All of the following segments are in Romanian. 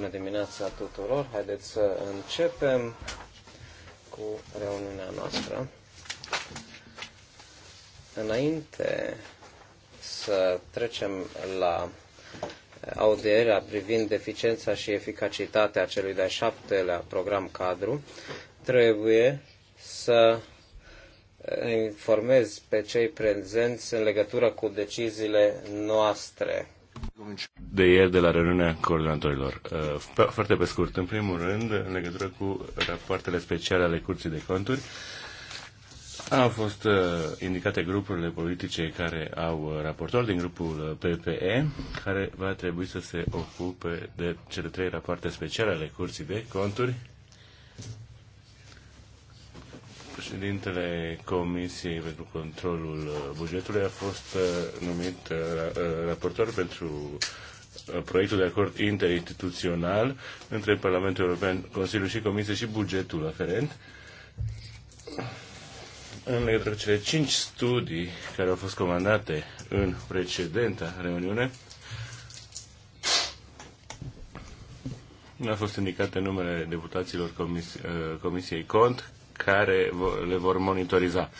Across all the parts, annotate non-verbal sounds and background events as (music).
Bună dimineața tuturor! Haideți să începem cu reuniunea noastră. Înainte să trecem la audierea privind eficiența și eficacitatea celui de-a șaptelea program cadru, trebuie să informez pe cei prezenți în legătură cu deciziile noastre de ieri de la reuniunea coordonatorilor. Uh, foarte pe scurt, în primul rând, în legătură cu rapoartele speciale ale Curții de Conturi, au fost uh, indicate grupurile politice care au uh, raportor din grupul PPE, care va trebui să se ocupe de cele trei rapoarte speciale ale Curții de Conturi Președintele Comisiei pentru Controlul uh, Bugetului a fost uh, numit uh, raportor pentru proiectul de acord interinstituțional între Parlamentul European, Consiliul și Comisie și bugetul aferent în legătură cu cele cinci studii care au fost comandate în precedenta reuniune, nu a fost indicate numele deputaților comis- Comisiei Cont care le vor monitoriza.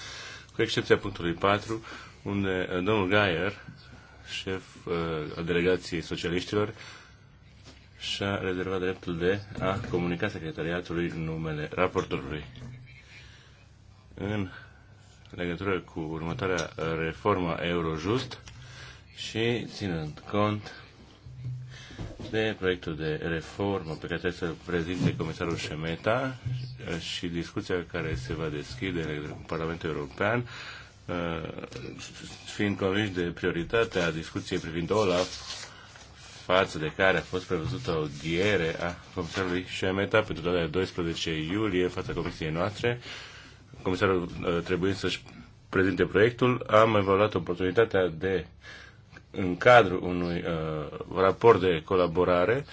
Cu excepția punctului 4, unde uh, domnul Gaier, șef uh, al delegației socialiștilor, și-a rezervat dreptul de a comunica secretariatului numele raportorului. În legătură cu următoarea reformă Eurojust și ținând cont de proiectul de reformă pe care trebuie să-l prezinte comisarul Șemeta și discuția care se va deschide în Parlamentul European, uh, fiind convinși de prioritatea discuției privind OLAF, față de care a fost prevăzută o diere a comisarului Șemeta pentru data de 12 iulie în fața comisiei noastre. Comisarul uh, trebuie să-și prezinte proiectul. Am evaluat oportunitatea de uh, în cadrul unui uh, raport de colaborare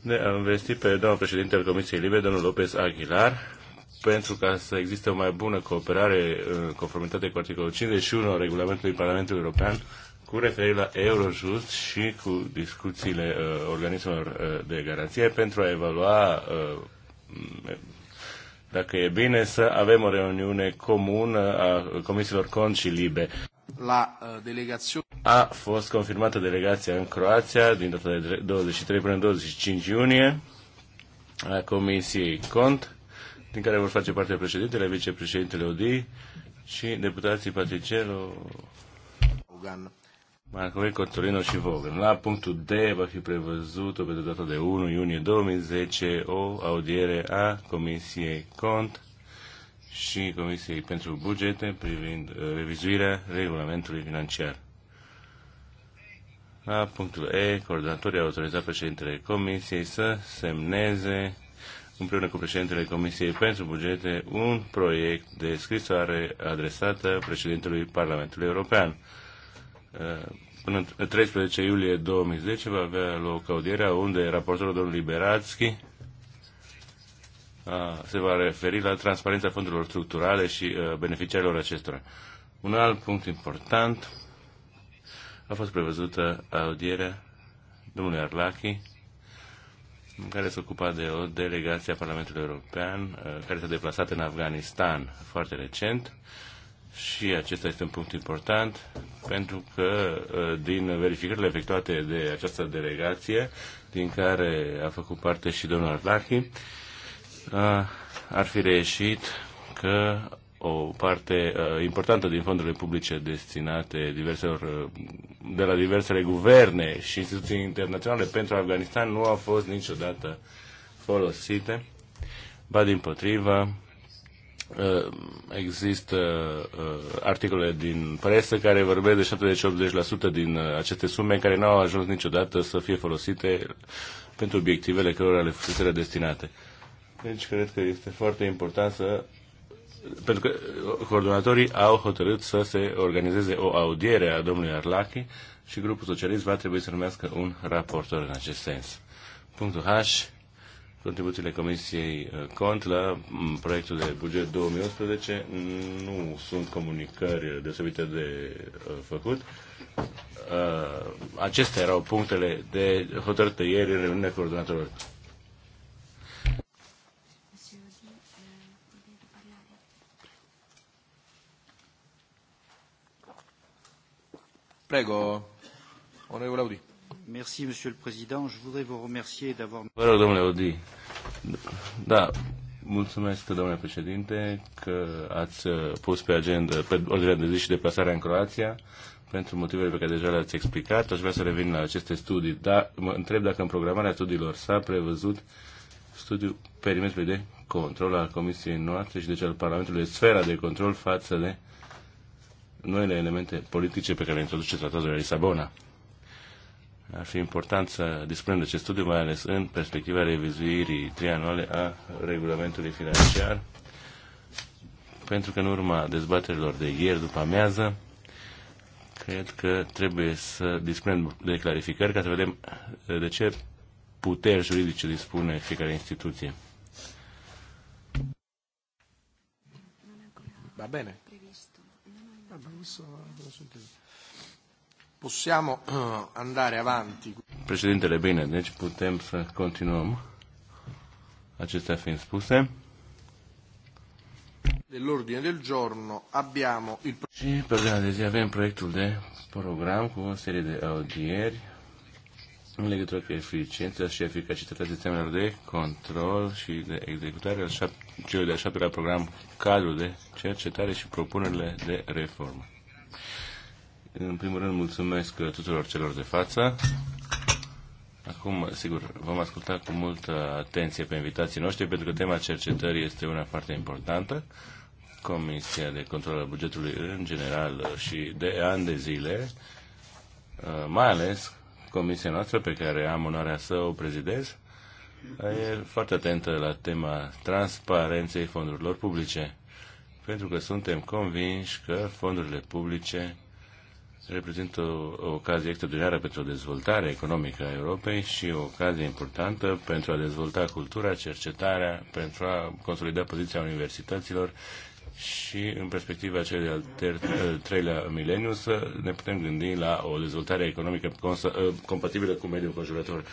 ne am investi pe doamna președinte al Comisiei Libe, domnul Lopez Aguilar, pentru ca să existe o mai bună cooperare uh, în conformitate cu articolul 51 al regulamentului Parlamentului European cu referire la Eurojust și cu discuțiile uh, organismelor uh, de garanție pentru a evalua uh, dacă e bine să avem o reuniune comună a Comisiilor conci Libe la uh, delegație A fost confirmată delegația în Croația din data de 23 până 25 iunie a Comisiei Cont, din care vor face parte președintele, vicepreședintele Odi și deputații Patricelo, Vogan. Marcovei, Cortolino și Vogan. La punctul D va fi prevăzută pe data de 1 iunie 2010 o audiere a Comisiei Cont și Comisiei pentru Bugete privind uh, revizuirea regulamentului financiar. La punctul E, coordonatorii au autorizat președintele Comisiei să semneze împreună cu președintele Comisiei pentru Bugete un proiect de scrisoare adresată președintelui Parlamentului European. Uh, până 13 iulie 2010 va avea loc audierea unde raportorul domnul Liberatski se va referi la transparența fondurilor structurale și beneficiarilor acestora. Un alt punct important a fost prevăzută audierea domnului Arlachi, în care se ocupa de o delegație a Parlamentului European care s-a deplasat în Afganistan foarte recent și acesta este un punct important pentru că din verificările efectuate de această delegație, din care a făcut parte și domnul Arlachi, ar fi reieșit că o parte uh, importantă din fondurile publice destinate diverselor, uh, de la diversele guverne și instituții internaționale pentru Afganistan nu au fost niciodată folosite. Ba din potrivă, uh, există uh, articole din presă care vorbesc de 70-80% din uh, aceste sume care nu au ajuns niciodată să fie folosite pentru obiectivele cărora le fuseseră destinate. Deci cred că este foarte important să pentru că coordonatorii au hotărât să se organizeze o audiere a domnului Arlachi și grupul socialist va trebui să numească un raportor în acest sens. Punctul H, contribuțiile Comisiei uh, Cont la mm, proiectul de buget 2018 nu sunt comunicări deosebite de uh, făcut. Uh, acestea erau punctele de hotărâte ieri în reuniunea coordonatorilor. Prego, onorevole Audi. Merci, Monsieur le Président. Je voudrais vous remercier d'avoir... Vă rog, domnule Audi. Da, Mulțumesc, domnule președinte, că ați pus pe agenda, pe ordinea de zi și deplasarea în Croația. Pentru motivele pe care deja le-ați explicat, aș vrea să revin la aceste studii. Da, mă întreb dacă în programarea studiilor s-a prevăzut studiul perimetrului de control al Comisiei noastre și deci al Parlamentului, sfera de control față de noile elemente politice pe care le introduce tratatul de Lisabona. Ar fi important să dispunem de acest studiu, mai ales în perspectiva revizuirii trianuale a regulamentului financiar, pentru că în urma dezbaterilor de ieri după amiază, cred că trebuie să dispunem de clarificări ca să vedem uh, de ce puteri juridice dispune fiecare instituție. Va bene. Possiamo eh, andare avanti. Președintele, bine, deci putem să continuăm. Acestea fiind spuse. Dell'ordine del giorno abbiamo il... Și pe ordinea de zi avem proiectul de program cu o serie de audieri în legătură cu eficiența și eficacitatea sistemelor de control și de executare al șap- celui de-al șaptelea program cadru de cercetare și propunerile de reformă. În primul rând, mulțumesc tuturor celor de față. Acum, sigur, vom asculta cu multă atenție pe invitații noștri, pentru că tema cercetării este una foarte importantă. Comisia de Control al Bugetului, în general, și de ani de zile, uh, mai ales Comisia noastră, pe care am onoarea să o prezidez, e foarte atentă la tema transparenței fondurilor publice, pentru că suntem convinși că fondurile publice reprezintă o, o ocazie extraordinară pentru dezvoltarea economică a Europei și o ocazie importantă pentru a dezvolta cultura, cercetarea, pentru a consolida poziția universităților și în perspectiva de al treilea mileniu să ne putem gândi la o dezvoltare economică ă, compatibilă cu mediul conjurător.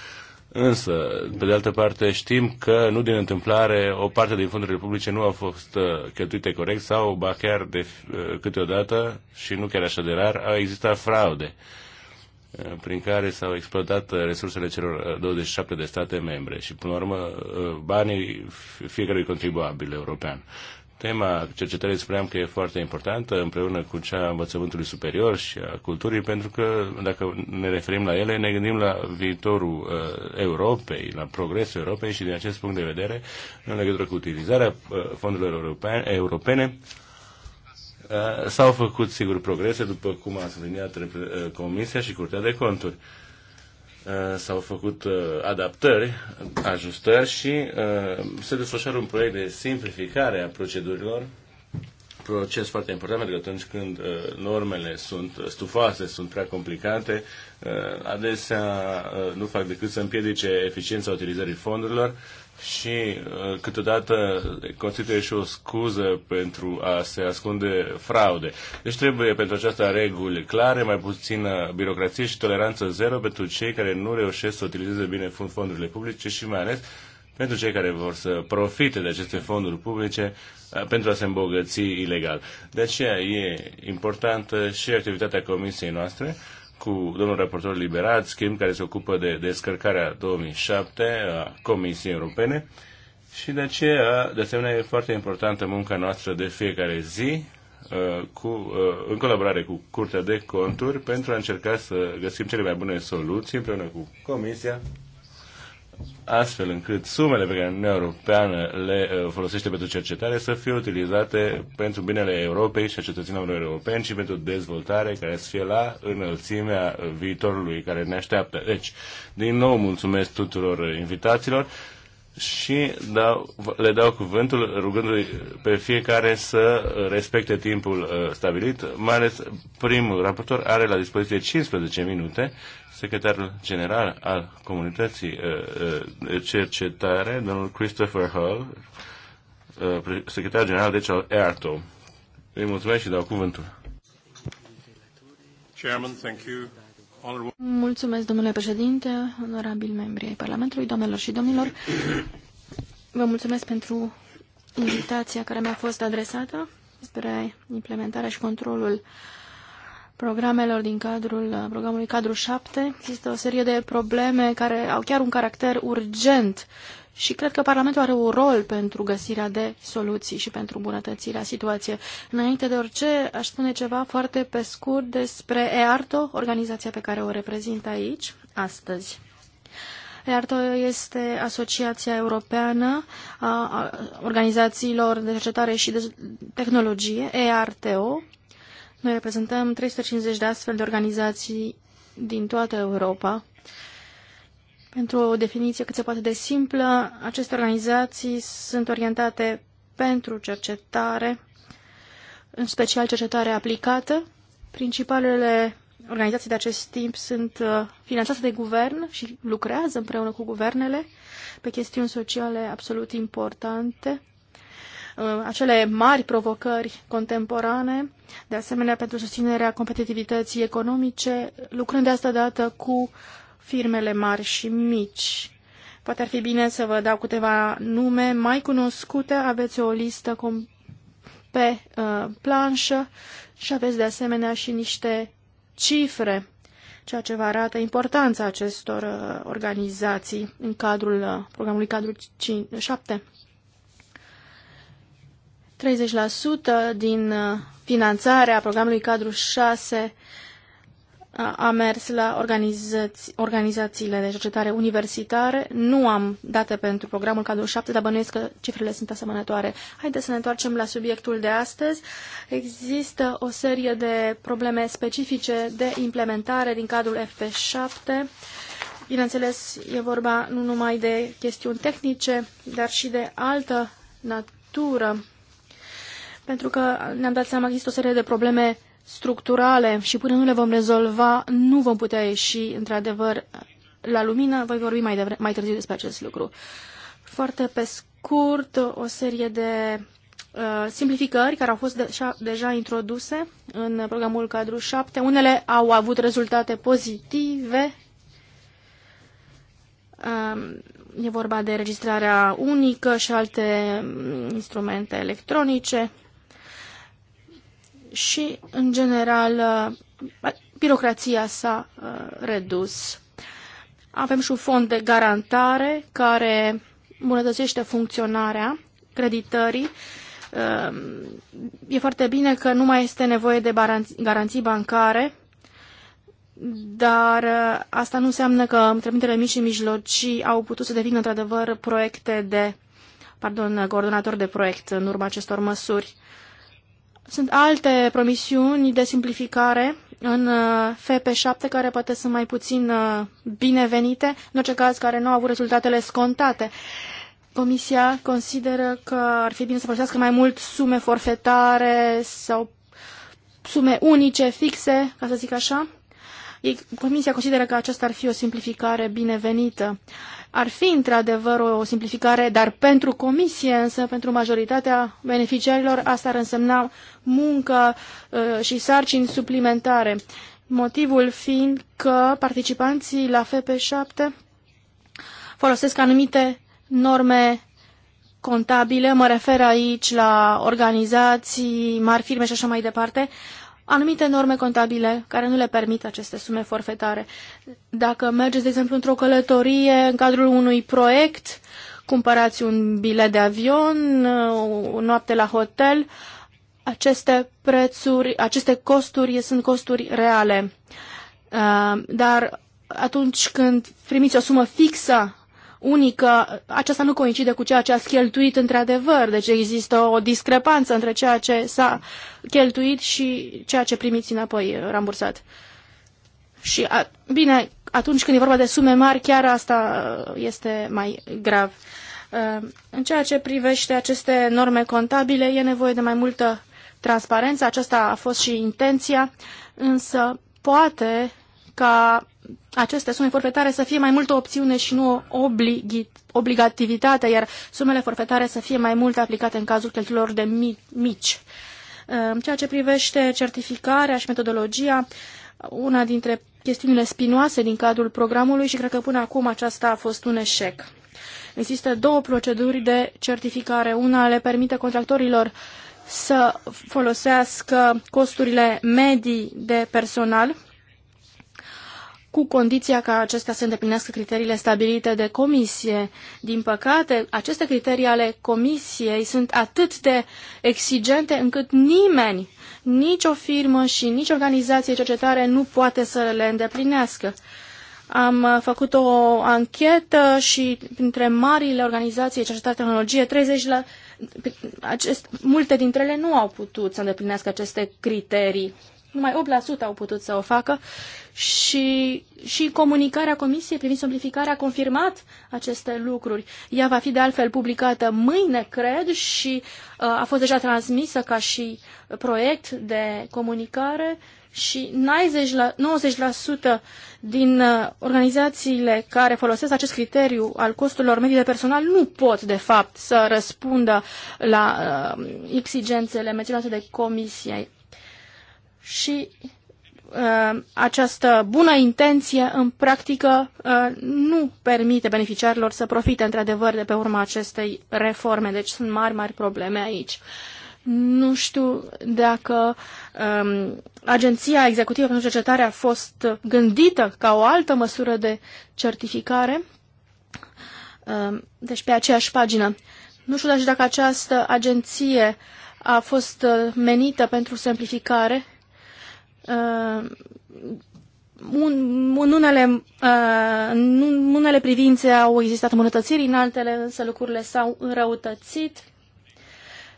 Însă, pe de altă parte, știm că nu din întâmplare o parte din fondurile publice nu au fost ă, cheltuite corect sau, ba chiar de ă, câteodată, și nu chiar așa de rar, au existat fraude prin care s-au exploatat resursele celor 27 de state membre și, până la urmă, banii fiecărui contribuabil european. Tema cercetării spuneam că e foarte importantă împreună cu cea a învățământului superior și a culturii, pentru că dacă ne referim la ele, ne gândim la viitorul uh, Europei, la progresul Europei și din acest punct de vedere, în legătură cu utilizarea uh, fondurilor europene, europene uh, s-au făcut sigur progrese, după cum a subliniat uh, Comisia și Curtea de Conturi. Uh, Uh, s-au făcut uh, adaptări, ajustări și uh, se desfășoară un proiect de simplificare a procedurilor, proces foarte important pentru că atunci când normele sunt stufoase, sunt prea complicate, adesea nu fac decât să împiedice eficiența utilizării fondurilor și uh, câteodată constituie și o scuză pentru a se ascunde fraude. Deci trebuie pentru aceasta reguli clare, mai puțină birocrație și toleranță zero pentru cei care nu reușesc să utilizeze bine fondurile publice și mai ales pentru cei care vor să profite de aceste fonduri publice uh, pentru a se îmbogăți ilegal. De aceea e importantă și activitatea comisiei noastre cu domnul raportor liberat, schimb care se ocupă de descărcarea 2007 a Comisiei Europene și de aceea, de asemenea, e foarte importantă munca noastră de fiecare zi uh, cu, uh, în colaborare cu Curtea de Conturi pentru a încerca să găsim cele mai bune soluții împreună cu Comisia astfel încât sumele pe care Uniunea Europeană le uh, folosește pentru cercetare să fie utilizate pentru binele Europei și a cetățenilor europeni și pentru dezvoltare care să fie la înălțimea viitorului care ne așteaptă. Deci, din nou mulțumesc tuturor invitaților și dau, le dau cuvântul rugându-i pe fiecare să respecte timpul uh, stabilit, mai ales primul raportor are la dispoziție 15 minute secretarul general al comunității de uh, uh, cercetare, domnul Christopher Hall, uh, secretar general deci al EARTO. Îi mulțumesc și dau cuvântul. Chairman, thank you. Mulțumesc, domnule președinte, onorabili membri ai Parlamentului, doamnelor și domnilor. Vă mulțumesc pentru invitația care mi-a fost adresată despre implementarea și controlul uh, programelor din cadrul uh, programului cadru 7. Există o serie de probleme care au chiar un caracter urgent și cred că Parlamentul are un rol pentru găsirea de soluții și pentru îmbunătățirea situației. Înainte de orice, aș spune ceva foarte pe scurt despre EARTO, organizația pe care o reprezint aici astăzi. EARTO este Asociația Europeană a Organizațiilor de Cercetare și de Tehnologie, EARTO, noi reprezentăm 350 de astfel de organizații din toată Europa. Pentru o definiție cât se poate de simplă, aceste organizații sunt orientate pentru cercetare, în special cercetare aplicată. Principalele organizații de acest timp sunt uh, finanțate de guvern și lucrează împreună cu guvernele pe chestiuni sociale absolut importante. Uh, acele mari provocări contemporane, de asemenea pentru susținerea competitivității economice, lucrând de asta dată cu firmele mari și mici. Poate ar fi bine să vă dau câteva nume mai cunoscute, aveți o listă pe uh, planșă și aveți de asemenea și niște cifre, ceea ce vă arată importanța acestor uh, organizații în cadrul uh, programului cadrul 5, 7. 30% din uh, finanțarea programului cadru 6 uh, a mers la organizațiile de cercetare universitare. Nu am date pentru programul cadru 7, dar bănuiesc că cifrele sunt asemănătoare. Haideți să ne întoarcem la subiectul de astăzi. Există o serie de probleme specifice de implementare din cadrul FP7. Bineînțeles, e vorba nu numai de chestiuni tehnice, dar și de altă natură pentru că ne-am dat seama că există o serie de probleme structurale și până nu le vom rezolva, nu vom putea ieși într-adevăr la lumină. Voi vorbi mai, devre, mai târziu despre acest lucru. Foarte pe scurt, o serie de uh, simplificări care au fost deja, deja introduse în programul cadru 7. Unele au avut rezultate pozitive. Uh, e vorba de registrarea unică și alte um, instrumente electronice și, în general, uh, birocrația s-a uh, redus. Avem și un fond de garantare care îmbunătățește funcționarea creditării. Uh, e foarte bine că nu mai este nevoie de garanții bancare, dar asta nu înseamnă că întreprinderile mici și mijlocii au putut să devină într-adevăr proiecte de, pardon, coordonator de proiect în urma acestor măsuri. Sunt alte promisiuni de simplificare în uh, FP7 care poate sunt mai puțin uh, binevenite, în orice caz care nu au avut rezultatele scontate. Comisia consideră că ar fi bine să folosească mai mult sume forfetare sau sume unice, fixe, ca să zic așa. Comisia consideră că aceasta ar fi o simplificare binevenită. Uh, ar fi într-adevăr o simplificare, dar pentru comisie, însă pentru majoritatea beneficiarilor, asta ar însemna muncă uh, și sarcini suplimentare. Motivul fiind că participanții la FP7 folosesc anumite norme contabile, mă refer aici la organizații, mari firme și așa mai departe, anumite norme contabile care nu le permit aceste sume forfetare. Dacă mergeți, de exemplu, într-o călătorie în cadrul unui proiect, cumpărați un bilet de avion, o noapte la hotel, aceste prețuri, aceste costuri sunt costuri reale. Uh, dar atunci când primiți o sumă fixă unică, aceasta nu coincide cu ceea ce ați cheltuit într-adevăr, deci există o discrepanță între ceea ce s-a cheltuit și ceea ce primiți înapoi uh, rambursat. Și, a, bine, atunci când e vorba de sume mari, chiar asta uh, este mai grav. Uh, în ceea ce privește aceste norme contabile, e nevoie de mai multă transparență, aceasta a fost și intenția, însă poate ca aceste sume forfetare să fie mai mult o opțiune și nu o obligi, obligativitate, iar sumele forfetare să fie mai mult aplicate în cazul cheltuielor de mici. În ceea ce privește certificarea și metodologia, una dintre chestiunile spinoase din cadrul programului și cred că până acum aceasta a fost un eșec. Există două proceduri de certificare. Una le permite contractorilor să folosească costurile medii de personal cu condiția ca acestea să îndeplinească criteriile stabilite de comisie. Din păcate, aceste criterii ale comisiei sunt atât de exigente încât nimeni, nicio firmă și nici organizație cercetare nu poate să le îndeplinească. Am făcut o anchetă și printre marile organizații cercetare tehnologie, 30 la, acest, multe dintre ele nu au putut să îndeplinească aceste criterii. Numai 8% au putut să o facă și, și comunicarea Comisiei privind simplificarea a confirmat aceste lucruri. Ea va fi de altfel publicată mâine, cred, și uh, a fost deja transmisă ca și proiect de comunicare și 90% din uh, organizațiile care folosesc acest criteriu al costurilor medii de personal nu pot, de fapt, să răspundă la uh, exigențele menționate de comisie. Și Uh, această bună intenție în practică uh, nu permite beneficiarilor să profite într-adevăr de pe urma acestei reforme. Deci sunt mari, mari probleme aici. Nu știu dacă um, Agenția Executivă pentru Cercetare a fost gândită ca o altă măsură de certificare, um, deci pe aceeași pagină. Nu știu dacă această agenție a fost uh, menită pentru simplificare Uh, un, în, unele, în uh, unele privințe au existat îmbunătățiri, în altele însă lucrurile s-au înrăutățit.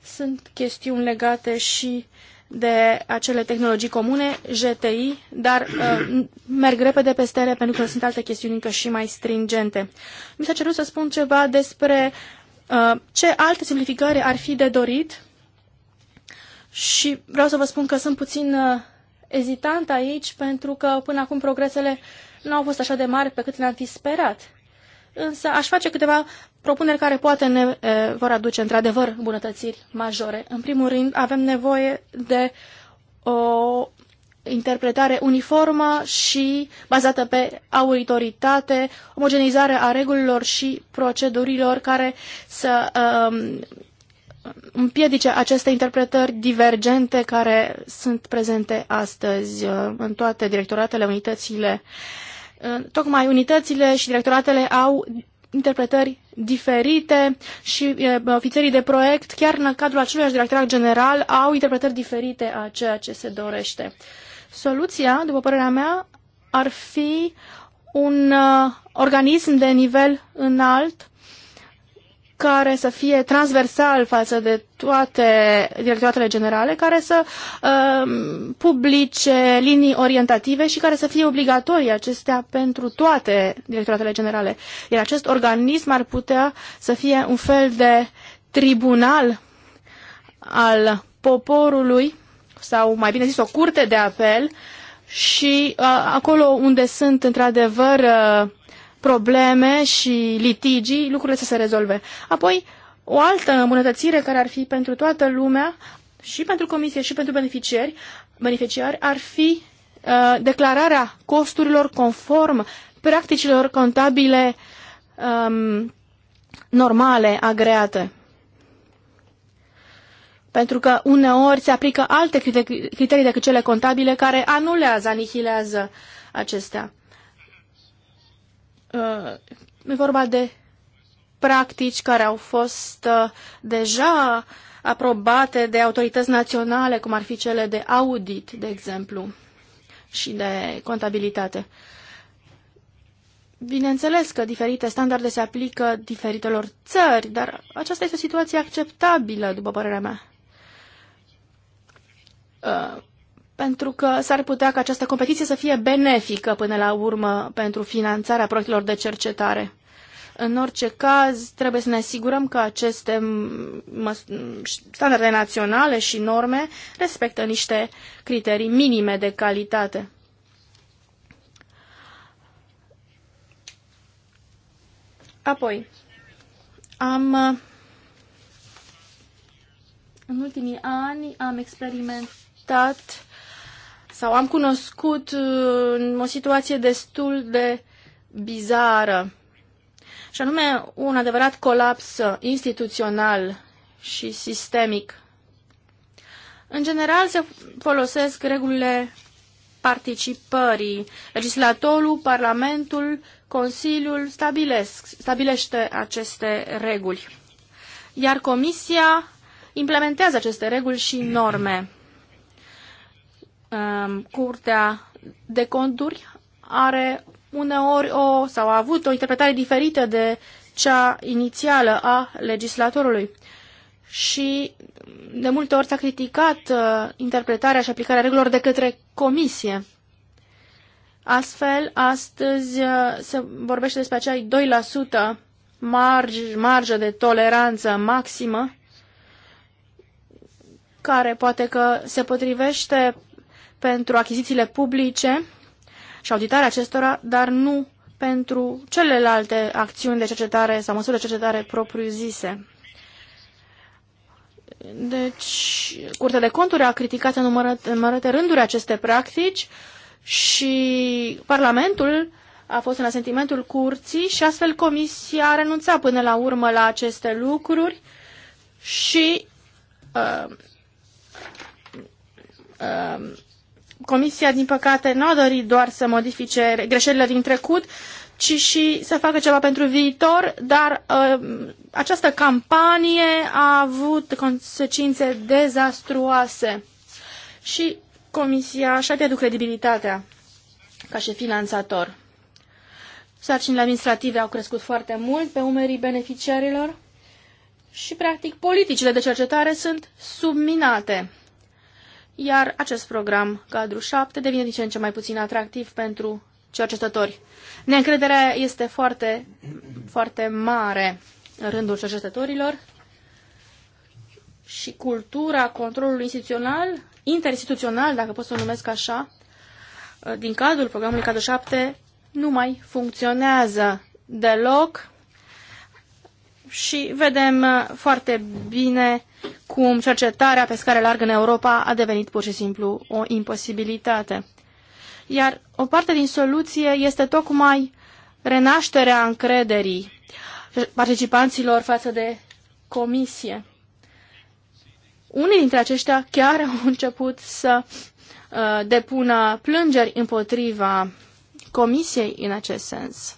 Sunt chestiuni legate și de acele tehnologii comune, GTI, dar uh, merg repede peste ele pentru că sunt alte chestiuni încă și mai stringente. Mi s-a cerut să spun ceva despre uh, ce alte simplificări ar fi de dorit și vreau să vă spun că sunt puțin uh, ezitant aici pentru că până acum progresele nu au fost așa de mari pe cât le-am fi sperat. Însă aș face câteva propuneri care poate ne e, vor aduce într-adevăr bunătățiri majore. În primul rând, avem nevoie de o interpretare uniformă și bazată pe autoritate, omogenizare a regulilor și procedurilor care să um, împiedice aceste interpretări divergente care sunt prezente astăzi uh, în toate directoratele, unitățile. Uh, tocmai unitățile și directoratele au interpretări diferite și uh, ofițerii de proiect, chiar în cadrul acelui directorat general, au interpretări diferite a ceea ce se dorește. Soluția, după părerea mea, ar fi un organism de nivel înalt care să fie transversal față de toate directoratele generale, care să uh, publice linii orientative și care să fie obligatorii acestea pentru toate directoratele generale. Iar acest organism ar putea să fie un fel de tribunal al poporului sau mai bine zis o curte de apel și uh, acolo unde sunt într-adevăr uh, probleme și litigii, lucrurile să se rezolve. Apoi, o altă îmbunătățire care ar fi pentru toată lumea, și pentru comisie, și pentru beneficiari, beneficiari ar fi uh, declararea costurilor conform practicilor contabile um, normale, agreate. Pentru că uneori se aplică alte criterii decât cele contabile care anulează, anihilează acestea. Uh, e vorba de practici care au fost uh, deja aprobate de autorități naționale, cum ar fi cele de audit, de exemplu, și de contabilitate. Bineînțeles că diferite standarde se aplică diferitelor țări, dar aceasta este o situație acceptabilă, după părerea mea. Uh, pentru că s-ar putea ca această competiție să fie benefică până la urmă pentru finanțarea proiectelor de cercetare. În orice caz, trebuie să ne asigurăm că aceste standarde naționale și norme respectă niște criterii minime de calitate. Apoi, am, în ultimii ani am experimentat sau am cunoscut uh, o situație destul de bizară, și anume un adevărat colaps instituțional și sistemic. În general se folosesc regulile participării. Legislatorul, Parlamentul, Consiliul stabilesc, stabilește aceste reguli, iar Comisia implementează aceste reguli și norme. Ehm, curtea de Conturi are uneori o, sau a avut o interpretare diferită de cea inițială a legislatorului. Și de multe ori s-a criticat uh, interpretarea și aplicarea regulilor de către comisie. Astfel, astăzi uh, se vorbește despre acea 2% marj, marjă de toleranță maximă, care poate că se potrivește pentru achizițiile publice și auditarea acestora, dar nu pentru celelalte acțiuni de cercetare sau măsuri de cercetare propriu-zise. Deci, Curtea de Conturi a criticat în numărate rânduri aceste practici și Parlamentul a fost în asentimentul curții și astfel Comisia a renunțat până la urmă la aceste lucruri și uh, uh, Comisia, din păcate, nu a dorit doar să modifice greșelile din trecut, ci și să facă ceva pentru viitor, dar uh, această campanie a avut consecințe dezastruoase și Comisia și-a pierdut credibilitatea ca și finanțator. Sarcinile administrative au crescut foarte mult pe umerii beneficiarilor și, practic, politicile de cercetare sunt subminate iar acest program, cadru 7, devine din ce în ce mai puțin atractiv pentru cercetători. Neîncrederea este foarte, foarte mare în rândul cercetătorilor și cultura controlului instituțional, interinstituțional, dacă pot să o numesc așa, din cadrul programului cadru 7 nu mai funcționează deloc și vedem foarte bine cum cercetarea pe scară largă în Europa a devenit pur și simplu o imposibilitate. Iar o parte din soluție este tocmai renașterea încrederii participanților față de comisie. Unii dintre aceștia chiar au (laughs) început să uh, depună plângeri împotriva comisiei în acest sens,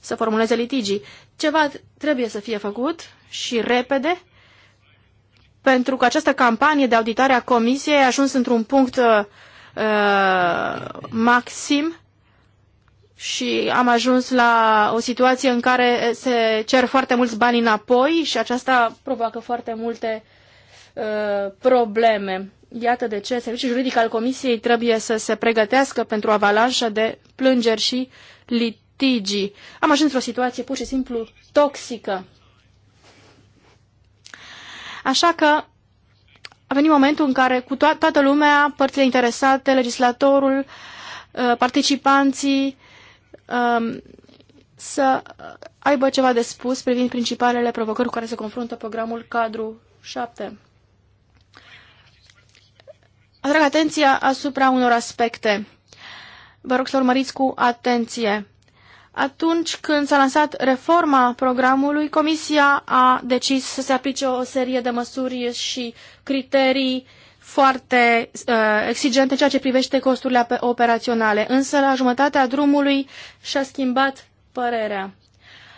să formuleze litigii. Ceva trebuie să fie făcut și repede pentru că această campanie de auditare a Comisiei a ajuns într-un punct uh, uh, maxim și am ajuns la o situație în care se cer foarte mulți bani înapoi și aceasta provoacă foarte multe uh, probleme. Iată de ce serviciul juridic al Comisiei trebuie să se pregătească pentru avalanșă de plângeri și litigii. Am ajuns într-o situație pur și simplu toxică. Așa că a venit momentul în care cu to- toată lumea, părțile interesate, legislatorul, uh, participanții, um, să aibă ceva de spus privind principalele provocări cu care se confruntă programul cadru 7. Atrag atenția asupra unor aspecte. Vă rog să urmăriți cu atenție. Atunci când s-a lansat reforma programului, Comisia a decis să se aplice o serie de măsuri și criterii foarte uh, exigente în ceea ce privește costurile operaționale, însă la jumătatea drumului și-a schimbat părerea.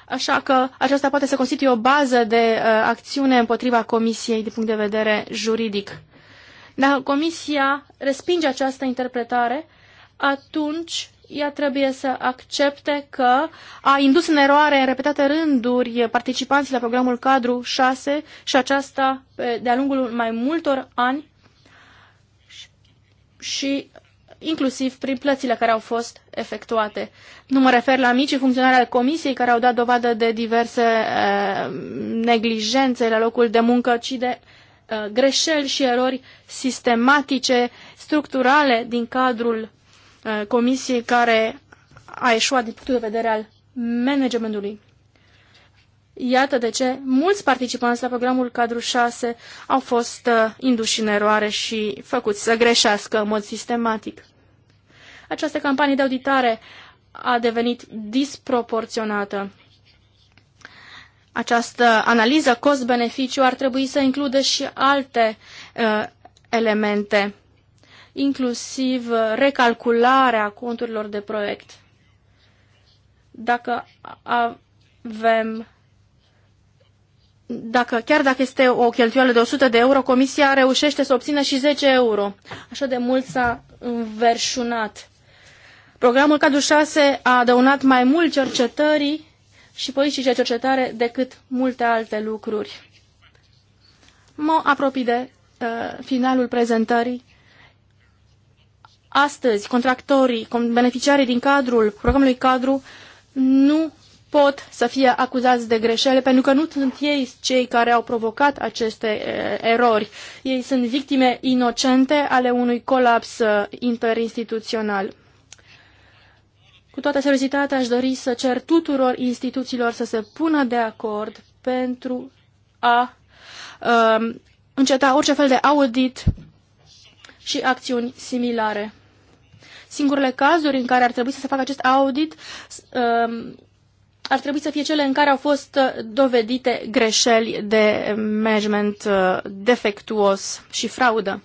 Așa că aceasta poate să constituie o bază de uh, acțiune împotriva Comisiei din punct de vedere juridic. Dacă Comisia respinge această interpretare, atunci ea trebuie să accepte că a indus în eroare în repetate rânduri participanții la programul cadru 6 și aceasta de-a lungul mai multor ani și inclusiv prin plățile care au fost efectuate. Nu mă refer la micii funcționari al comisiei care au dat dovadă de diverse uh, neglijențe la locul de muncă, ci de uh, greșeli și erori sistematice, structurale din cadrul Uh, comisie care a eșuat din punctul de vedere al managementului. Iată de ce mulți participanți la programul cadru 6 au fost uh, induși în eroare și făcuți să greșească în mod sistematic. Această campanie de auditare a devenit disproporționată. Această analiză cost-beneficiu ar trebui să includă și alte uh, elemente inclusiv recalcularea conturilor de proiect. Dacă avem dacă, chiar dacă este o cheltuială de 100 de euro, comisia reușește să obțină și 10 euro. Așa de mult s-a înverșunat. Programul Cadu 6 a adăunat mai mult cercetării și politicii de cercetare decât multe alte lucruri. Mă apropii de uh, finalul prezentării Astăzi, contractorii, beneficiarii din cadrul programului cadru nu pot să fie acuzați de greșele, pentru că nu sunt ei cei care au provocat aceste erori. Ei sunt victime inocente ale unui colaps uh, interinstituțional. Cu toată seriozitatea aș dori să cer tuturor instituțiilor să se pună de acord pentru a um, înceta orice fel de audit și acțiuni similare. Singurele cazuri în care ar trebui să se facă acest audit um, ar trebui să fie cele în care au fost uh, dovedite greșeli de management uh, defectuos și fraudă.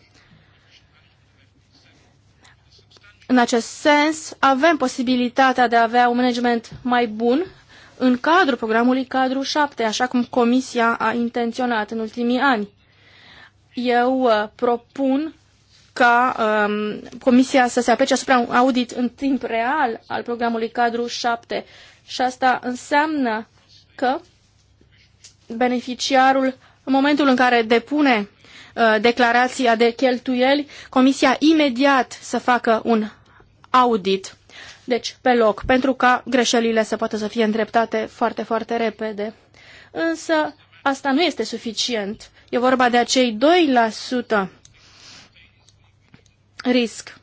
În acest sens, avem posibilitatea de a avea un management mai bun în cadrul programului cadru 7, așa cum Comisia a intenționat în ultimii ani. Eu uh, propun ca um, Comisia să se aplece asupra un audit în timp real al programului cadru 7 și asta înseamnă că beneficiarul, în momentul în care depune uh, declarația de cheltuieli, Comisia imediat să facă un audit, deci pe loc, pentru ca greșelile să poată să fie îndreptate foarte, foarte repede. Însă asta nu este suficient. E vorba de acei 2% risc.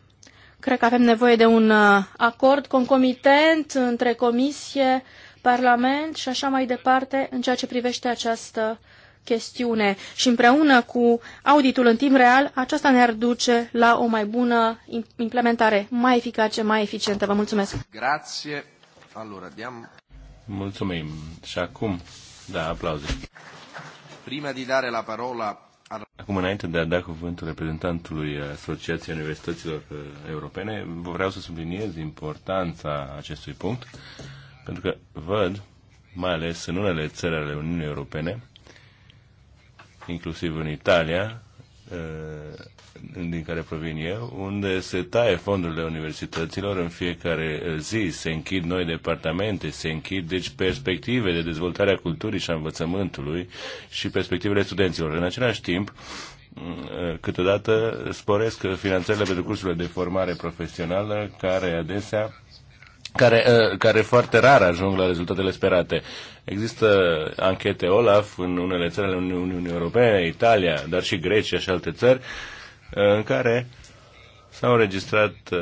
Cred că avem nevoie de un uh, acord concomitent între Comisie, Parlament și așa mai departe în ceea ce privește această chestiune și împreună cu auditul în timp real, aceasta ne-ar duce la o mai bună implementare, mai eficace, mai eficientă. Vă mulțumesc! Grație! Allora, diam... Mulțumim! Și acum, da, aplauze! Prima de dare la parola Acum, înainte de a da cuvântul reprezentantului Asociației Universităților uh, Europene, vreau să subliniez importanța acestui punct, pentru că văd, mai ales în unele țări ale Uniunii Europene, inclusiv în Italia, uh, din care provin eu, unde se taie fondurile universităților în fiecare zi, se închid noi departamente, se închid deci perspective de dezvoltare a culturii și a învățământului și perspectivele studenților. În același timp, câteodată sporesc finanțările pentru cursurile de formare profesională, care adesea care, care foarte rar ajung la rezultatele sperate. Există anchete OLAF în unele țări ale Uniunii Europene, Italia, dar și Grecia și alte țări, Eh, în care s-au înregistrat eh,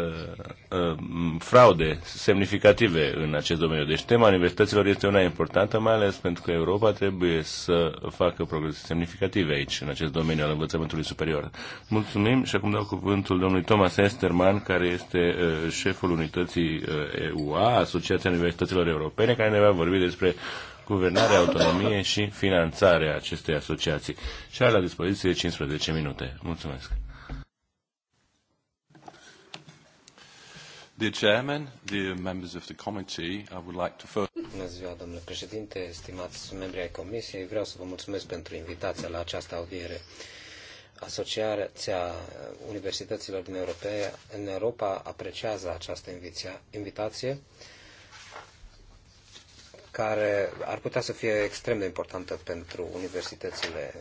eh, fraude semnificative în acest domeniu. Deci tema universităților este una importantă, mai ales pentru că Europa trebuie să facă progrese semnificative aici, în acest domeniu al învățământului superior. Mulțumim și acum dau cuvântul domnului Thomas Esterman, care este șeful unității EUA, Asociația Universităților Europene, care ne va vorbi despre guvernarea, autonomie și finanțarea acestei asociații. Și are la dispoziție 15 minute. Mulțumesc! Dear Chairman, dear members of the committee, I would like to first... Bună ziua, domnule președinte, stimați membri ai comisiei, vreau să vă mulțumesc pentru invitația la această audiere. Asociația Universităților din Europea, în Europa apreciază această invitație care ar putea să fie extrem de importantă pentru universitățile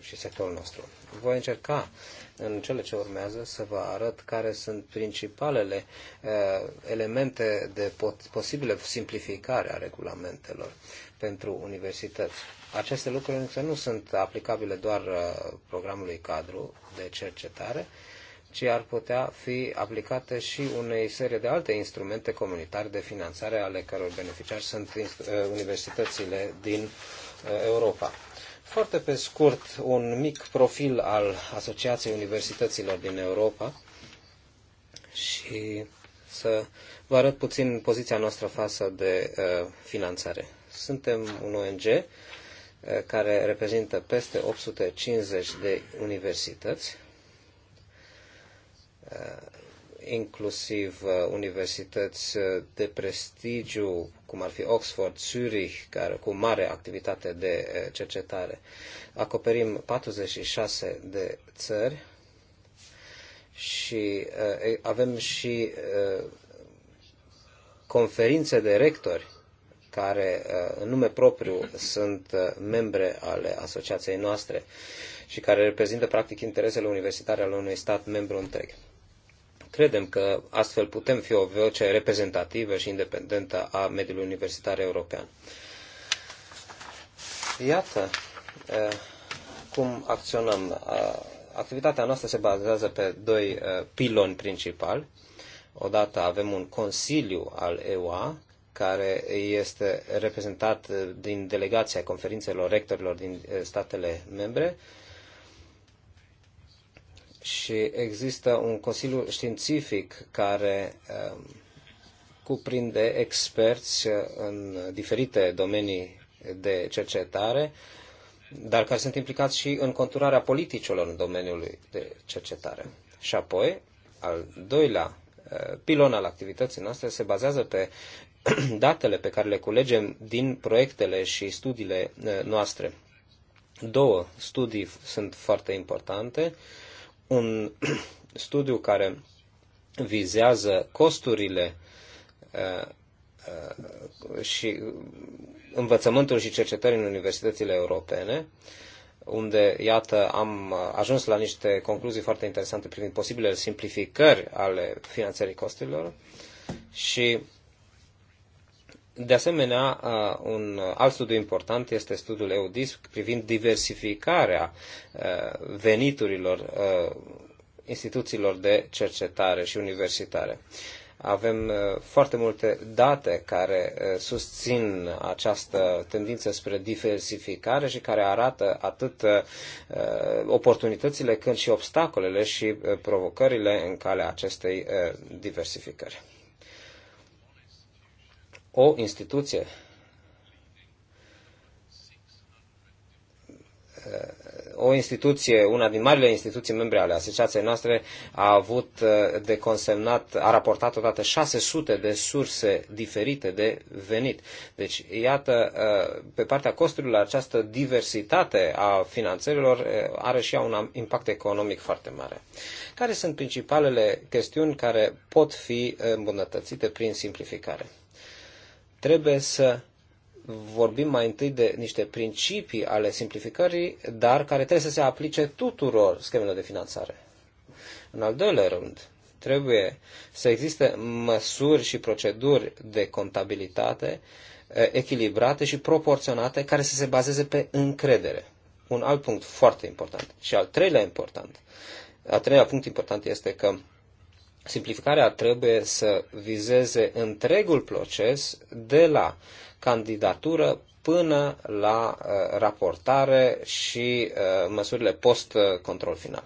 și sectorul nostru. Voi încerca în cele ce urmează să vă arăt care sunt principalele uh, elemente de pot, posibile simplificare a regulamentelor pentru universități. Aceste lucruri însă nu sunt aplicabile doar uh, programului cadru de cercetare, ci ar putea fi aplicate și unei serie de alte instrumente comunitare de finanțare ale căror beneficiari sunt eh, universitățile din Europa foarte pe scurt un mic profil al Asociației Universităților din Europa și să vă arăt puțin poziția noastră față de uh, finanțare. Suntem un ONG uh, care reprezintă peste 850 de universități. Uh, inclusiv uh, universități uh, de prestigiu, cum ar fi Oxford, Zurich, care, cu mare activitate de uh, cercetare. Acoperim 46 de țări și avem și conferințe de rectori care în nume propriu sunt membre ale asociației noastre și care reprezintă practic interesele universitare ale unui stat membru întreg. Credem că astfel putem fi o voce reprezentativă și independentă a mediului universitar european. Iată cum acționăm. Activitatea noastră se bazează pe doi piloni principali. Odată avem un consiliu al EUA, care este reprezentat din delegația conferințelor rectorilor din statele membre și există un consiliu științific care um, cuprinde experți uh, în diferite domenii de cercetare, dar care sunt implicați și în conturarea politicilor în domeniul de cercetare. Și apoi, al doilea uh, pilon al activității noastre se bazează pe (clears throat) datele pe care le culegem din proiectele și studiile uh, noastre. Două studii sunt foarte importante. Uh, un (clears throat) studiu care vizează costurile uh, uh, și învățământul și cercetării în universitățile europene, unde, iată, am ajuns la niște concluzii foarte interesante privind posibile simplificări ale finanțării costurilor și de asemenea, un alt studiu important este studiul EUDIS privind diversificarea veniturilor instituțiilor de cercetare și universitare. Avem foarte multe date care susțin această tendință spre diversificare și care arată atât oportunitățile cât și obstacolele și provocările în calea acestei diversificări o instituție o instituție, una din marile instituții membre ale asociației noastre a avut uh, de consemnat, a raportat odată 600 de surse diferite de venit. Deci, iată, uh, pe partea costurilor, această diversitate a finanțărilor uh, are și ea un impact economic foarte mare. Care sunt principalele chestiuni care pot fi îmbunătățite prin simplificare? Trebuie să vorbim mai întâi de niște principii ale simplificării, dar care trebuie să se aplice tuturor schemelor de finanțare. În al doilea rând, trebuie să existe măsuri și proceduri de contabilitate echilibrate și proporționate care să se bazeze pe încredere. Un alt punct foarte important. Și al treilea important, al treilea punct important este că Simplificarea trebuie să vizeze întregul proces de la candidatură până la uh, raportare și uh, măsurile post-control final.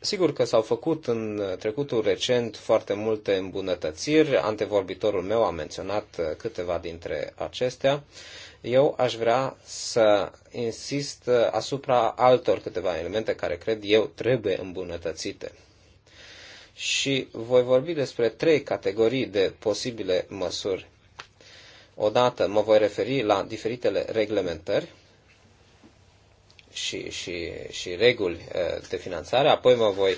Sigur că s-au făcut în trecutul recent foarte multe îmbunătățiri, antevorbitorul meu a menționat uh, câteva dintre acestea, eu aș vrea să insist asupra altor câteva elemente care cred eu trebuie îmbunătățite. Și voi vorbi despre trei categorii de posibile măsuri. Odată mă voi referi la diferitele reglementări și, și, și reguli eh, de finanțare, apoi mă voi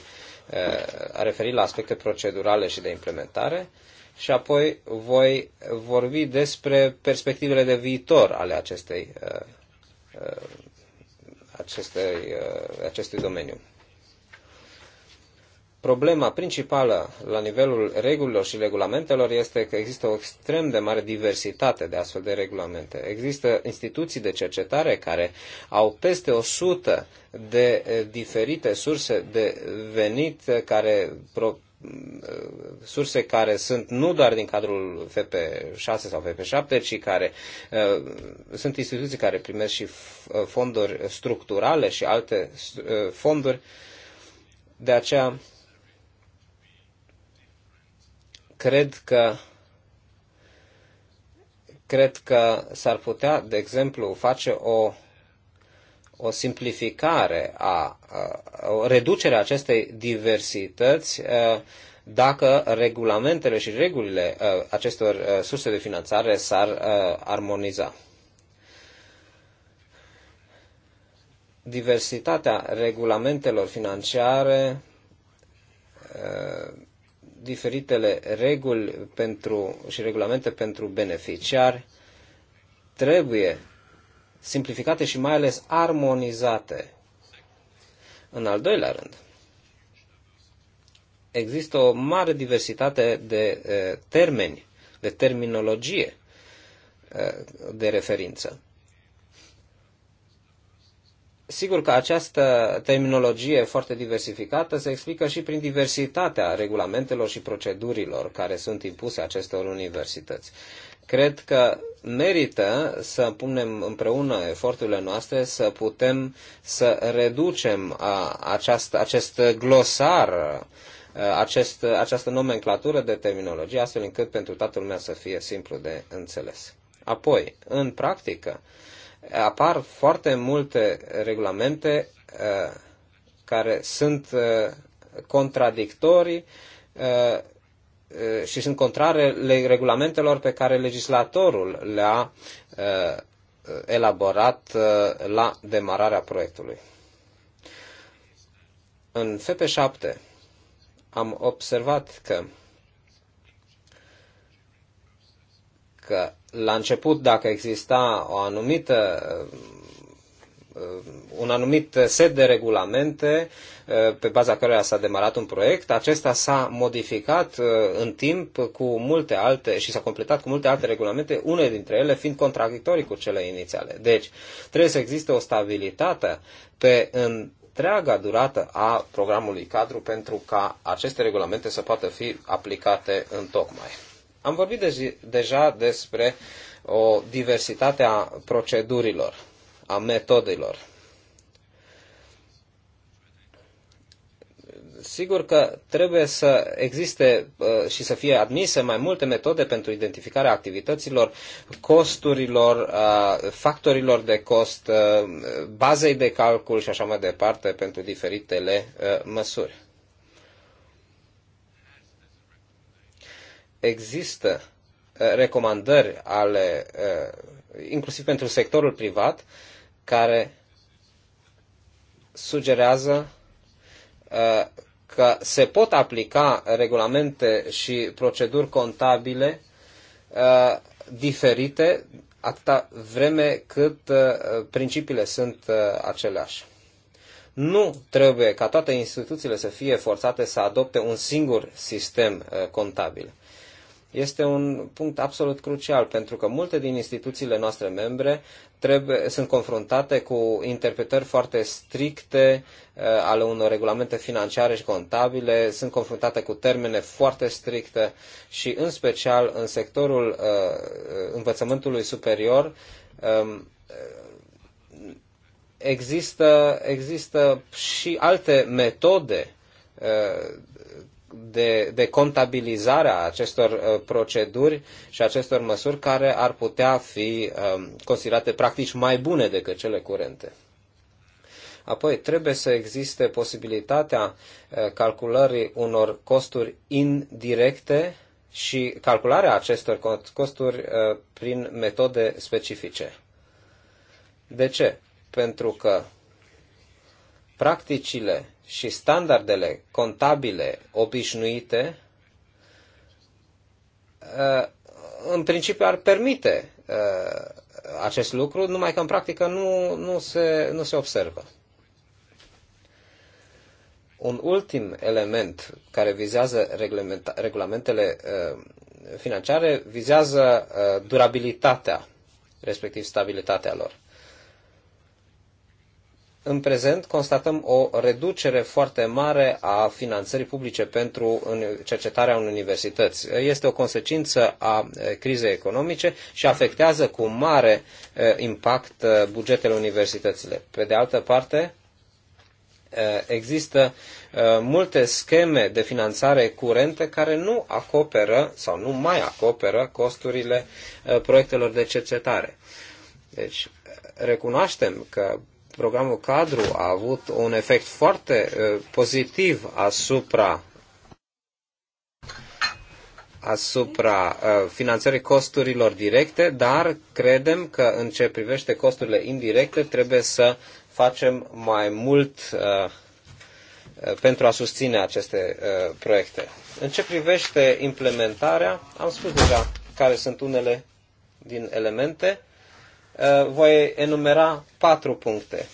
eh, referi la aspecte procedurale și de implementare și apoi voi vorbi despre perspectivele de viitor ale acestei, uh, uh, acestei, uh, acestui domeniu. Problema principală la nivelul regulilor și regulamentelor este că există o extrem de mare diversitate de astfel de regulamente. Există instituții de cercetare care au peste 100 de eh, diferite surse de venit eh, care Uh, surse care sunt nu doar din cadrul FP6 sau FP7, ci care uh, sunt instituții care primesc și uh, fonduri structurale și alte uh, fonduri. De aceea, cred că cred că s-ar putea, de exemplu, face o o simplificare, a, a o reducere a acestei diversități a, dacă regulamentele și regulile a, acestor a, surse de finanțare s-ar armoniza. Diversitatea regulamentelor financiare, a, diferitele reguli pentru, și regulamente pentru beneficiari trebuie simplificate și mai ales armonizate. În al doilea rând, există o mare diversitate de eh, termeni, de terminologie eh, de referință. Sigur că această terminologie foarte diversificată se explică și prin diversitatea regulamentelor și procedurilor care sunt impuse acestor universități. Cred că merită să punem împreună eforturile noastre să putem să reducem aceast, acest glosar, acest, această nomenclatură de terminologie, astfel încât pentru toată lumea să fie simplu de înțeles. Apoi, în practică, apar foarte multe regulamente care sunt contradictorii Eh, și sunt contrare regulamentelor pe care legislatorul le-a eh, elaborat eh, la demararea proiectului. În FP7 am observat că că la început, dacă exista o anumită Uh, un anumit set de regulamente uh, pe baza cărora s-a demarat un proiect. Acesta s-a modificat uh, în timp cu multe alte și s-a completat cu multe alte regulamente, unele dintre ele fiind contradictorii cu cele inițiale. Deci, trebuie să existe o stabilitate pe întreaga durată a programului cadru pentru ca aceste regulamente să poată fi aplicate în tocmai. Am vorbit de deja despre o diversitate a procedurilor a metodelor. Sigur că trebuie să existe uh, și să fie admise mai multe metode pentru identificarea activităților, costurilor, uh, factorilor de cost, uh, bazei de calcul și așa mai departe pentru diferitele măsuri. Există recomandări ale inclusiv pentru sectorul privat care sugerează uh, că se pot aplica regulamente și proceduri contabile uh, diferite atâta vreme cât uh, principiile sunt aceleași. Nu trebuie ca toate instituțiile să fie forțate să adopte un singur sistem contabil este un punct absolut crucial, pentru că multe din instituțiile noastre membre trebuie, sunt confruntate cu interpretări foarte stricte uh, ale unor regulamente financiare și contabile, sunt confruntate cu termene foarte stricte și, în special, în sectorul uh, uh învățământului superior, um, există, există și alte metode uh, de, de contabilizare a acestor uh, proceduri și acestor măsuri care ar putea fi um, considerate practici mai bune decât cele curente. Apoi trebuie să existe posibilitatea uh, calculării unor costuri indirecte și calcularea acestor costuri uh, prin metode specifice. De ce? Pentru că practicile și standardele contabile obișnuite uh, în principiu ar permite uh, acest lucru, numai că în practică nu, nu, se, nu se observă. Un ultim element care vizează regulamentele uh, financiare vizează durabilitatea, respectiv stabilitatea lor în prezent constatăm o reducere foarte mare a finanțării publice pentru cercetarea în universități. Este o consecință a crizei economice și afectează cu mare impact bugetele universităților. Pe de altă parte, există multe scheme de finanțare curente care nu acoperă sau nu mai acoperă costurile proiectelor de cercetare. Deci, recunoaștem că programul cadru a avut un efect foarte pozitiv asupra asupra finanțării costurilor directe, dar credem că în ce privește costurile indirecte trebuie să facem mai mult pentru a susține aceste proiecte. În ce privește implementarea, am spus deja care sunt unele din elemente. Uh, voi enumera patru puncte.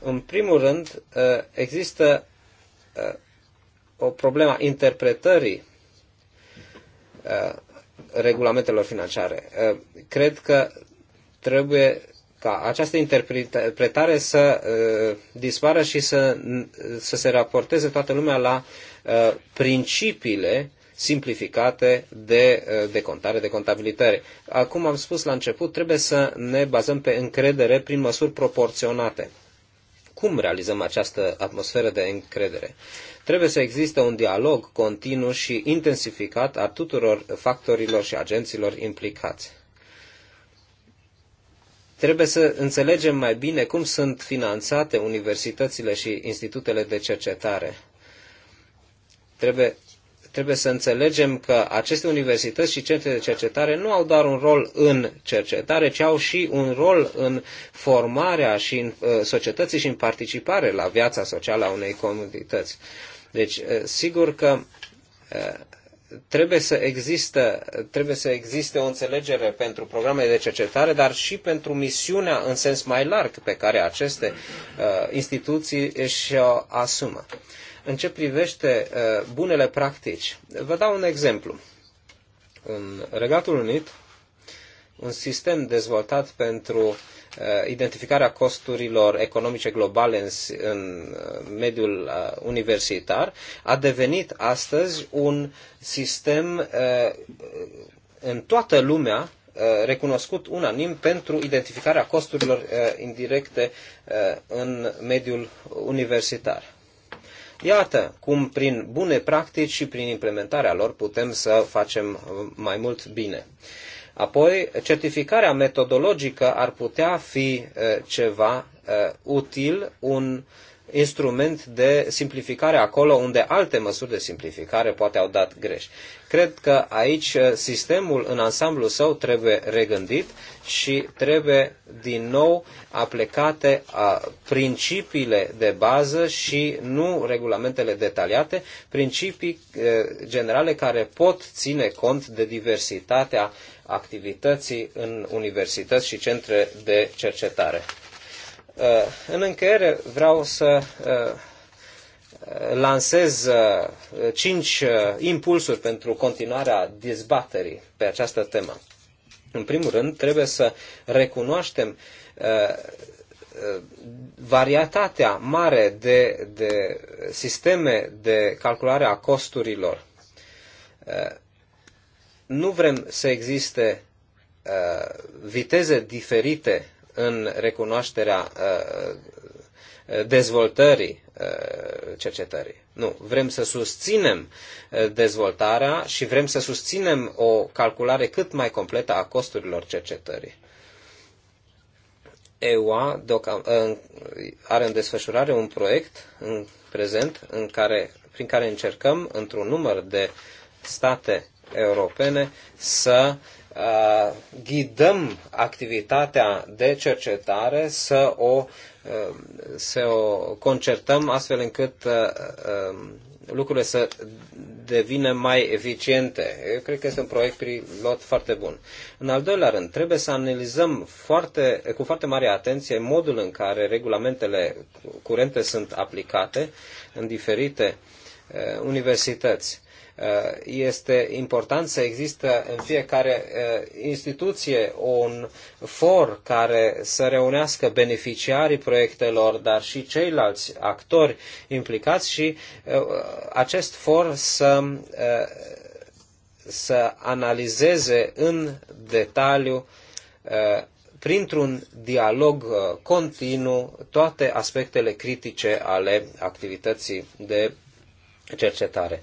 În primul rând, uh, există uh, o problemă a interpretării regulamentelor financiare. Cred că trebuie ca această interpretare să dispară și să, să se raporteze toată lumea la principiile simplificate de, eh, de contare, de contabilitate Acum am spus la început, trebuie să ne bazăm pe încredere prin măsuri proporționate. Cum realizăm această atmosferă de încredere? Trebuie să existe un dialog continuu și intensificat a tuturor factorilor și agenților implicați trebuie să înțelegem mai bine cum sunt finanțate universitățile și institutele de cercetare. Trebuie Trebuie să înțelegem că aceste universități și centre de cercetare nu au doar un rol în cercetare, ci au și un rol în formarea și în uh, societății și în participare la viața socială a unei comunități. Deci, uh, sigur că uh, trebuie să existe, trebuie să existe o înțelegere pentru programele de cercetare, dar și pentru misiunea în sens mai larg pe care aceste instituții își asumă în ce privește uh, bunele practici. Vă dau un exemplu. În Regatul Unit, un sistem dezvoltat pentru uh, identificarea costurilor economice globale în, în uh, mediul universitar a devenit astăzi un sistem în toată lumea recunoscut unanim pentru identificarea costurilor indirecte în mediul universitar. Iată cum prin bune practici și prin implementarea lor putem să facem uh, mai mult bine. Apoi, certificarea metodologică ar putea fi uh, ceva uh, util, un instrument de simplificare acolo unde alte măsuri de simplificare poate au dat greș. Cred că aici uh, sistemul în ansamblu său trebuie regândit și trebuie din nou aplicate a uh, principiile de bază și nu regulamentele detaliate, principii uh, generale care pot ține cont de diversitatea activității în universități și centre de cercetare. Uh, în încheiere vreau să uh, lansez uh, cinci impulsuri pentru continuarea dezbaterii pe această temă. În primul rând, trebuie să recunoaștem varietatea mare de, de sisteme de calculare a costurilor. Nu vrem să existe viteze diferite în recunoașterea uh, uh, dezvoltării uh, cercetării. Nu, vrem să susținem dezvoltarea și vrem să susținem o calculare cât mai completă a costurilor cercetării. EUA are în desfășurare un proiect în prezent în care, prin care încercăm, într-un număr de state europene, să uh, uh, ghidăm activitatea de cercetare, să o, uh, să o concertăm astfel încât uh, um, lucrurile să devină mai eficiente. Eu cred că este un proiect pilot foarte bun. În al doilea rând, trebuie să analizăm foarte, cu foarte mare atenție modul în care regulamentele curente sunt aplicate în diferite uh, universități Uh, este important să există în fiecare uh, instituție un for care să reunească beneficiarii proiectelor, dar și ceilalți actori implicați și uh, acest for să să analizeze în detaliu printr-un dialog continuu toate aspectele critice ale activității de cercetare.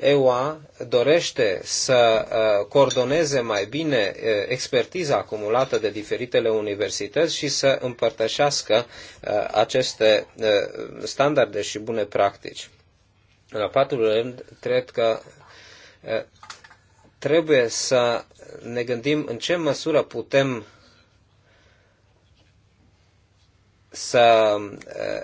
EUA dorește să uh, coordoneze mai bine uh, expertiza acumulată de diferitele universități și să împărtășească uh, aceste standarde și bune practici. La patrulea rând, cred că trebuie să ne gândim în ce măsură putem să uh,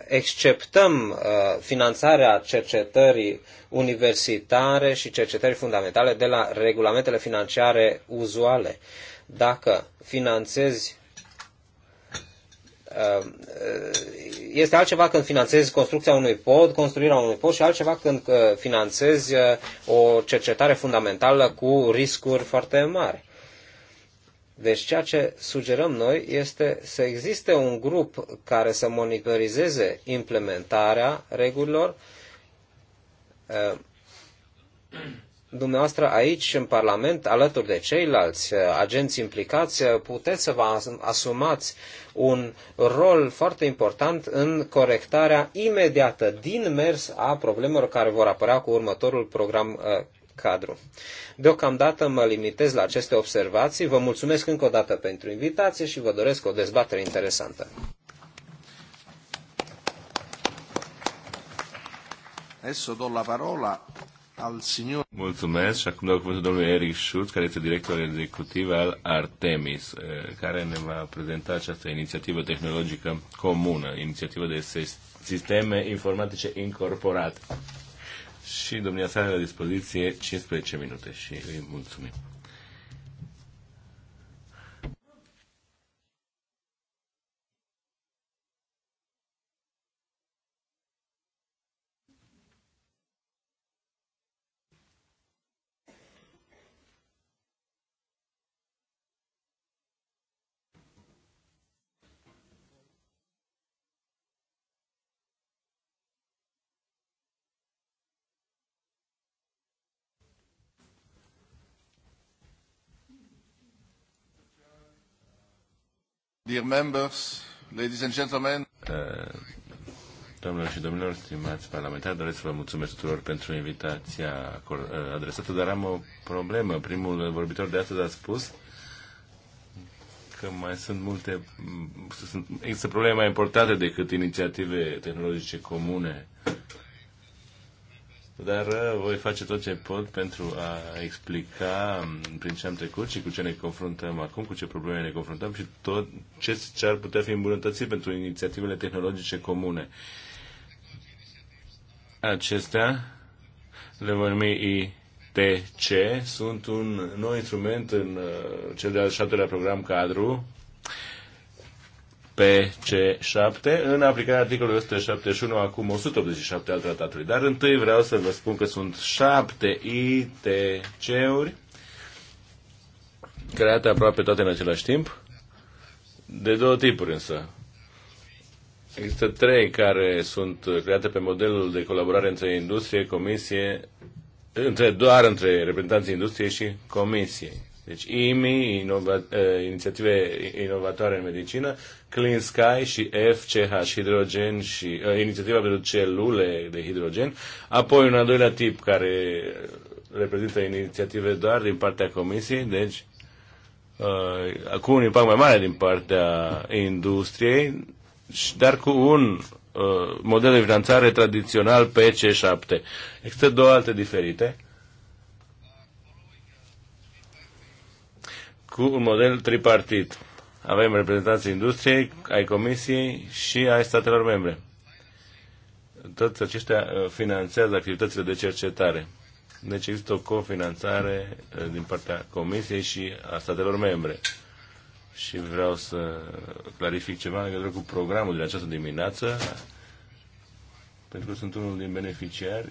exceptăm uh, finanțarea cercetării universitare și cercetării fundamentale de la regulamentele financiare uzuale. Dacă finanțezi uh, este altceva când finanțezi construcția unui pod, construirea unui pod și altceva când finanțezi o cercetare fundamentală cu riscuri foarte mari. Deci ceea ce sugerăm noi este să existe un grup care să monitorizeze implementarea regulilor. Eh, dumneavoastră aici, în Parlament, alături de ceilalți eh, agenți implicați, eh, puteți să vă asumați un rol foarte important în corectarea imediată din mers a problemelor care vor apărea cu următorul program cadru. Deocamdată mă limitez la aceste observații. Vă mulțumesc încă o dată pentru invitație și vă doresc o dezbatere interesantă. Adesso do la parola al signor... Mulțumesc și acum dau cuvântul domnului Eric Schutz, care este director executiv al Artemis, eh, care ne va prezenta această inițiativă tehnologică comună, inițiativă de sisteme informatice incorporate și domnia sa are la dispoziție 15 minute și îi mulțumim. Dear members, ladies and gentlemen. Uh, doamnelor și domnilor, stimați parlamentari, doresc să vă mulțumesc tuturor pentru invitația uh, adresată, dar am o problemă. Primul vorbitor de astăzi a spus că mai sunt multe, sunt, există probleme mai importante decât inițiative tehnologice comune dar uh, voi face tot ce pot pentru a explica um, prin ce am trecut și cu ce ne confruntăm acum, cu ce probleme ne confruntăm și tot ce, ce ar putea fi îmbunătățit pentru inițiativele tehnologice comune. Acestea le vor numi ITC, sunt un nou instrument în uh, cel de-al șaptelea program cadru PC7 în aplicarea articolului 171, acum 187 al tratatului. Dar întâi vreau să vă spun că sunt șapte ITC-uri create aproape toate în același timp, de două tipuri însă. Există trei care sunt create pe modelul de colaborare între industrie, comisie, între, doar între reprezentanții industriei și comisiei. Deci IMI, inova, eh, inițiative inovatoare în medicină, Clean Sky și FCH, hidrogen și uh, inițiativa pentru celule de hidrogen. Apoi un al doilea tip care reprezintă inițiative doar din partea comisiei, deci uh, cu un impact mai mare din partea industriei, dar cu un uh, model de finanțare tradițional PC7. Există două alte diferite cu un model tripartit. Avem reprezentanții industriei, ai comisiei și ai statelor membre. Toți aceștia uh, finanțează activitățile de cercetare. Deci există o cofinanțare uh, din partea comisiei și a statelor membre. Și vreau să clarific ceva în legătură cu programul din această dimineață, pentru că sunt unul din beneficiari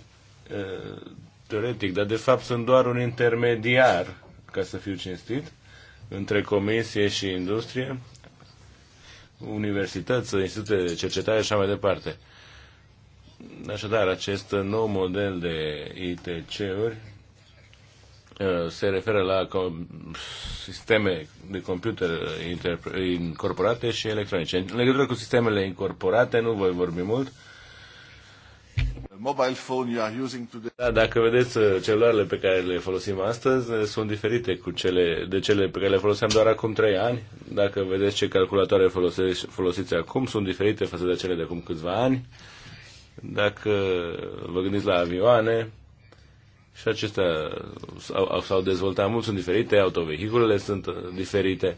uh, teoretic, dar de fapt sunt doar un intermediar, ca să fiu cinstit, între comisie și industrie, universități, institute de cercetare și așa mai departe. Așadar, acest nou model de ITC-uri uh, se referă la sisteme de computer incorporate și electronice. În legătură cu sistemele incorporate nu voi vorbi mult, Mobile phone you are using today. Da, dacă vedeți, uh, celularele pe care le folosim astăzi uh, sunt diferite cu cele, de cele pe care le foloseam doar acum 3 ani. Dacă vedeți ce calculatoare folosiți, folosiți acum, sunt diferite față de cele de acum câțiva ani. Dacă vă gândiți la avioane, și acestea s-au, dezvoltat mult, sunt diferite, autovehiculele sunt uh, diferite.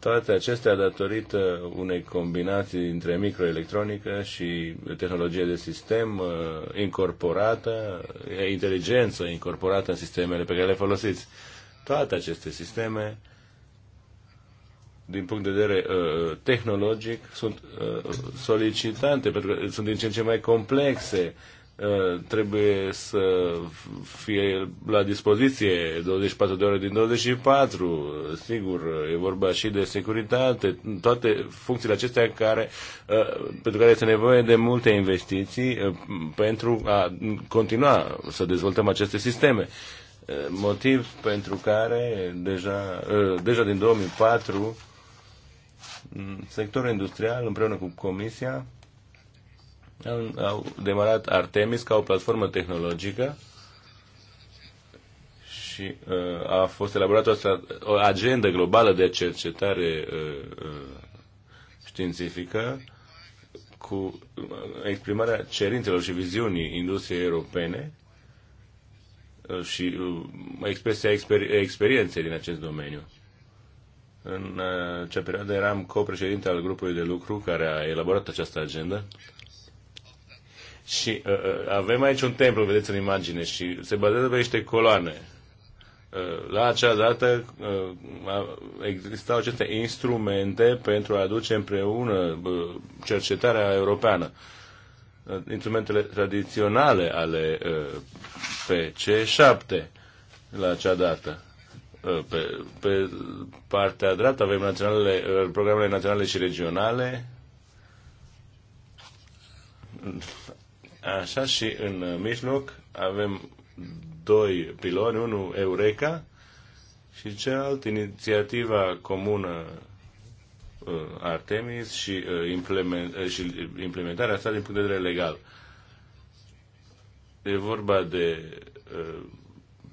Toate acestea datorită unei combinații între microelectronică și tehnologie de sistem uh, incorporată, inteligență incorporată în sistemele pe care le folosiți. Toate aceste sisteme, din punct de vedere uh, tehnologic, sunt uh, solicitante, pentru că sunt din ce în ce mai complexe Uh, trebuie să fie la dispoziție 24 de ore din 24. Sigur, e vorba și de securitate, toate funcțiile acestea care, uh, pentru care este nevoie de multe investiții uh, pentru a continua să dezvoltăm aceste sisteme. Motiv pentru care deja, deja din 2004 mm, sectorul industrial împreună cu Comisia au, demarat Artemis ca o platformă tehnologică și uh, a fost elaborată o, o agendă globală de cercetare uh, uh, științifică cu uh, exprimarea cerințelor și viziunii industriei europene uh, și uh, expresia exper- experienței din acest domeniu. În acea perioadă eram copreședinte al grupului de lucru care a elaborat această agendă și uh, uh, avem aici un templu, vedeți în imagine, și se bazează pe niște coloane. Uh, la acea dată uh, existau aceste instrumente pentru a aduce împreună uh, cercetarea europeană. Uh, instrumentele tradiționale ale uh, PC7 la acea dată uh, pe, pe partea dreaptă avem naționale, uh, programele naționale și regionale. Așa și în uh, mijloc avem doi piloni, unul Eureka și celălalt inițiativa comună uh, Artemis și, uh, implement, și implementarea asta din punct de vedere legal. E vorba de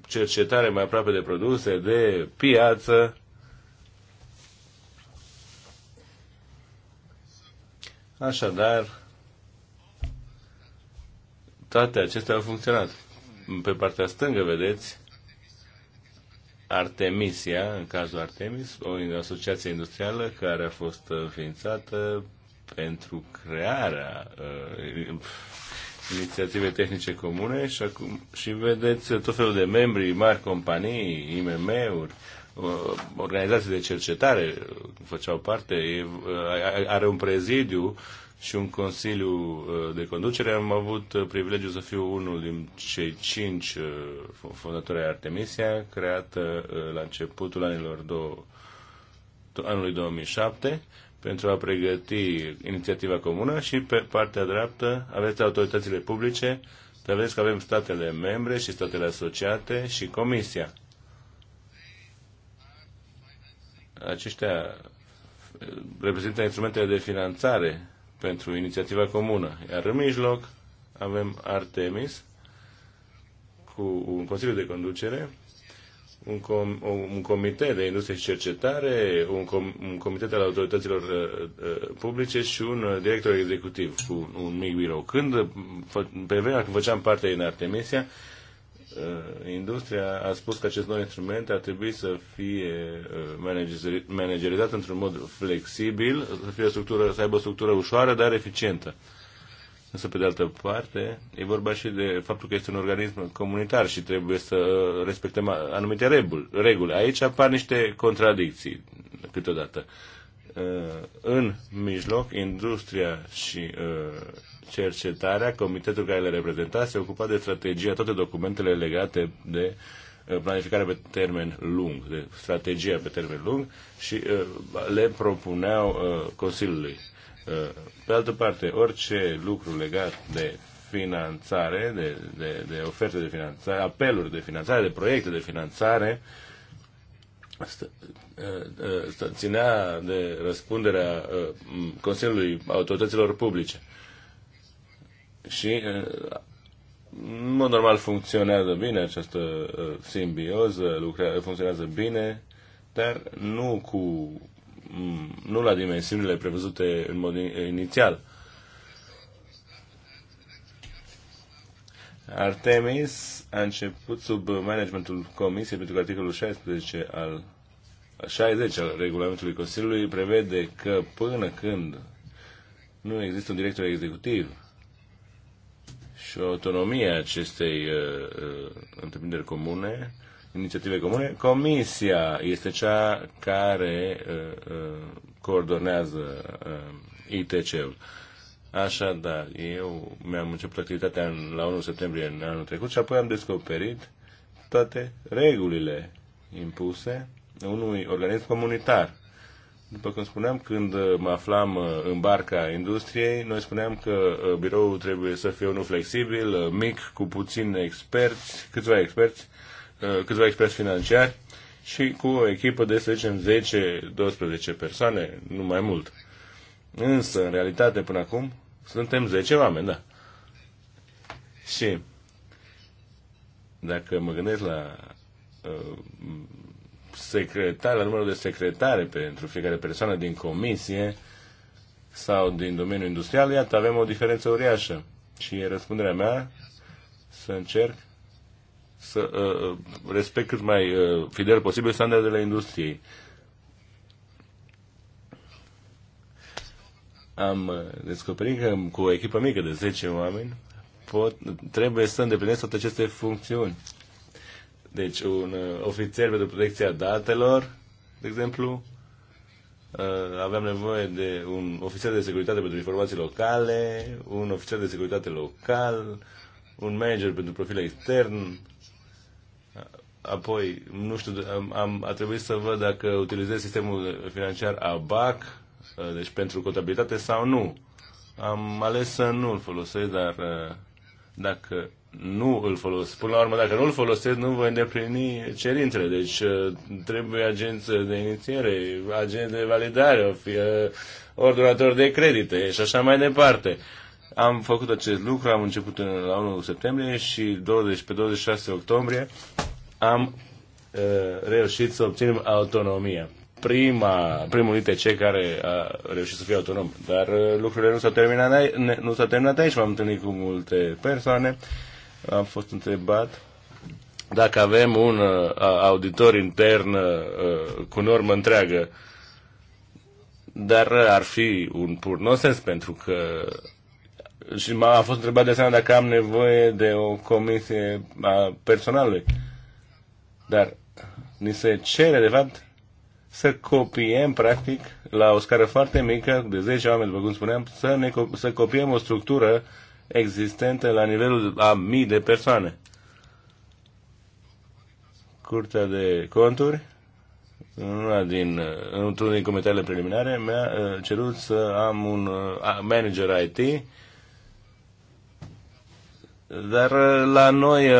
cercetare mai aproape de produse, de piață. Așadar, toate acestea au funcționat. Pe partea stângă, vedeți, Artemisia, în cazul Artemis, o asociație industrială care a fost înființată pentru crearea uh, inițiative tehnice comune și, acum, și vedeți tot felul de membri, mari companii, IMM-uri, organizații de cercetare făceau parte, are un prezidiu și un consiliu uh, de conducere. Am avut uh, privilegiul să fiu unul din cei cinci uh, fondatori ai Artemisia, creată la începutul anilor două, anului 2007 pentru a pregăti inițiativa comună și pe partea dreaptă aveți autoritățile publice, să vedeți că avem statele membre și statele asociate și Comisia. Aceștia reprezintă instrumentele de finanțare pentru inițiativa comună. Iar în mijloc avem Artemis cu un consiliu de conducere, un, com, un comitet de industrie și cercetare, un, com, un comitet al autorităților uh, uh publice și un uh, director executiv cu un mic birou. Când, pe vremea când făceam parte din Artemisia, uh, Uh, industria a spus că acest nou instrument ar trebui să fie uh, managerizat într-un mod flexibil, să, fie o structură, să aibă o structură ușoară, dar eficientă. Însă, pe de altă parte, e vorba și de faptul că este un organism comunitar și trebuie să uh, respectăm anumite reguli. Aici apar niște contradicții câteodată. În mijloc, industria și cercetarea, comitetul care le reprezenta se ocupa de strategia, toate documentele legate de uh, planificare pe termen lung, de strategia pe termen lung și uh, le propuneau uh, Consiliului. Pe altă parte, orice lucru legat de finanțare, de, de, de oferte de finanțare, apeluri de finanțare, de proiecte de finanțare, stă, stă, ținea de răspunderea Consiliului Autorităților Publice și uh, în mod normal funcționează bine această uh, simbioză, lucrează, funcționează bine, dar nu cu mm, nu la dimensiunile prevăzute în mod inițial. Artemis a început sub managementul Comisiei pentru că articolul 16 al 60 al regulamentului Consiliului prevede că până când nu există un director executiv și autonomia acestei uh, uh, întreprinderi comune, inițiative comune. Comisia este cea care uh, uh, coordonează uh, ITC-ul. Așadar, eu mi-am început activitatea în, la 1 septembrie în anul trecut și apoi am descoperit toate regulile impuse unui organism comunitar după cum spuneam, când uh, mă aflam uh, în barca industriei, noi spuneam că uh, biroul trebuie să fie unul flexibil, mic, cu puțini experți, câțiva experți, câțiva experți financiari și cu o echipă de, să zicem, 10-12 persoane, nu mai mult. Însă, în realitate, până acum, suntem 10 oameni, da. Și dacă mă gândesc la secretar, la numărul de secretare pentru fiecare persoană din comisie sau din domeniul industrial, iată, avem o diferență uriașă. Și e răspunderea mea să încerc să uh, uh respect cât mai uh, fidel posibil standardele industriei. Am uh, descoperit că cu o echipă mică de 10 oameni pot, trebuie să îndeplinesc toate aceste funcțiuni. Deci un uh, ofițer pentru protecția datelor, de exemplu, uh, aveam nevoie de un ofițer de securitate pentru informații locale, un ofițer de securitate local, un manager pentru profil extern, apoi, nu știu, am, am, a trebuit să văd dacă utilizez sistemul financiar ABAC, uh, deci pentru contabilitate sau nu. Am ales să nu-l folosesc, dar dacă nu îl folosesc. Până la urmă, dacă nu îl folosesc, nu voi îndeplini cerințele. Deci uh, trebuie agență de inițiere, agent de validare, uh, ordonator de credite și așa mai departe. Am făcut acest lucru, am început în, la 1 septembrie și 20, pe 26 octombrie am uh, reușit să obținem autonomia. Prima, primul ITC care a reușit să fie autonom. Dar uh, lucrurile nu s-au terminat, nu s-au terminat aici, m-am întâlnit cu multe persoane. Uh, am fost întrebat dacă avem un uh, auditor intern uh, uh, cu normă întreagă, dar uh, ar fi un pur nonsens pentru că și m-a fost întrebat de asemenea dacă am nevoie de o comisie a personalului. Dar ni se cere, de fapt, să copiem, practic, la o scară foarte mică, de 10 oameni, după cum spuneam, să, ne, să copiem o structură existente la nivelul a mii de persoane. Curtea de conturi, una din, într-unul din comentariile preliminare, mi-a uh, cerut să am un uh, manager IT, dar uh, la noi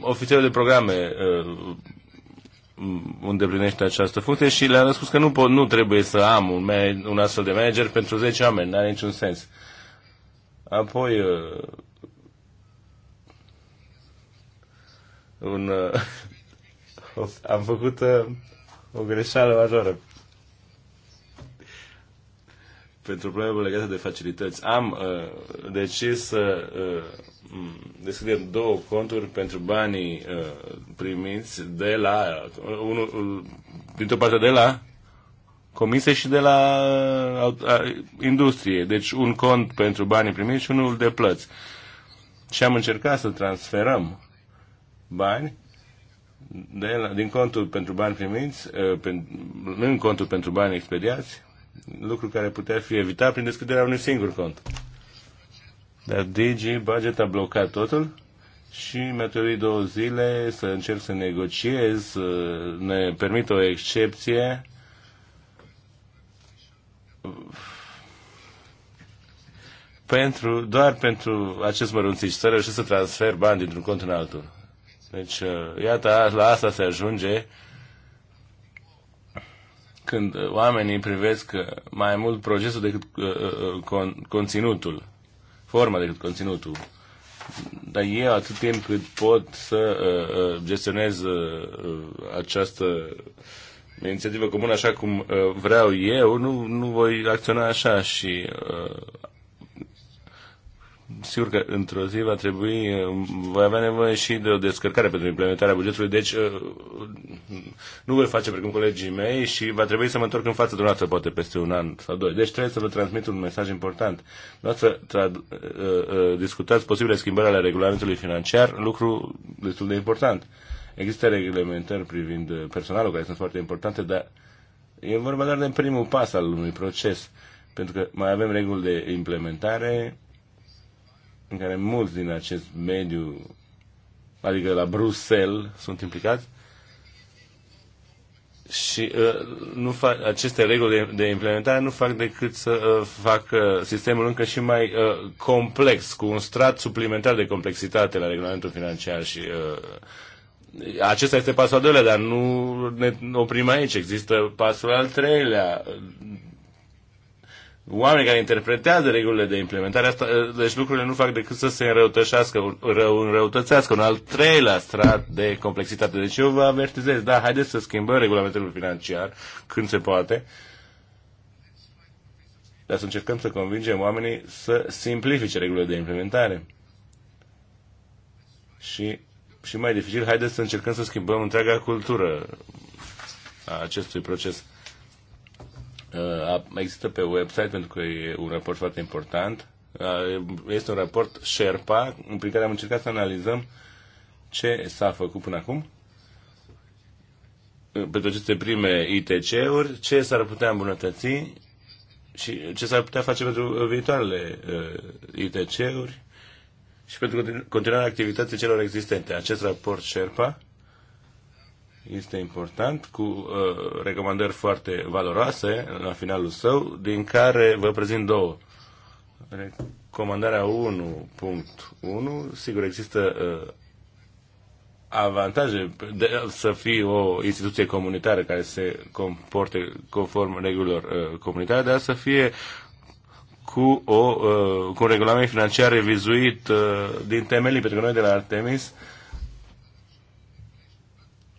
ofițerul de programe îndeplinește această funcție și le-am spus că nu, pot, nu trebuie să am un, un astfel de manager pentru 10 oameni, n-are niciun sens. Uh, Apoi, uh, un, uh, (laughs) am făcut uh, o greșeală majoră. Pentru probleme legate de facilități. Am uh, decis să uh, deschidem două conturi pentru banii uh, primiți de la, unul, dintr-o parte de la comise și de la industrie. Deci un cont pentru banii primiți și unul de plăți. Și am încercat să transferăm bani de la, din contul pentru bani primiți ă, în contul pentru bani expediați, lucru care putea fi evitat prin deschiderea unui singur cont. Dar DG Budget a blocat totul și mi-a trebuit două zile să încerc să negociez, ne permit o excepție pentru, doar pentru acest mărunțiș, să reușesc să transfer bani dintr-un cont în altul. Deci, uh, iată, la asta se ajunge când uh, oamenii privesc uh, mai mult procesul decât con, conținutul, forma decât conținutul. Dar eu, atât timp cât pot să gestionez această inițiativă comună așa cum vreau eu, nu, nu voi acționa așa și sigur că într-o zi va trebui, voi avea nevoie și de o descărcare pentru implementarea bugetului, deci uh, nu voi face precum colegii mei și va trebui să mă întorc în fața dumneavoastră poate peste un an sau doi. Deci trebuie să vă transmit un mesaj important. Noastră uh, uh, discutați posibile schimbări ale regulamentului financiar, lucru destul de important. Există reglementări privind personalul care sunt foarte importante, dar e vorba doar de primul pas al unui proces, pentru că mai avem reguli de implementare, în care mulți din acest mediu, adică la Bruxelles, sunt implicați și uh, nu fac, aceste reguli de, de implementare nu fac decât să uh, facă sistemul încă și mai uh, complex, cu un strat suplimentar de complexitate la regulamentul financiar și uh, acesta este pasul al doilea, dar nu ne oprim aici. Există pasul al treilea, oameni care interpretează regulile de implementare, asta, eh, deci lucrurile nu fac decât să se înrăutășească, rău, înrăutățească un al treilea strat de complexitate. Deci eu vă avertizez, da, haideți să schimbăm regulamentul financiar când se poate, dar să încercăm să convingem oamenii să simplifice regulile de implementare. Și, și mai dificil, haideți să încercăm să schimbăm întreaga cultură a acestui proces. Uh, există pe website pentru că e un raport foarte important. Uh, este un raport Sherpa prin care am încercat să analizăm ce s-a făcut până acum uh, pentru aceste prime ITC-uri, ce s-ar putea îmbunătăți și ce s-ar putea face pentru viitoarele ITC-uri și pentru continuarea activității celor existente. Acest raport Sherpa este important, cu uh, recomandări foarte valoroase la finalul său, din care vă prezint două. Recomandarea 1.1, sigur există uh, avantaje de să fie o instituție comunitară care se comporte conform regulilor uh, comunitare, dar să fie cu, o, uh, cu un regulament financiar revizuit uh, din temelii, pentru că noi de la Artemis uh,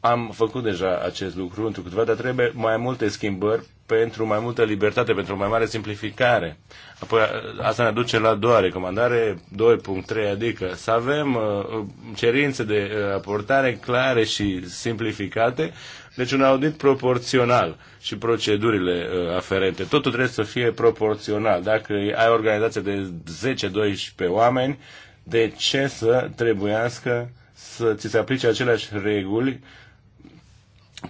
am făcut deja acest lucru într câteva, dar trebuie mai multe schimbări pentru mai multă libertate, pentru mai mare simplificare. Apoi asta ne duce la a doua recomandare, 2.3, adică să avem uh, cerințe de uh, aportare clare și simplificate, deci un audit proporțional și procedurile uh, aferente. Totul trebuie să fie proporțional. Dacă ai o organizație de 10-12 oameni, de ce să trebuiască să ți se aplice aceleași reguli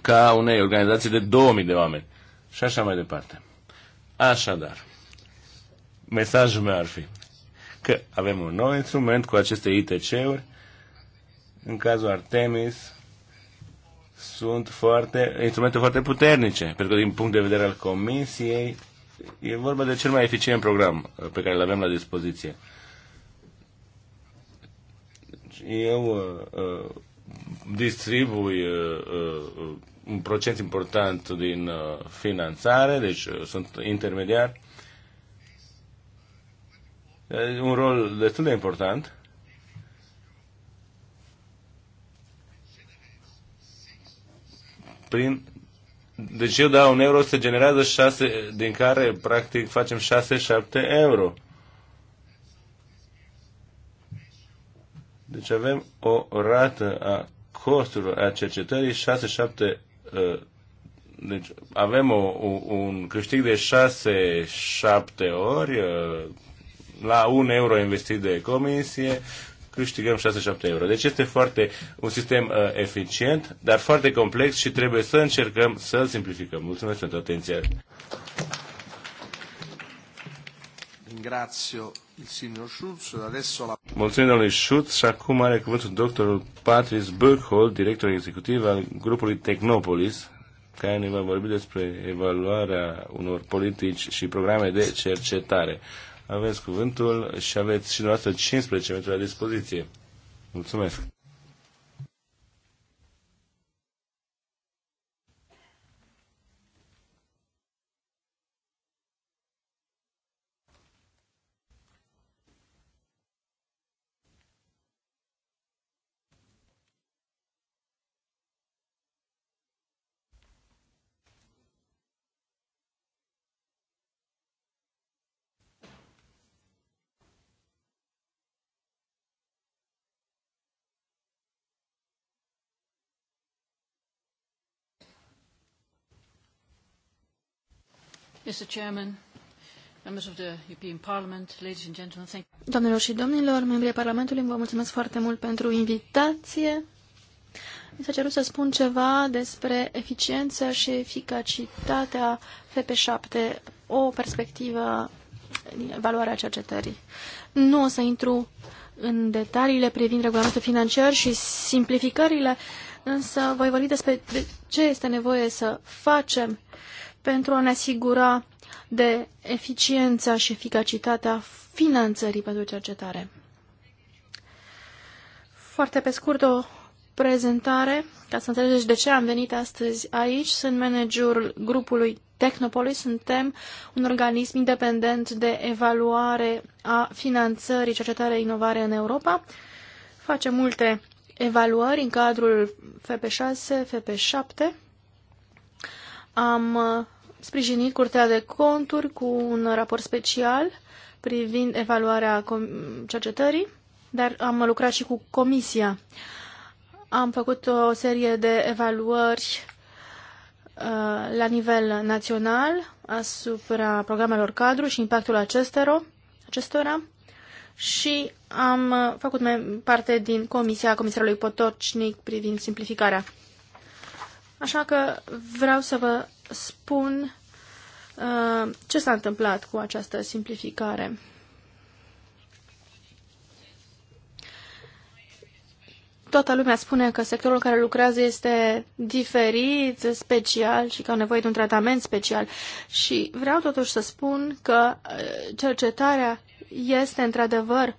ca unei organizații de 2000 de oameni și așa mai departe. Așadar, mesajul meu ar fi că avem un nou instrument cu aceste ITC-uri. În cazul Artemis sunt foarte, instrumente foarte puternice, pentru că din punct de vedere al Comisiei e vorba de cel mai eficient program uh, pe care îl avem la dispoziție. Eu uh, uh distribui uh, uh, un procent important din uh, finanțare, deci sunt intermediar, Un rol destul de important. Prin deci eu dau un euro, se generează 6, din care practic facem 6-7 euro. Deci avem o rată a costurilor a cercetării 6-7 uh, deci avem o, o, un câștig de 6-7 ori uh, la 1 euro investit de comisie câștigăm 6-7 euro. Deci este foarte un sistem uh, eficient, dar foarte complex și trebuie să încercăm să simplificăm. Mulțumesc pentru atenție. Ringrazio Mulțumim, domnului Schutz. Și acum are cuvântul doctorul Patrice Burkhold, director executiv al grupului Technopolis, care ne va vorbi despre evaluarea unor politici și programe de cercetare. Aveți cuvântul și aveți și dumneavoastră 15 minute la dispoziție. Mulțumesc! Mr. Chairman, members of the European Parliament, ladies and gentlemen, thank Doamnelor și domnilor, membrii Parlamentului, vă mulțumesc foarte mult pentru invitație. Mi s-a cerut să spun ceva despre eficiență și eficacitatea FP7, o perspectivă din evaluarea cercetării. Nu o să intru în detaliile privind regulamentul financiar și simplificările, însă voi vorbi despre ce este nevoie să facem pentru a ne asigura de eficiența și eficacitatea finanțării pentru cercetare. Foarte pe scurt o prezentare, ca să înțelegeți de ce am venit astăzi aici. Sunt managerul grupului Technopolis, suntem un organism independent de evaluare a finanțării cercetare inovare în Europa. Facem multe evaluări în cadrul FP6, FP7 am uh, sprijinit Curtea de Conturi cu un raport special privind evaluarea cercetării, dar am lucrat și cu Comisia. Am făcut o serie de evaluări uh, la nivel național asupra programelor cadru și impactul acestora, acestora și am uh, făcut parte din comisia comisarului Potocnic privind simplificarea. Așa că vreau să vă spun uh, ce s-a întâmplat cu această simplificare. Toată lumea spune că sectorul care lucrează este diferit, special și că au nevoie de un tratament special. Și vreau totuși să spun că uh, cercetarea este într-adevăr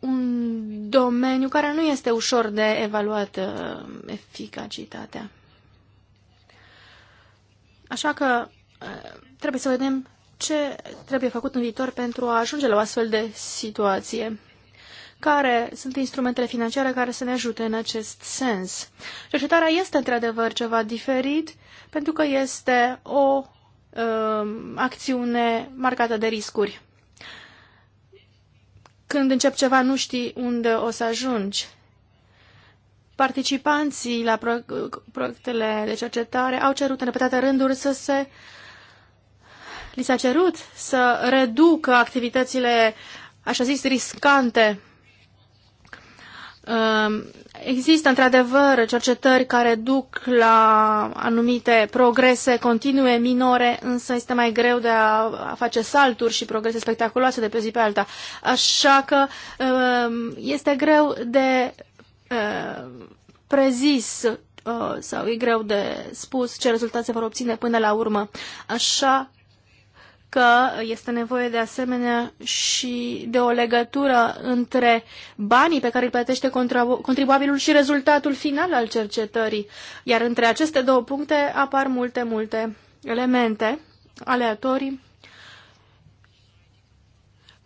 un domeniu care nu este ușor de evaluat uh, eficacitatea. Așa că uh, trebuie să vedem ce trebuie făcut în viitor pentru a ajunge la o astfel de situație. Care sunt instrumentele financiare care să ne ajute în acest sens? Cercetarea este într-adevăr ceva diferit pentru că este o uh, acțiune marcată de riscuri. Când încep ceva, nu știi unde o să ajungi participanții la proiectele de cercetare au cerut în repetate rânduri să se li s-a cerut să reducă activitățile așa zis riscante. Um, există într-adevăr cercetări care duc la anumite progrese continue, minore, însă este mai greu de a face salturi și progrese spectaculoase de pe zi pe alta. Așa că um, este greu de Uh, prezis uh, sau e greu de spus ce rezultate vor obține până la urmă. Așa că este nevoie de asemenea și de o legătură între banii pe care îi plătește contribuabilul și rezultatul final al cercetării. Iar între aceste două puncte apar multe, multe elemente aleatorii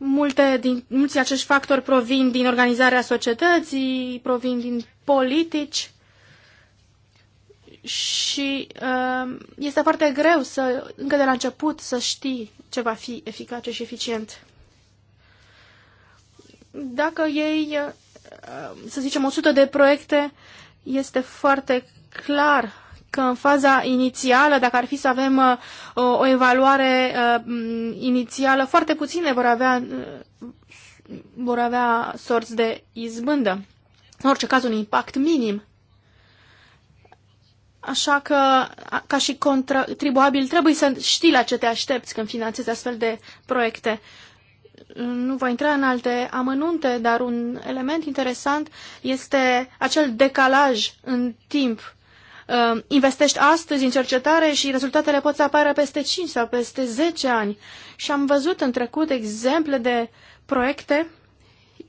Multe din, mulți acești factori provin din organizarea societății, provin din politici și uh, este foarte greu să, încă de la început, să știi ce va fi eficace și eficient. Dacă ei, uh, să zicem, 100 de proiecte, este foarte clar că în faza inițială, dacă ar fi să avem o, uh, o evaluare uh, inițială, foarte puține vor avea, uh, vor avea sorți de izbândă. În orice caz, un impact minim. Așa că, ca și contribuabil, trebuie să știi la ce te aștepți când finanțezi astfel de proiecte. Nu voi intra în alte amănunte, dar un element interesant este acel decalaj în timp Ehm, investești astăzi în cercetare și rezultatele pot să apară peste 5 sau peste 10 ani. Și am văzut în trecut exemple de proiecte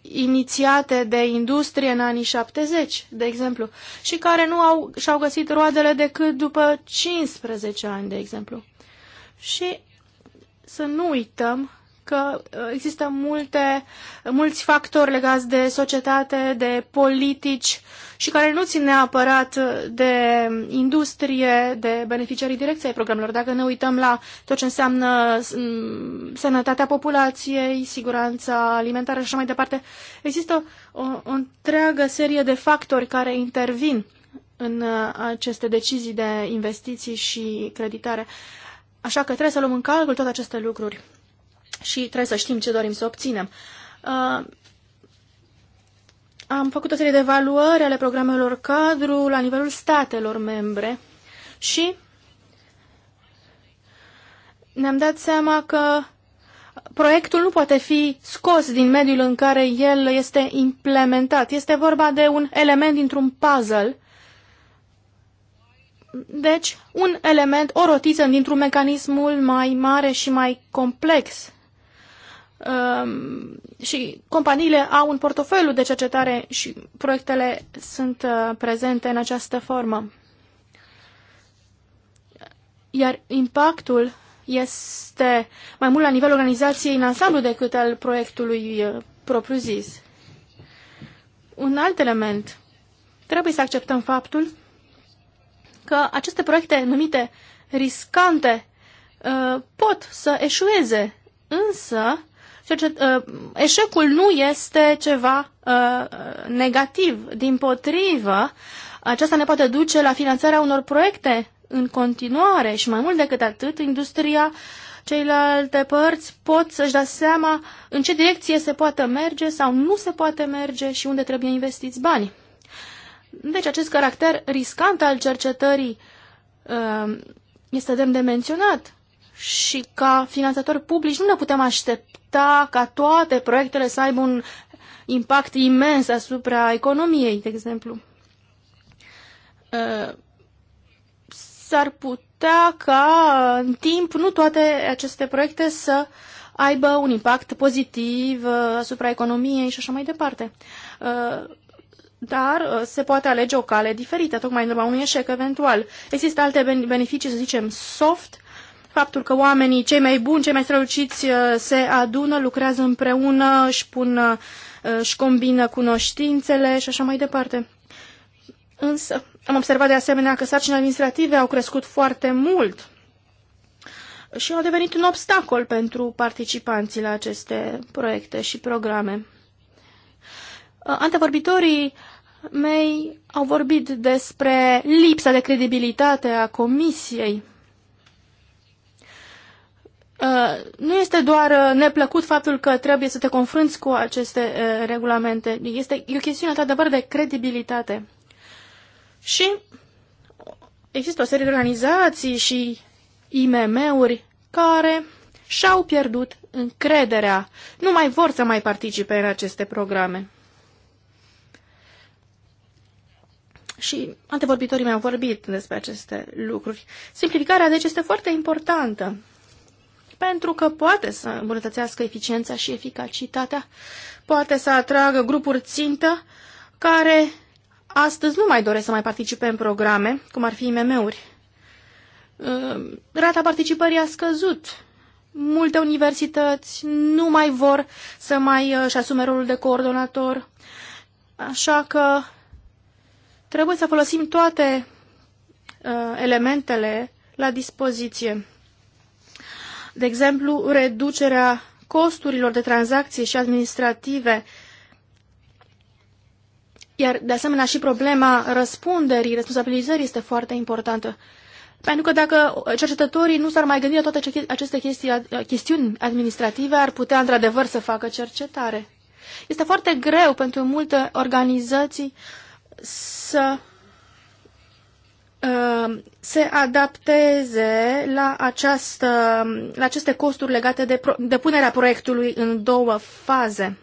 inițiate de industrie în anii 70, de exemplu, și care nu au, și-au găsit roadele decât după 15 ani, de exemplu. Și să nu uităm că uh, există multe, mulți factori legați de societate, de politici și care nu țin neapărat de industrie, de beneficiarii direcției programelor. Dacă ne uităm la tot ce înseamnă mm, sănătatea populației, siguranța alimentară și așa mai departe, există o, o întreagă serie de factori care intervin în uh, aceste decizii de investiții și creditare. Așa că trebuie să luăm în calcul toate aceste lucruri și trebuie să știm ce dorim să obținem. Uh, am făcut o serie de evaluări ale programelor cadru la nivelul statelor membre și ne-am dat seama că proiectul nu poate fi scos din mediul în care el este implementat. Este vorba de un element dintr-un puzzle. Deci, un element, o rotiță dintr-un mecanismul mai mare și mai complex. Um, și companiile au un portofoliu de cercetare și proiectele sunt uh, prezente în această formă. Iar impactul este mai mult la nivel organizației în ansamblu decât al proiectului uh, propriu-zis. Un alt element. Trebuie să acceptăm faptul că aceste proiecte numite riscante uh, pot să eșueze, însă Cercet, uh, eșecul nu este ceva uh, negativ. Din potrivă, aceasta ne poate duce la finanțarea unor proiecte în continuare și mai mult decât atât, industria ceilalte părți pot să-și da seama în ce direcție se poate merge sau nu se poate merge și unde trebuie investiți bani. Deci acest caracter riscant al cercetării uh, este demn de menționat și ca finanțatori publici nu ne putem aștepta ca toate proiectele să aibă un impact imens asupra economiei, de exemplu. Ă, s-ar putea ca în timp nu toate aceste proiecte să aibă un impact pozitiv ă, asupra economiei și așa mai departe. Ă, dar se poate alege o cale diferită, tocmai în urma unui eșec eventual. Există alte beneficii, să zicem, soft, faptul că oamenii cei mai buni, cei mai străluciți uh, se adună, lucrează împreună, își pun, uh, uh, își combină cunoștințele și așa mai departe. Însă, am observat de asemenea că sarcinile administrative au crescut foarte mult și au devenit un obstacol pentru participanții la aceste proiecte și programe. Antevorbitorii mei au vorbit despre lipsa de credibilitate a comisiei Uh, nu este doar uh, neplăcut faptul că trebuie să te confrunți cu aceste uh, regulamente. Este o chestiune într-adevăr de credibilitate. Și există o serie de organizații și IMM-uri care și-au pierdut încrederea. Nu mai vor să mai participe în aceste programe. Și antevorbitorii mei au vorbit despre aceste lucruri. Simplificarea, deci, este foarte importantă pentru că poate să îmbunătățească eficiența și eficacitatea, poate să atragă grupuri țintă care astăzi nu mai doresc să mai participe în programe, cum ar fi IMM-uri. Ehm, rata participării a scăzut. Multe universități nu mai vor să mai uh, își asume rolul de coordonator, așa că trebuie să folosim toate uh, elementele la dispoziție. De exemplu, reducerea costurilor de tranzacție și administrative, iar de asemenea și problema răspunderii, responsabilizării este foarte importantă. Pentru că dacă cercetătorii nu s-ar mai gândi la toate aceste chestii, chestiuni administrative, ar putea într-adevăr să facă cercetare. Este foarte greu pentru multe organizații să Uh, se adapteze la, această, la aceste costuri legate de depunerea proiectului în două faze.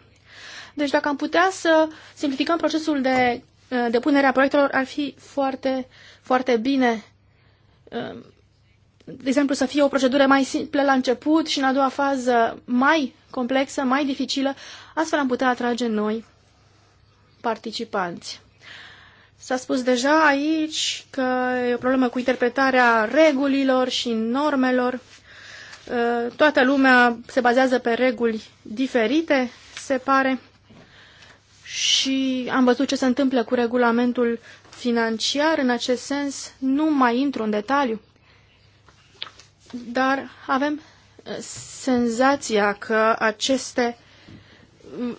Deci dacă am putea să simplificăm procesul de uh, depunerea proiectelor, ar fi foarte, foarte bine. Uh, de exemplu, să fie o procedură mai simplă la început și în a doua fază mai complexă, mai dificilă, astfel am putea atrage noi participanți. S-a spus deja aici că e o problemă cu interpretarea regulilor și normelor. Uh, toată lumea se bazează pe reguli diferite, se pare. Și am văzut ce se întâmplă cu regulamentul financiar. În acest sens, nu mai intru în detaliu. Dar avem uh, senzația că aceste mm,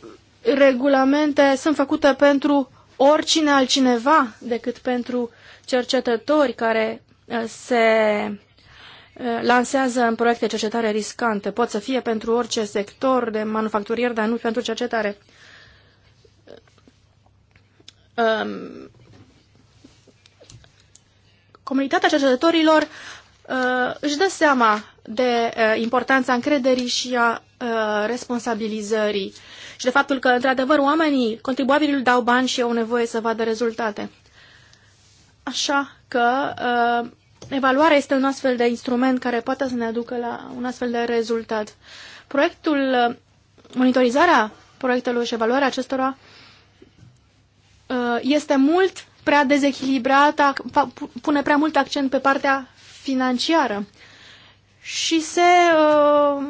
regulamente sunt făcute pentru oricine altcineva decât pentru cercetători care uh, se uh, lansează în proiecte cercetare riscante. Pot să fie pentru orice sector de manufacturier, dar nu pentru cercetare. Um, comunitatea cercetătorilor uh, își dă seama de importanța încrederii și a responsabilizării și de faptul că, într-adevăr, oamenii, contribuabilul dau bani și au nevoie să vadă rezultate. Așa că uh, evaluarea este un astfel de instrument care poate să ne aducă la un astfel de rezultat. Proiectul, uh, monitorizarea proiectelor și evaluarea acestora uh, este mult prea dezechilibrată, pune prea mult accent pe partea financiară și se uh,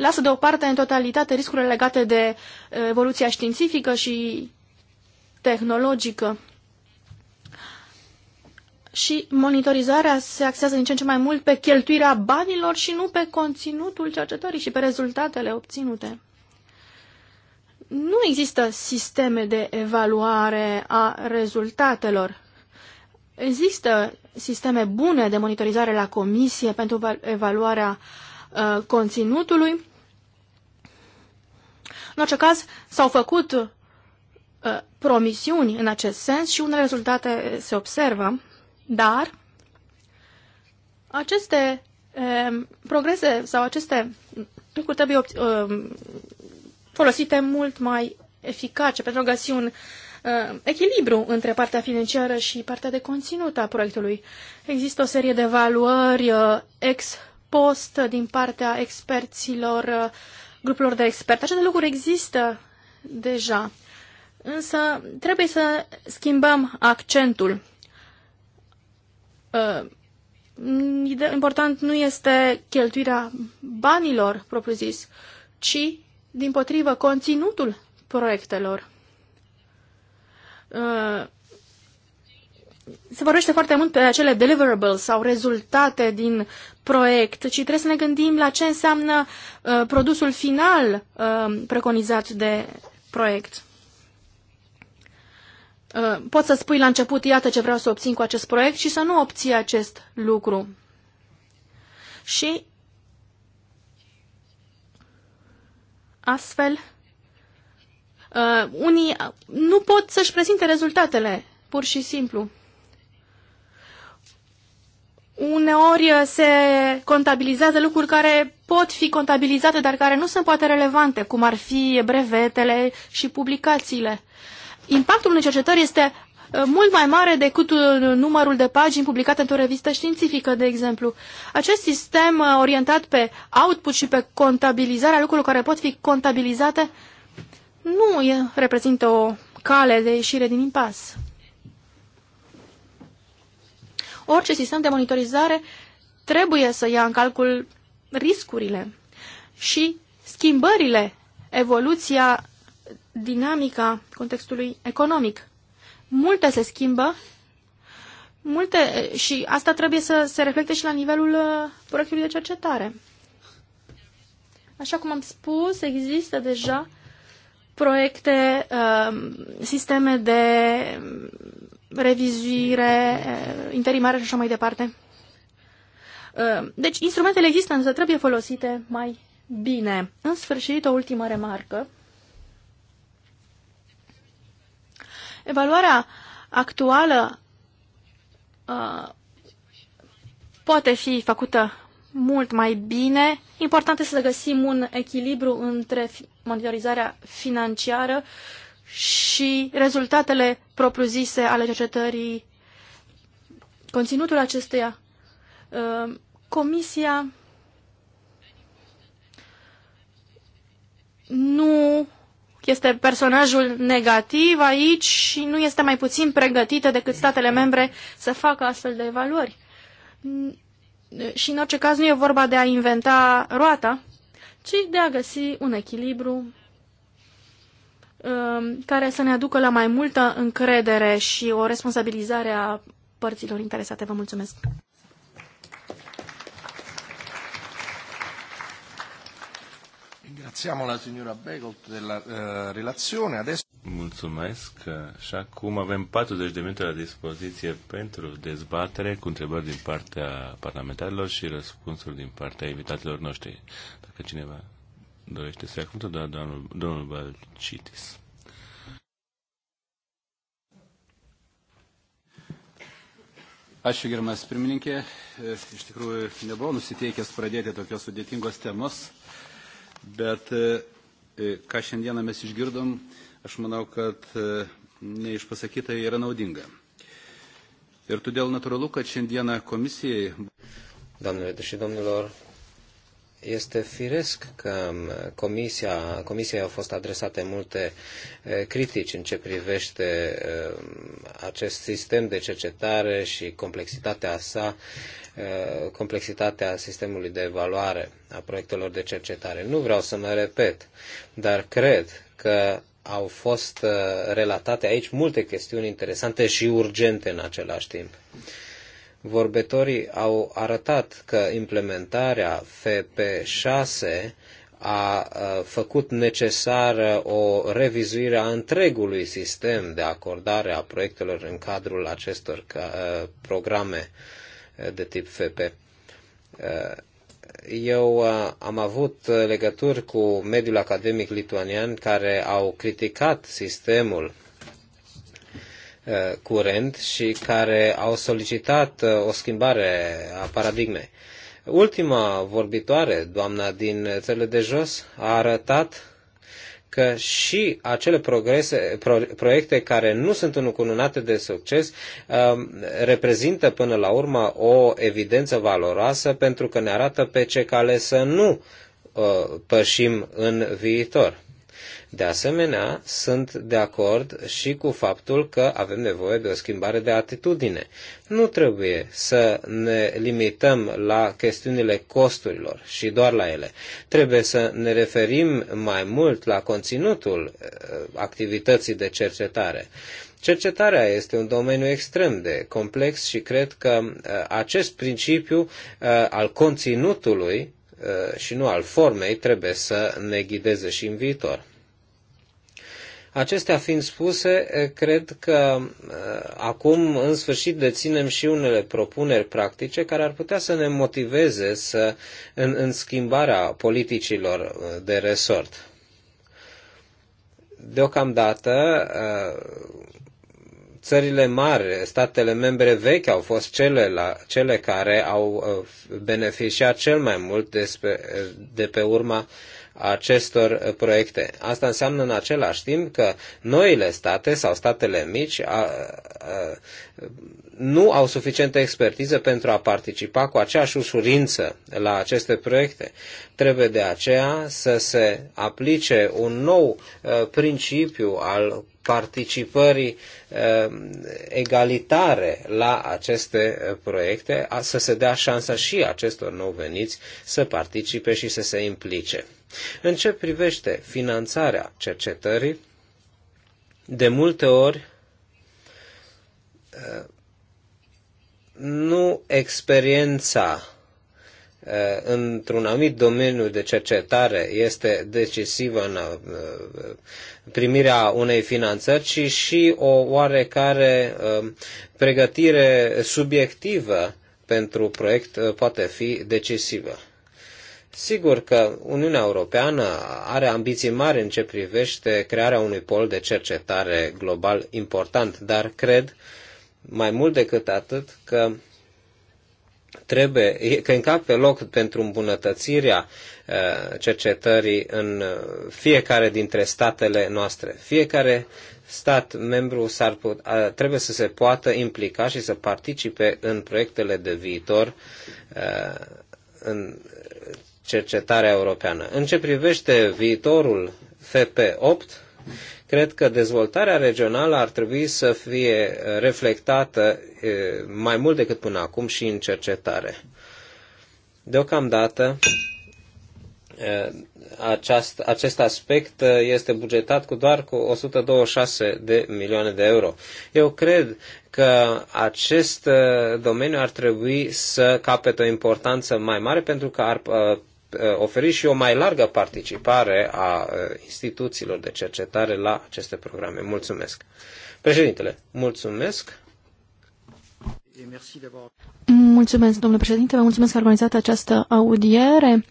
lasă deoparte în totalitate riscurile legate de uh, evoluția științifică și tehnologică. Și monitorizarea se axează din ce în ce mai mult pe cheltuirea banilor și nu pe conținutul cercetării și pe rezultatele obținute. Nu există sisteme de evaluare a rezultatelor. Există sisteme bune de monitorizare la comisie pentru evaluarea uh, conținutului, în orice caz, s-au făcut uh, promisiuni în acest sens și unele rezultate se observă, dar aceste uh, progrese sau aceste lucruri trebuie uh, folosite mult mai eficace pentru a găsi un uh, echilibru între partea financiară și partea de conținut a proiectului. Există o serie de evaluări uh, ex post din partea experților uh, grupurilor de experți. Aceste lucruri există deja, însă trebuie să schimbăm accentul. Uh, important nu este cheltuirea banilor, propriu-zis, ci, din potrivă, conținutul proiectelor uh, se vorbește foarte mult pe acele deliverables sau rezultate din proiect, ci trebuie să ne gândim la ce înseamnă uh, produsul final uh, preconizat de proiect. Uh, poți să spui la început, iată ce vreau să obțin cu acest proiect și să nu obții acest lucru. Și astfel, uh, unii nu pot să-și prezinte rezultatele, pur și simplu uneori uh, se contabilizează lucruri care pot fi contabilizate, dar care nu sunt poate relevante, cum ar fi brevetele și publicațiile. Impactul unei cercetări este uh, mult mai mare decât uh, numărul de pagini publicate într-o revistă științifică, de exemplu. Acest sistem orientat pe output și pe contabilizarea lucrurilor care pot fi contabilizate nu reprezintă o cale de ieșire din impas orice sistem de monitorizare trebuie să ia în calcul riscurile și schimbările, evoluția dinamica contextului economic. Multe se schimbă multe și asta trebuie să se reflecte și la nivelul uh, proiectului de cercetare. Așa cum am spus, există deja proiecte, uh, sisteme de revizuire eh, interimară și așa mai departe. Eh, deci, instrumentele există, însă trebuie folosite mai bine. În sfârșit, o ultimă remarcă. Evaluarea actuală eh, poate fi făcută mult mai bine. Important este să găsim un echilibru între monitorizarea financiară și rezultatele propriu-zise ale cercetării, conținutul acesteia. Uh, comisia nu este personajul negativ aici și nu este mai puțin pregătită decât statele membre să facă astfel de evaluări. Și în orice caz nu e vorba de a inventa roata, ci de a găsi un echilibru Um, care să ne aducă la mai multă încredere și o responsabilizare a părților interesate. Vă mulțumesc! Ringraziamo la signora Begolt della uh, relazione. Adesso... Mulțumesc. Și acum avem 40 de minute la dispoziție pentru dezbatere cu întrebări din partea parlamentarilor și răspunsuri din partea invitatilor noștri. Dacă cineva dorește să ia cuvântul, dar domnul, domnul Balcitis. Ačiū, gerbiamas pirmininkė. Iš tikrųjų, nebuvau nusiteikęs pradėti tokios sudėtingos temos, bet ką šiandieną mes išgirdom, aš manau, kad neišpasakyta yra naudinga. Ir todėl natūralu, kad šiandieną komisijai. Doamnelor și domnilor, este firesc că um, comisia, comisiei au fost adresate multe uh, critici în ce privește um, acest sistem de cercetare și complexitatea sa, uh, complexitatea sistemului de evaluare a proiectelor de cercetare. Nu vreau să mă repet, dar cred că au fost uh, relatate aici multe chestiuni interesante și urgente în același timp vorbitorii au arătat că implementarea FP6 a făcut necesară o revizuire a întregului sistem de acordare a proiectelor în cadrul acestor programe de tip FP. Eu am avut legături cu mediul academic lituanian care au criticat sistemul Uh, curent și care au solicitat uh, o schimbare a paradigmei. Ultima vorbitoare, doamna din țările de jos, a arătat că și acele progrese, pro, proiecte care nu sunt încununate de succes um, reprezintă până la urmă o evidență valoroasă pentru că ne arată pe ce cale să nu uh, pășim în viitor. De asemenea, sunt de acord și cu faptul că avem nevoie de o schimbare de atitudine. Nu trebuie să ne limităm la chestiunile costurilor și doar la ele. Trebuie să ne referim mai mult la conținutul eh, activității de cercetare. Cercetarea este un domeniu extrem de complex și cred că eh, acest principiu eh, al conținutului și nu al formei trebuie să ne ghideze și în viitor. Acestea fiind spuse, eh, cred că eh, acum, în sfârșit, deținem și unele propuneri practice care ar putea să ne motiveze să, în, în schimbarea politicilor eh, de resort. Deocamdată, țările mari, statele membre vechi au fost cele, la, cele care au beneficiat cel mai mult de, de pe urma acestor proiecte. Asta înseamnă în același timp că noile state sau statele mici a, a, nu au suficientă expertiză pentru a participa cu aceeași ușurință la aceste proiecte. Trebuie de aceea să se aplice un nou a, uh, principiu al participării uh, egalitare la aceste uh, proiecte, să se dea șansa și acestor nou veniți să participe și să se implice. În ce privește finanțarea cercetării, de multe ori nu experiența eh, într-un anumit domeniu de cercetare este decisivă în eh, primirea unei finanțări, ci și o oarecare eh, pregătire subiectivă pentru proiect poate fi decisivă. Sigur că Uniunea Europeană are ambiții mari în ce privește crearea unui pol de cercetare global important, dar cred mai mult decât atât că trebuie, că încap pe loc pentru îmbunătățirea cercetării în fiecare dintre statele noastre. Fiecare stat membru s-ar put, trebuie să se poată implica și să participe în proiectele de viitor în cercetarea europeană. În ce privește viitorul FP8, cred că dezvoltarea regională ar trebui să fie reflectată mai mult decât până acum și în cercetare. Deocamdată, aceast, acest aspect este bugetat cu doar cu 126 de milioane de euro. Eu cred că acest domeniu ar trebui să capete o importanță mai mare pentru că ar Uh, oferi și o mai largă participare a uh, instituțiilor de cercetare la aceste programe. Mulțumesc. Președintele, mulțumesc. Mulțumesc, domnule președinte, vă mulțumesc că organizat această audiere.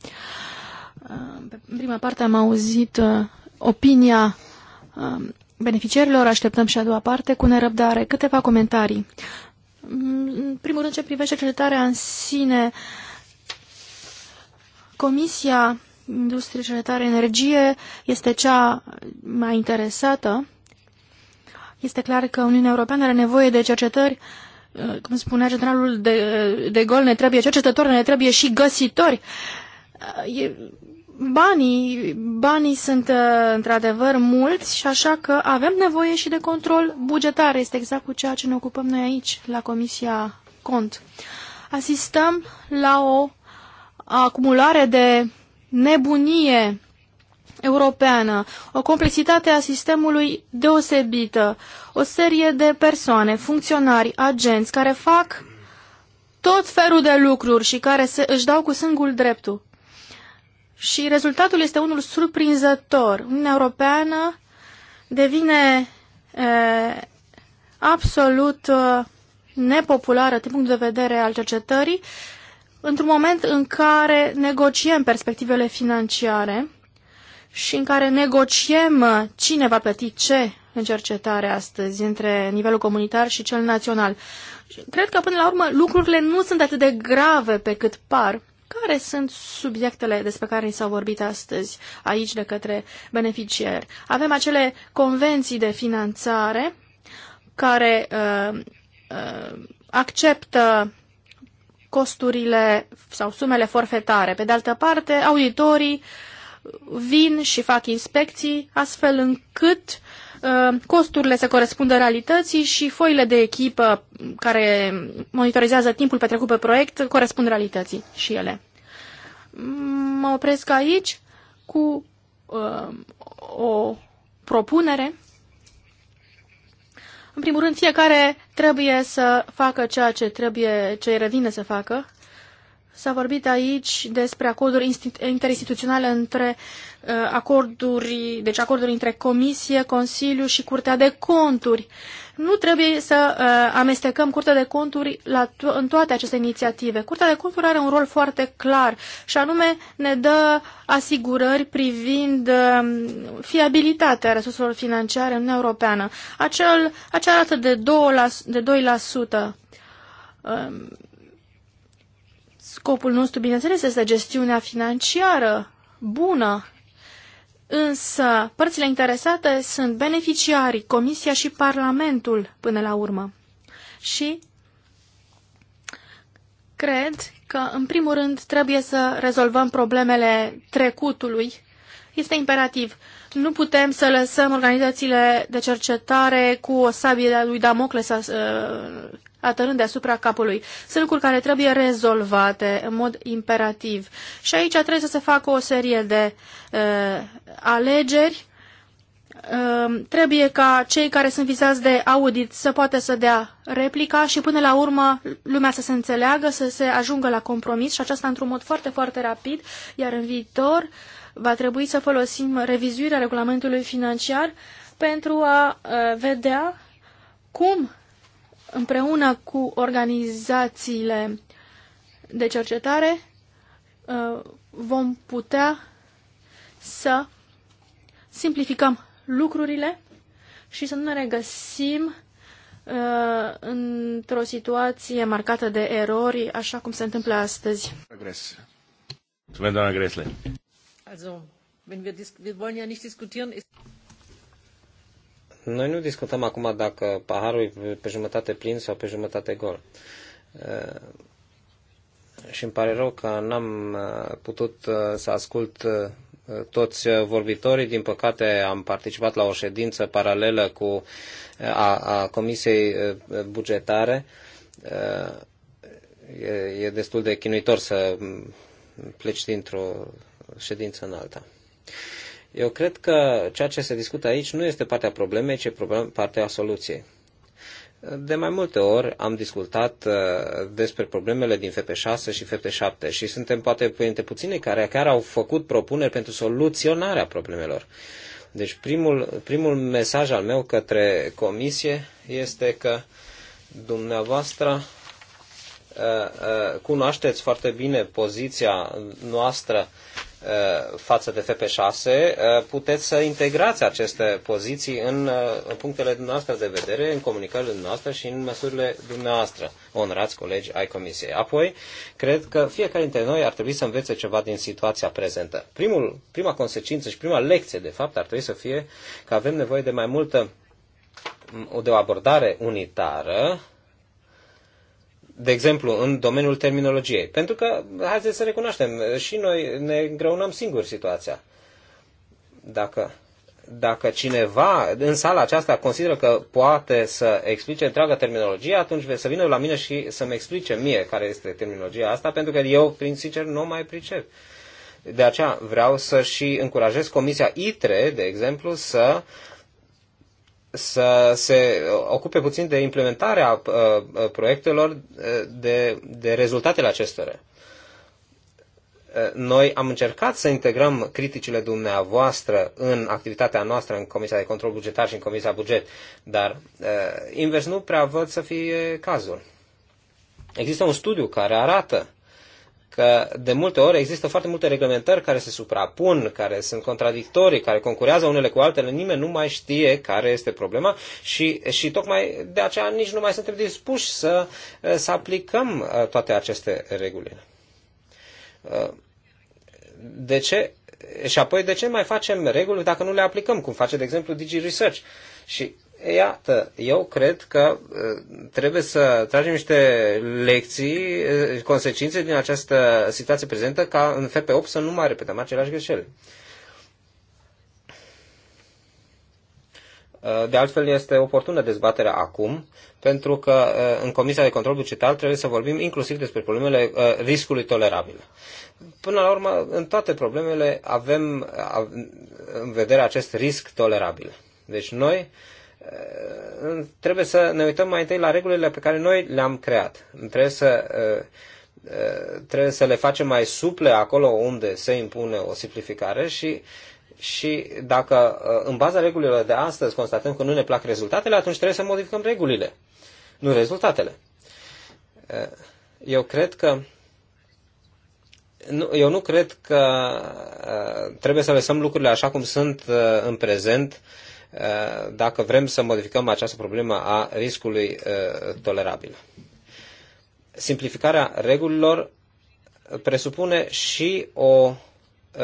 În prima parte am auzit uh, opinia um, beneficiarilor, așteptăm și a doua parte cu nerăbdare. Câteva comentarii. În primul rând, ce privește cercetarea în sine, Comisia Industrie și Energie este cea mai interesată. Este clar că Uniunea Europeană are nevoie de cercetări uh, cum spunea generalul de, de gol, ne trebuie cercetători, ne trebuie și găsitori. Uh, e, banii, banii sunt uh, într-adevăr mulți și așa că avem nevoie și de control bugetar. Este exact cu ceea ce ne ocupăm noi aici, la Comisia Cont. Asistăm la o acumulare de nebunie europeană, o complexitate a sistemului deosebită, o serie de persoane, funcționari, agenți care fac tot felul de lucruri și care se, își dau cu sângul dreptul. Și rezultatul este unul surprinzător. Uniunea Europeană devine e, absolut e, nepopulară din punct de vedere al cercetării într-un moment în care negociem perspectivele financiare și în care negociem cine va plăti ce în cercetare astăzi între nivelul comunitar și cel național. Cred că, până la urmă, lucrurile nu sunt atât de grave pe cât par. Care sunt subiectele despre care ni s-au vorbit astăzi aici de către beneficiari? Avem acele convenții de finanțare care uh, uh, acceptă costurile sau sumele forfetare. Pe de altă parte, auditorii vin și fac inspecții astfel încât uh, costurile să corespundă realității și foile de echipă care monitorizează timpul petrecut pe proiect corespund realității și ele. Mă opresc aici cu uh, o propunere în primul rând, fiecare trebuie să facă ceea ce trebuie, ce revine să facă S-a vorbit aici despre acorduri interinstituționale între uh, acorduri, deci acorduri între Comisie, Consiliu și Curtea de Conturi. Nu trebuie să uh, amestecăm Curtea de Conturi la to în toate aceste inițiative. Curtea de Conturi are un rol foarte clar și anume ne dă asigurări privind uh, fiabilitatea resurselor financiare în Uniunea Europeană. Acel, acea rată de 2%, de 2% uh, um, Scopul nostru, bineînțeles, este gestiunea financiară bună, însă părțile interesate sunt beneficiarii, Comisia și Parlamentul până la urmă. Și cred că, în primul rând, trebuie să rezolvăm problemele trecutului. Este imperativ. Nu putem să lăsăm organizațiile de cercetare cu o sabie de lui Damocles atărând deasupra capului. Sunt lucruri care trebuie rezolvate în mod imperativ. Și aici trebuie să se facă o serie de uh, alegeri. Uh, trebuie ca cei care sunt vizați de audit să poată să dea replica și până la urmă lumea să se înțeleagă, să se ajungă la compromis și aceasta într-un mod foarte, foarte rapid, iar în viitor va trebui să folosim revizuirea regulamentului financiar pentru a uh, vedea cum împreună cu organizațiile de cercetare uh, vom putea să simplificăm lucrurile și să nu ne regăsim uh, într-o situație marcată de erori, așa cum se întâmplă astăzi. Mulțumesc, doamna Gresle. Also, wenn wir, wir wollen ja nicht diskutieren, ist... Noi nu discutăm acum dacă paharul e pe jumătate plin sau pe jumătate gol. Eh, și îmi pare rău că n-am eh, putut eh, să ascult toți vorbitorii. Din păcate am participat la o ședință paralelă cu a, a Comisiei Bugetare. E, e destul de chinuitor să mm, pleci dintr-o ședință în alta. Eu cred că ceea ce se discută aici nu este partea problemei, ci partea soluției. De mai multe ori am discutat uh, despre problemele din FP6 și FP7 și suntem poate printre puține care chiar au făcut propuneri pentru soluționarea problemelor. Deci primul, primul mesaj al meu către comisie este că dumneavoastră Eh, eh, cunoașteți foarte bine poziția noastră eh, față de FP6, puteți să integrați aceste poziții în punctele dumneavoastră de vedere, în comunicările dumneavoastră și în măsurile dumneavoastră, onorați colegi ai Comisiei. Apoi, cred că fiecare dintre noi ar trebui să învețe ceva din situația prezentă. Primul, prima consecință și prima lecție, de fapt, ar trebui să fie că avem nevoie de mai multă mm, de o abordare unitară de exemplu, în domeniul terminologiei. Pentru că, haideți să recunoaștem, și noi ne îngreunăm singuri situația. Dacă, dacă cineva în sala aceasta consideră că poate să explice întreaga terminologie, atunci să vină la mine și să-mi explice mie care este terminologia asta, pentru că eu, prin sincer, nu mai pricep. De aceea vreau să și încurajez Comisia ITRE, de exemplu, să uh, să se ocupe puțin de implementarea uh, uh, proiectelor, uh, de, de rezultatele acestora. Noi am încercat să integrăm criticile dumneavoastră în activitatea noastră în Comisia de Control Bugetar și în Comisia Buget, dar invers nu prea văd să fie cazul. Există un studiu care arată că de multe ori există foarte multe reglementări care se suprapun, care sunt contradictorii, care concurează unele cu altele, nimeni nu mai știe care este problema și, și tocmai de aceea nici nu mai suntem dispuși să, eh, să aplicăm eh, toate aceste reguli. Eh, de ce? Și apoi de ce mai facem reguli dacă nu le aplicăm, cum face, de exemplu, Digi Research? Și iată, eu cred că uh, trebuie să tragem niște lecții, uh, consecințe din această situație prezentă, ca în FP8 să nu mai repetăm aceleași greșeli. Uh, de altfel, este oportună dezbaterea acum, pentru că în Comisia de Control Bugetar trebuie să vorbim inclusiv despre problemele riscului tolerabil. Până la urmă, în toate problemele avem în vedere acest risc tolerabil. Deci noi uh, trebuie să ne uităm mai întâi la regulile pe care noi le-am creat. Trebuie să, trebuie să le facem mai suple acolo unde se impune o simplificare și și dacă în baza regulilor de astăzi constatăm că nu ne plac rezultatele, atunci trebuie să modificăm regulile, nu rezultatele. Eu cred că nu, eu nu cred că trebuie să lăsăm lucrurile așa cum sunt în prezent Eh, dacă vrem să modificăm această problemă a riscului eh, tolerabil. Simplificarea regulilor eh, presupune și o Uh,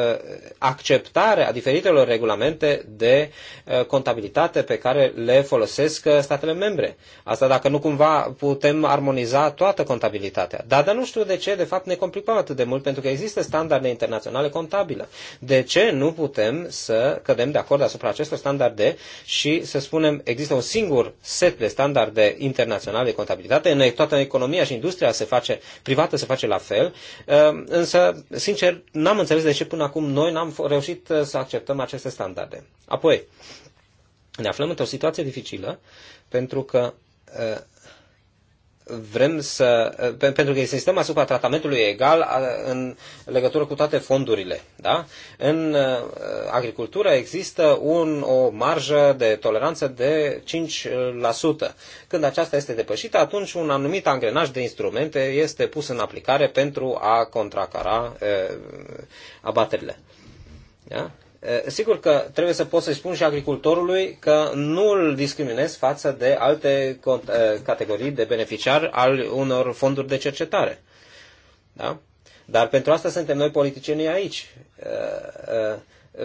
acceptarea diferitelor regulamente de uh, contabilitate pe care le folosesc uh, statele membre. Asta dacă nu cumva putem armoniza toată contabilitatea. Dar, dar nu știu de ce, de fapt, ne complicăm atât de mult, pentru că există standarde internaționale contabile. De ce nu putem să cădem de acord asupra acestor standarde și să spunem, există un singur set de standarde internaționale de contabilitate, în toată economia și industria se face, privată se face la fel, însă, sincer, n-am înțeles de ce până acum noi n-am reușit uh, să acceptăm aceste standarde. Apoi, ne aflăm într-o situație dificilă pentru că uh, vrem să, pentru că insistăm asupra tratamentului egal în legătură cu toate fondurile. Da? În uh, agricultură există un, o marjă de toleranță de 5%. Când aceasta este depășită, atunci un anumit angrenaj de instrumente este pus în aplicare pentru a contracara e, uh, abaterile. Da? Sigur că trebuie să pot să-i spun și agricultorului că nu îl discriminez față de alte categorii de beneficiari al unor fonduri de cercetare. Da? Dar pentru asta suntem noi politicienii aici,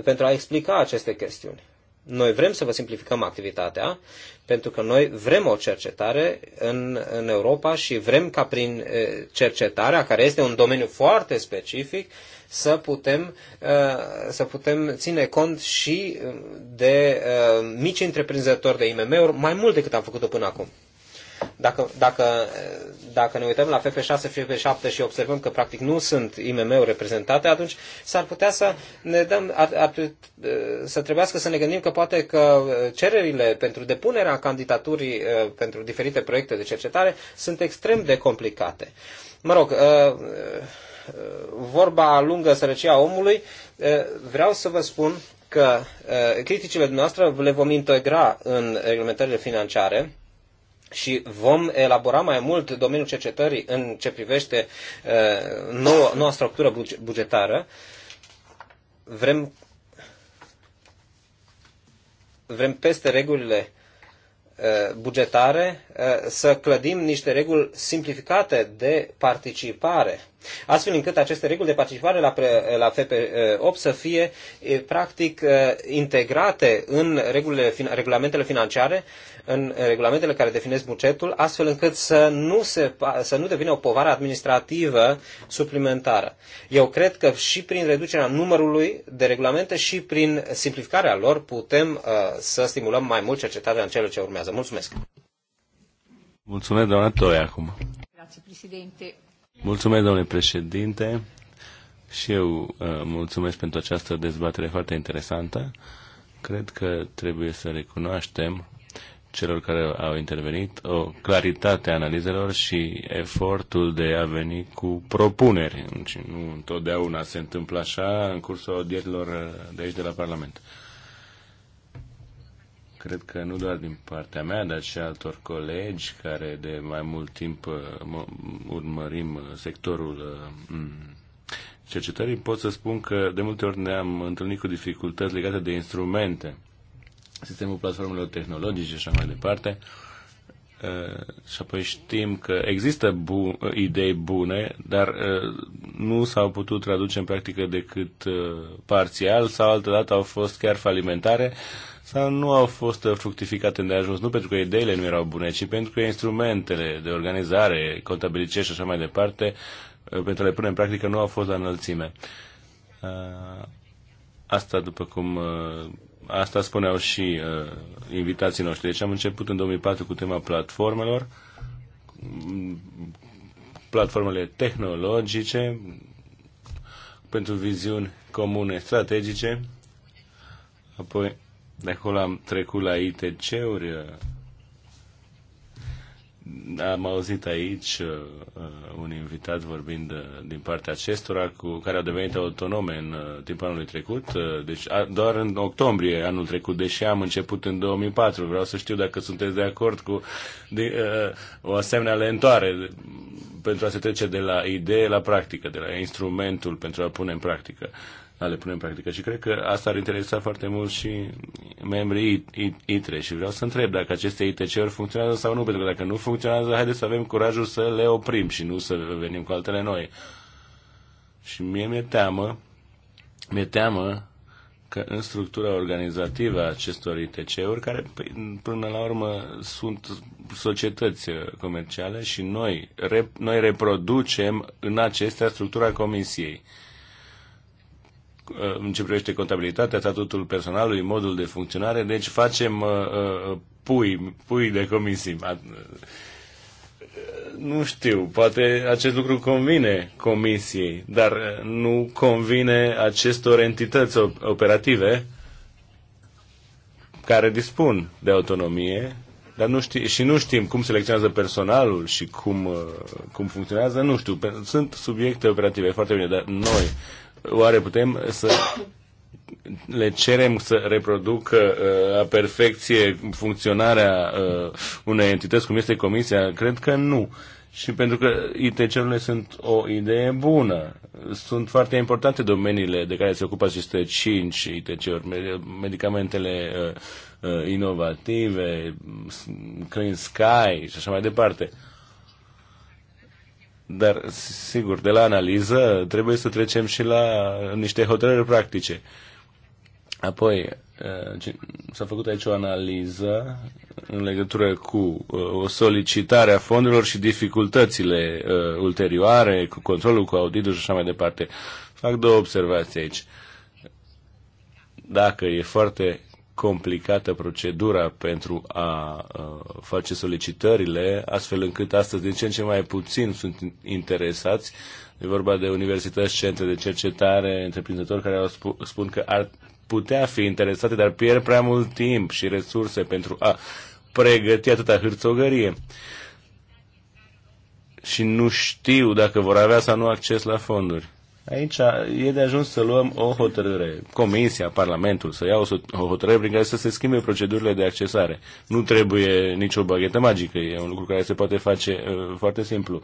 pentru a explica aceste chestiuni. Noi vrem să vă simplificăm activitatea, pentru că noi vrem o cercetare în, în Europa și vrem ca prin cercetarea, care este un domeniu foarte specific, să putem, uh, să putem ține cont și uh, de uh, mici întreprinzători de IMM-uri mai mult decât am făcut-o până acum. Dacă, dacă, dacă ne uităm la FP6, FP7 și observăm că practic nu sunt IMM-uri reprezentate, atunci s-ar putea să ne dăm, ar, ar, să trebuiască să ne gândim că poate că cererile pentru depunerea candidaturii pentru diferite proiecte de cercetare sunt extrem de complicate. Mă rog, vorba lungă sărăcia omului, vreau să vă spun că criticile noastre le vom integra în reglementările financiare și vom elabora mai mult domeniul cercetării în ce privește noua, noua structură bugetară. Vrem, vrem peste regulile Uh, bugetare uh, să clădim niște reguli simplificate de participare, astfel încât aceste reguli de participare la, la FP8 să fie practic uh, integrate în regulile, regulamentele financiare în regulamentele care definesc bugetul, astfel încât să nu, se, să nu devină o povară administrativă suplimentară. Eu cred că și prin reducerea numărului de regulamente și prin simplificarea lor putem uh, să stimulăm mai mult cercetarea în cele ce urmează. Mulțumesc! Mulțumesc, doamna Toi, acum. Mulțumesc, domnule președinte. Și eu uh, mulțumesc pentru această dezbatere foarte interesantă. Cred că trebuie să recunoaștem celor care au intervenit, o claritate a analizelor și efortul de a veni cu propuneri. Deci nu întotdeauna se întâmplă așa în cursul audierilor de aici de la Parlament. Cred că nu doar din partea mea, dar și altor colegi care de mai mult timp uh, urmărim uh, sectorul uh, mm, cercetării, pot să spun că de multe ori ne-am întâlnit cu dificultăți legate de instrumente sistemul platformelor tehnologice și așa mai departe. Uh, și apoi știm că există bu- uh, idei bune, dar uh, nu s-au putut traduce în practică decât parțial sau altădată au fost chiar falimentare sau nu au fost fructificate de ajuns, nu pentru că ideile nu erau bune, ci pentru că instrumentele de organizare, contabilice și așa mai departe, pentru a le pune în practică, nu au fost la înălțime. Asta, după cum Asta spuneau și uh, invitații noștri. Deci am început în 2004 cu tema platformelor, platformele tehnologice pentru viziuni comune strategice. Apoi de acolo am trecut la ITC-uri, uh, am auzit aici uh, uh, un invitat vorbind uh, din partea acestora cu care au devenit autonome în uh, timpul anului trecut, uh, deci a, doar în octombrie anul trecut, deși am început în 2004. Vreau să știu dacă sunteți de acord cu de, uh, o asemenea lentoare pentru a se trece de la idee la practică, de la instrumentul pentru a pune în practică. Uh, a le pune în practică. Și cred că asta ar interesa foarte mult și membrii ITRE și vreau să întreb dacă aceste ITC-uri funcționează sau nu, pentru că dacă nu funcționează, haideți să avem curajul să le oprim și nu să venim cu altele noi. Și mie mi-e teamă, mi-e teamă că în structura organizativă a acestor ITC-uri, care păi, până la urmă sunt societăți uh, comerciale și noi, rep, noi reproducem în acestea structura comisiei. Uh, în ce privește contabilitatea, statutul personalului, modul de funcționare, deci facem uh, uh, pui, pui de comisii. Nu știu, poate acest lucru convine comisiei, dar nu convine acestor entități operative care dispun de autonomie dar nu știu, și nu știm cum selecționează personalul și cum, cum funcționează, nu știu. Sunt subiecte operative, foarte bine, dar noi, Oare putem să le cerem să reproducă uh, la perfecție funcționarea uh, unei entități cum este Comisia? Cred că nu. Și pentru că ITC-urile sunt o idee bună. Sunt foarte importante domeniile de care se ocupă aceste cinci ITC-uri. Medicamentele uh, uh, inovative, Clean Sky și așa mai departe. Uh, dar, sigur, de la analiză trebuie să trecem și la niște hotărâri practice. Apoi, uh, s-a făcut aici o analiză în legătură cu uh, o solicitare a fondurilor și dificultățile uh, ulterioare, cu controlul, cu auditul și așa mai departe. Fac două observații aici. Dacă e foarte complicată procedura pentru a face solicitările, astfel încât astăzi din ce în ce mai puțin sunt interesați. E vorba de universități, centre de cercetare, întreprinzători care spun că ar putea fi interesate, dar pierd prea mult timp și resurse pentru a pregăti atâta hârțogărie și nu știu dacă vor avea sau nu acces la fonduri. Aici e de ajuns să luăm o hotărâre. Comisia, Parlamentul, să ia o, o hotărâre prin care să se schimbe procedurile de accesare. Nu trebuie nicio baghetă magică, e un lucru care se poate face uh, foarte simplu.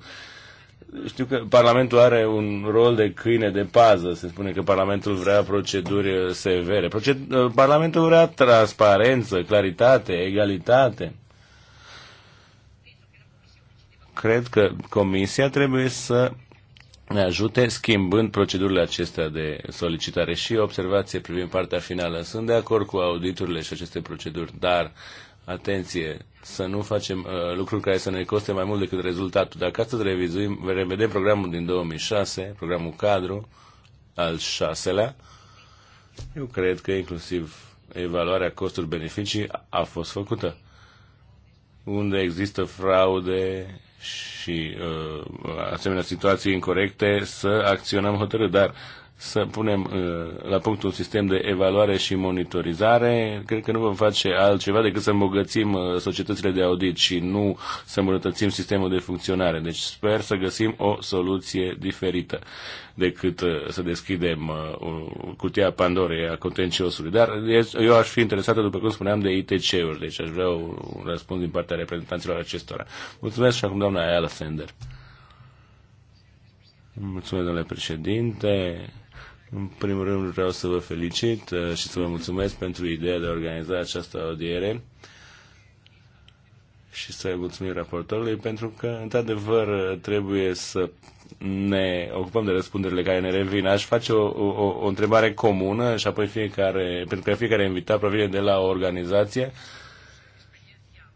Știu că Parlamentul are un rol de câine de pază. Se spune că Parlamentul vrea proceduri uh, severe. Proced- uh, Parlamentul vrea transparență, claritate, egalitate cred că Comisia trebuie să ne ajute schimbând procedurile acestea de solicitare. Și observație privind partea finală. Sunt de acord cu auditurile și aceste proceduri, dar atenție, să nu facem uh, lucruri care să ne coste mai mult decât rezultatul. Dacă astăzi revizuim, revedem programul din 2006, programul cadru, al șaselea, eu cred că inclusiv evaluarea costuri-beneficii a fost făcută. Unde există fraude, și uh, asemenea situații incorrecte să acționăm hotărât, dar să punem uh, la punct un sistem de evaluare și monitorizare. Cred că nu vom face altceva decât să îmbogățim uh, societățile de audit și nu să îmbunătățim sistemul de funcționare. Deci sper să găsim o soluție diferită decât uh, să deschidem cutia Pandorei a contenciosului. Dar eu aș fi interesată, după cum spuneam, de ITC-uri, deci aș vrea un răspuns din partea reprezentanților acestora. Mulțumesc și acum doamna Ayala Sender. Mulțumesc, domnule președinte. În primul rând vreau să vă felicit uh, și să vă mulțumesc pentru ideea de a organiza această audiere și să mulțumim raportorului pentru că, într-adevăr, trebuie să ne ocupăm de răspunderile care ne revin. Aș face o, o, o întrebare comună și apoi fiecare, pentru că fiecare invitat provine de la o organizație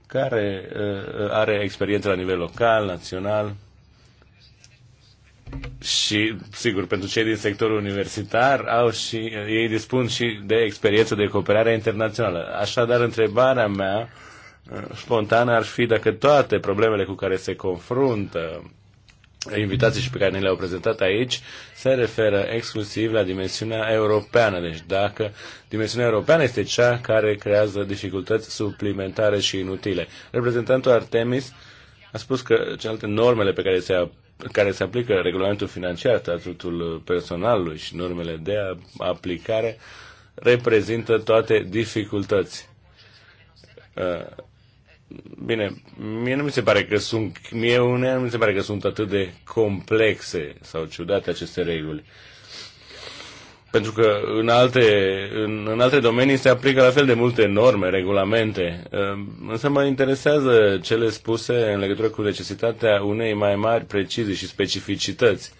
care uh, are experiență la nivel local, național, și, sigur, pentru cei din sectorul universitar, au și, ei dispun și de experiență de cooperare internațională. Așadar, întrebarea mea uh, spontană ar fi dacă toate problemele cu care se confruntă invitații și pe care ne le-au prezentat aici se referă exclusiv la dimensiunea europeană. Deci dacă dimensiunea europeană este cea care creează dificultăți suplimentare și inutile. Reprezentantul Artemis a spus că celelalte normele pe care se care se aplică regulamentul financiar, statutul personalului și normele de aplicare reprezintă toate dificultăți. Uh, bine, mie nu mi se pare că sunt, mie nu mi se pare că sunt atât de complexe sau ciudate aceste reguli. Pentru că în alte, în, în alte domenii se aplică la fel de multe norme, regulamente. Ehm, însă mă interesează cele spuse în legătură cu necesitatea unei mai mari precizii și specificități.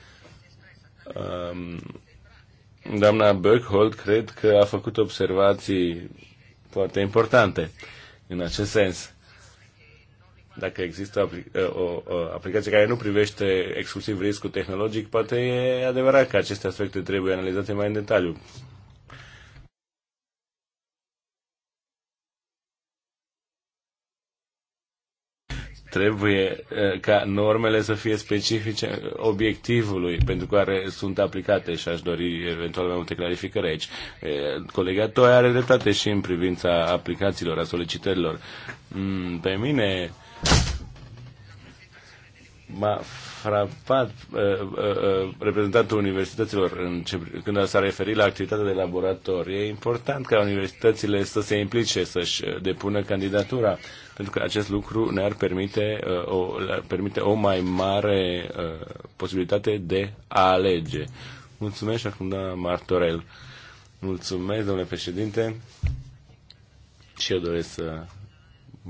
Ehm, doamna Berghold cred că a făcut observații foarte importante în acest sens. Dacă există o aplicație care nu privește exclusiv riscul tehnologic, poate e adevărat că aceste aspecte trebuie analizate mai în detaliu. trebuie ca normele să fie specifice obiectivului pentru care sunt aplicate și aș dori eventual mai multe clarificări aici. Colega Toia are dreptate și în privința aplicațiilor, a solicitărilor. Mm, pe mine m-a frapat uh, uh, uh, reprezentantul universităților în ce, când s-a referit la activitatea de laborator. E important ca universitățile să se implice, să-și uh, depună candidatura, pentru că acest lucru ne-ar permite, uh, o, permite o mai mare uh, posibilitate de a alege. Mulțumesc acum, doamna Martorel. Mulțumesc, domnule președinte. Și eu doresc să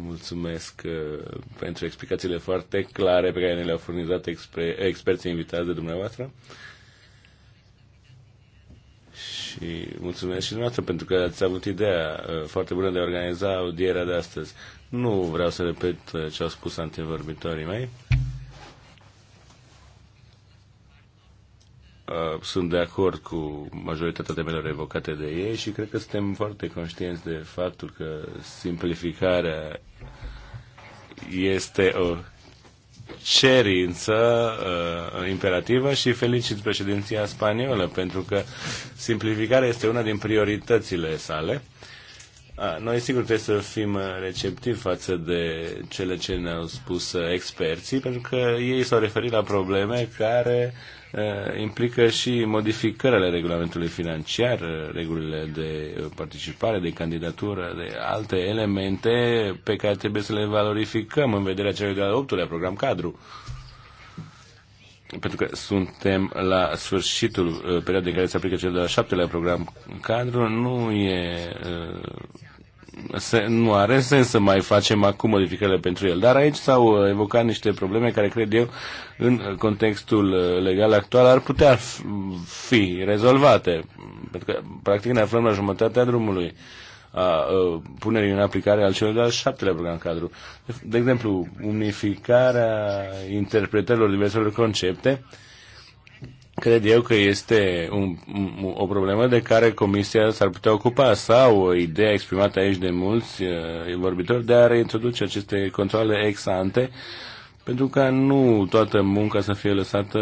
Mulțumesc uh, pentru explicațiile foarte clare pe care ne le-au furnizat expre- experții invitați de dumneavoastră. Și mulțumesc și dumneavoastră pentru că ați avut ideea uh, foarte bună de a organiza audierea de astăzi. Nu vreau să repet uh, ce au spus antevorbitorii mei. Uh, sunt de acord cu majoritatea temelor evocate de ei și cred că suntem foarte conștienți de faptul că simplificarea este o cerință uh, imperativă și felicit președinția spaniolă pentru că simplificarea este una din prioritățile sale. A, noi sigur trebuie să fim receptivi față de cele ce ne-au spus experții pentru că ei s-au referit la probleme care uh, Eh, implică și modificări ale regulamentului financiar, eh, regulile de eh, participare, de candidatură, de alte elemente pe care trebuie să le valorificăm în vederea celui de-al 8 program cadru. Pentru că suntem la sfârșitul perioadei în care se aplică cel de-al 7 program cadru, nu e se, nu are sens să mai facem acum modificările pentru el. Dar aici s-au uh, evocat niște probleme care, cred eu, în contextul uh, legal actual ar putea fi rezolvate. Pentru că, practic, ne aflăm la jumătatea drumului a, a uh, punerii în aplicare al celor de-al șaptelea program cadru. De, de exemplu, unificarea interpretărilor diverselor concepte, uh, cred eu că este un, o problemă de care Comisia s-ar putea ocupa sau o idee exprimată aici de mulți uh, vorbitori de a reintroduce aceste controle ex ante pentru ca nu toată munca să fie lăsată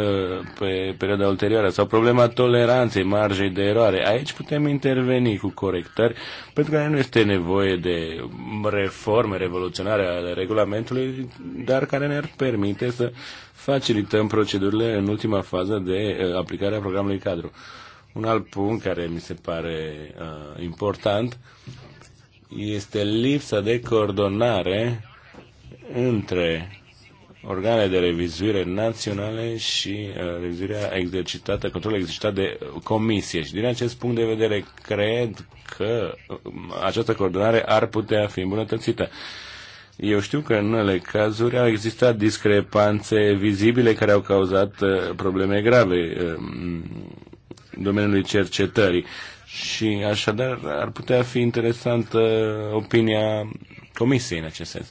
pe perioada ulterioară sau problema toleranței, marjei de eroare. Aici putem interveni cu corectări pentru că nu este nevoie de reforme revoluționare ale regulamentului, dar care ne-ar permite să facilităm procedurile în ultima fază de eh, aplicare a programului cadru. Un alt punct care mi se pare uh, important este lipsa de coordonare între organele de revizuire naționale și uh, revizuirea exercitată, controlul exercitat de comisie. Și din acest punct de vedere, cred că uh, această coordonare ar putea fi îmbunătățită. Uh, eu știu că în unele cazuri au existat discrepanțe vizibile care au cauzat uh, probleme grave um, în domeniului cercetării. Și așadar ar putea fi interesantă opinia comisiei în acest sens.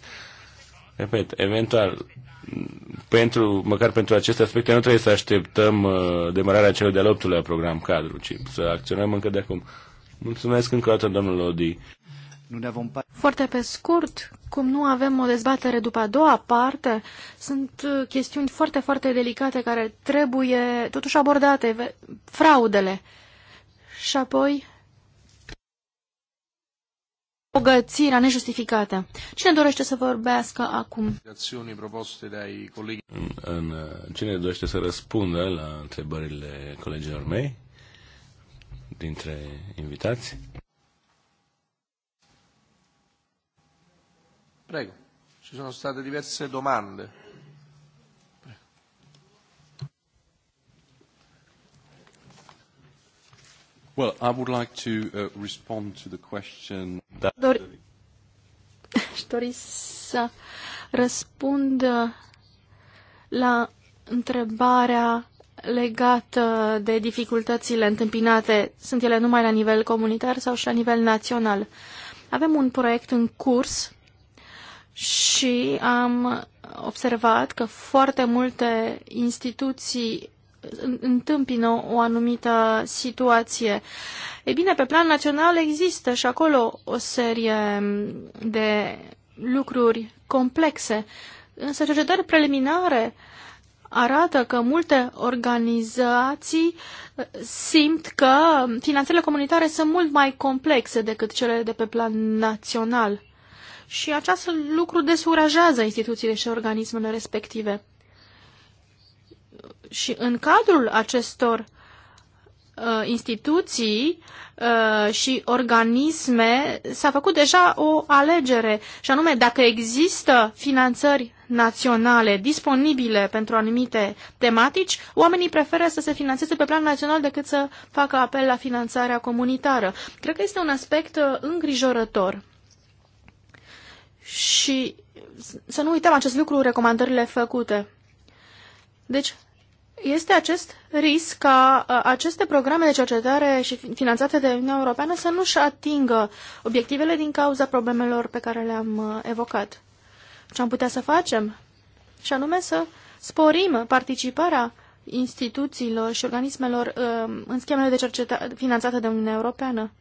Repet, eventual, pentru, măcar pentru aceste aspecte nu trebuie să așteptăm uh, demararea celui de-al optulea program cadru, ci să acționăm încă de acum. Mulțumesc încă o dată, domnul Lodi. Foarte pe scurt, cum nu avem o dezbatere după a doua parte, sunt uh, chestiuni foarte, foarte delicate care trebuie totuși abordate, fraudele. Și apoi bogățirea nejustificată. Cine dorește să vorbească acum? Uh, cine dorește să răspundă la întrebările colegilor mei dintre invitați? Prego, ci sono state diverse domande. Well, I would like to uh, respond to the question that... Dori... (laughs) Aș dori să răspund uh, la întrebarea legată de dificultățile întâmpinate. Sunt ele numai la nivel comunitar sau și la nivel național? Avem un proiect în curs și am observat că foarte multe instituții întâmpină o anumită situație. Ei bine, pe plan național există și acolo o serie de lucruri complexe, însă cercetări preliminare arată că multe organizații uh, simt că finanțele comunitare sunt mult mai complexe decât cele de pe plan național și acest lucru desurajează instituțiile și organismele respective. Și în cadrul acestor uh, instituții uh, și organisme s-a făcut deja o alegere, și anume dacă există finanțări naționale disponibile pentru anumite tematici, oamenii preferă să se finanțeze pe plan național decât să facă apel la finanțarea comunitară. Cred că este un aspect uh, îngrijorător și să nu uităm acest lucru, recomandările făcute. Deci, este acest risc ca aceste programe de cercetare și finanțate de Uniunea Europeană să nu-și atingă obiectivele din cauza problemelor pe care le-am evocat. Ce am putea să facem? Și anume să sporim participarea instituțiilor și organismelor în schemele de cercetare finanțate de Uniunea Europeană.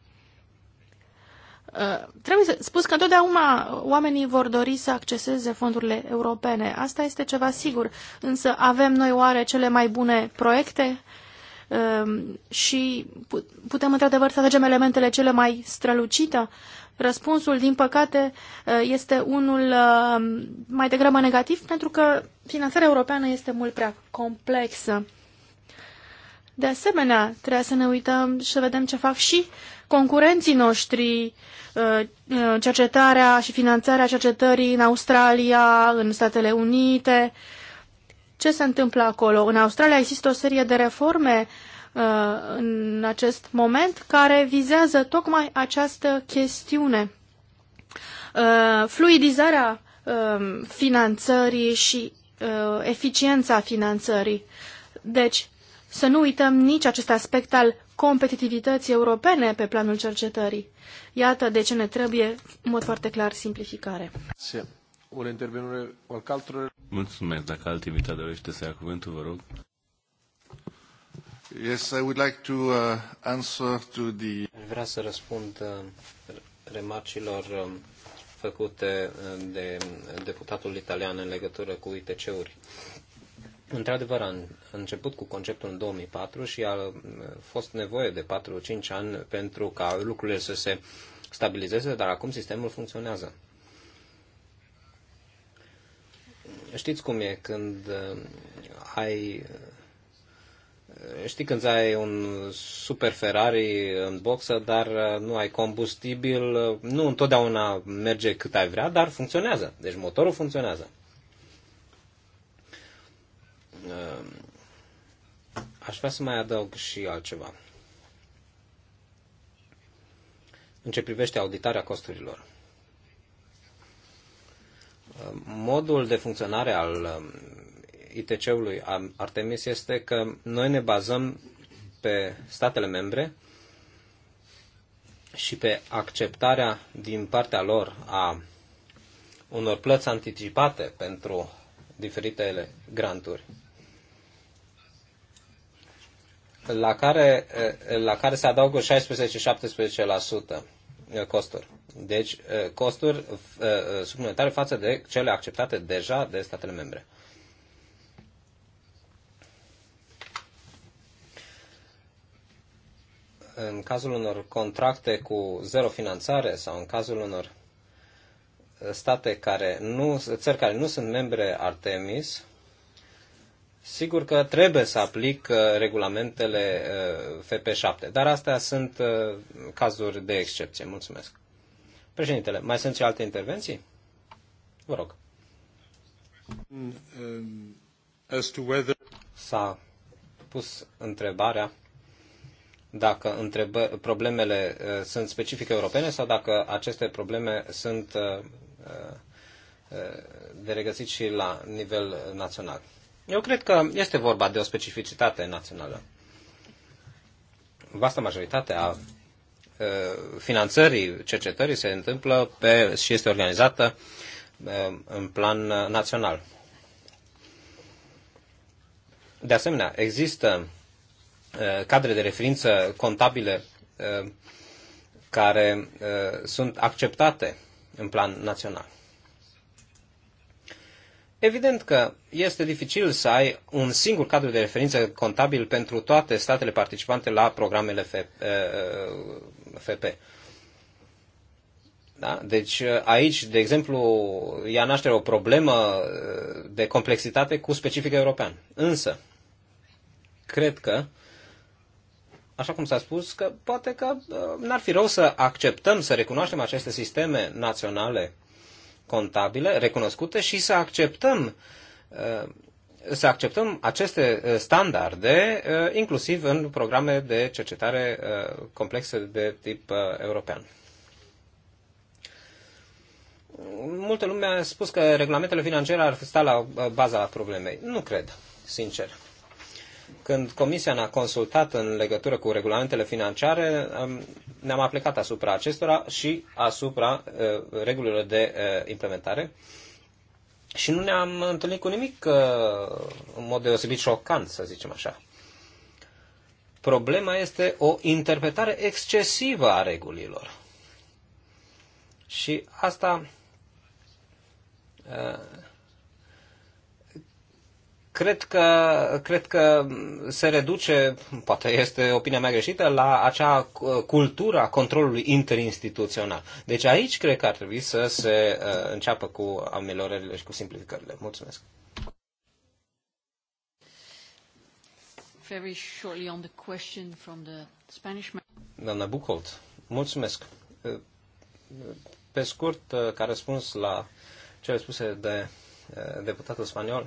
Uh, trebuie spus că întotdeauna oamenii vor dori să acceseze fondurile europene. Asta este ceva sigur. Însă avem noi oare cele mai bune proiecte uh, și putem într-adevăr să alegem elementele cele mai strălucite? Răspunsul, din păcate, uh, este unul mai degrabă negativ pentru că finanțarea europeană este mult prea complexă. De asemenea, trebuie să ne uităm și să vedem ce fac și concurenții noștri, uh, uh, cercetarea și finanțarea cercetării în Australia, în Statele Unite. Ce se întâmplă acolo? În Australia există o serie de reforme uh, în acest moment care vizează tocmai această chestiune. Fluidizarea um, finanțării și eficiența finanțării. Deci, să nu uităm nici acest aspect al competitivității europene pe planul cercetării. Iată de ce ne trebuie, în mod foarte clar, simplificare. Mulțumesc. Dacă alt invitat dorește să ia cuvântul, vă rog. Yes, I would like to uh, answer to the... Vreau să răspund uh, remarcilor um, uh, făcute de uh, deputatul italian în legătură cu ITC-uri. Uh, Într-adevăr, a început cu conceptul în 2004 și a uh, fost nevoie de 4-5 ani pentru ca lucrurile să se stabilizeze, dar acum sistemul funcționează. Știți cum e când uh, ai uh, știi când ai un super Ferrari în boxă, dar nu ai combustibil, nu întotdeauna merge cât ai vrea, dar funcționează. Deci motorul funcționează. Ehm, aș vrea să mai adaug și altceva. În ce privește auditarea costurilor. Ehm, modul de funcționare al ehm, ITC-ului Artemis este că noi ne bazăm pe statele membre și pe acceptarea din partea lor a unor plăți anticipate pentru diferitele granturi la care, eh, la care se adaugă 16-17% eh, costuri. Deci eh, costuri suplimentare față de cele acceptate deja de statele membre. În cazul unor contracte cu zero finanțare sau în cazul unor state care nu, țări care nu sunt membre Artemis, Sigur că trebuie să aplic uh, regulamentele uh, FP7, dar astea sunt uh, cazuri de excepție. Mulțumesc. Președintele, mai sunt și alte intervenții? Vă rog. Um, S-a pus întrebarea dacă întrebă, problemele uh, sunt specifice europene sau dacă aceste probleme sunt uh, uh, de regăsit și la nivel național. Eu cred că este vorba de o specificitate națională. Vasta majoritatea finanțării cercetării se întâmplă pe, și este organizată în plan național. De asemenea, există cadre de referință contabile care sunt acceptate în plan național. Evident că este dificil să ai un singur cadru de referință contabil pentru toate statele participante la programele FP. Eh, eh, da? Deci eh, aici, de exemplu, ia naștere o problemă de complexitate cu specific european. Însă, cred că, așa cum s-a spus, că poate că n-ar fi rău să acceptăm, să recunoaștem aceste sisteme naționale contabile recunoscute și să acceptăm uh, să acceptăm aceste uh, standarde uh, inclusiv în programe de cercetare complexe de tip european. Multă lume a spus că regulamentele financiare ar sta la baza problemei. Nu cred, sincer când Comisia ne-a consultat în legătură cu regulamentele financiare, ne-am aplicat asupra acestora și asupra uh, regulilor de uh, implementare și nu ne-am întâlnit cu nimic uh, în mod deosebit șocant, să zicem așa. Problema este o interpretare excesivă a regulilor. Și asta cred că, cred că se reduce, poate este opinia mea greșită, la acea uh, cultură a controlului interinstituțional. Deci aici cred că ar trebui să se uh, înceapă cu ameliorările și cu simplificările. Mulțumesc. Very shortly on the question from the Spanish... Doamna Buchholz, mulțumesc. Uh, pe scurt, ca răspuns la cele spuse de deputatul spaniol,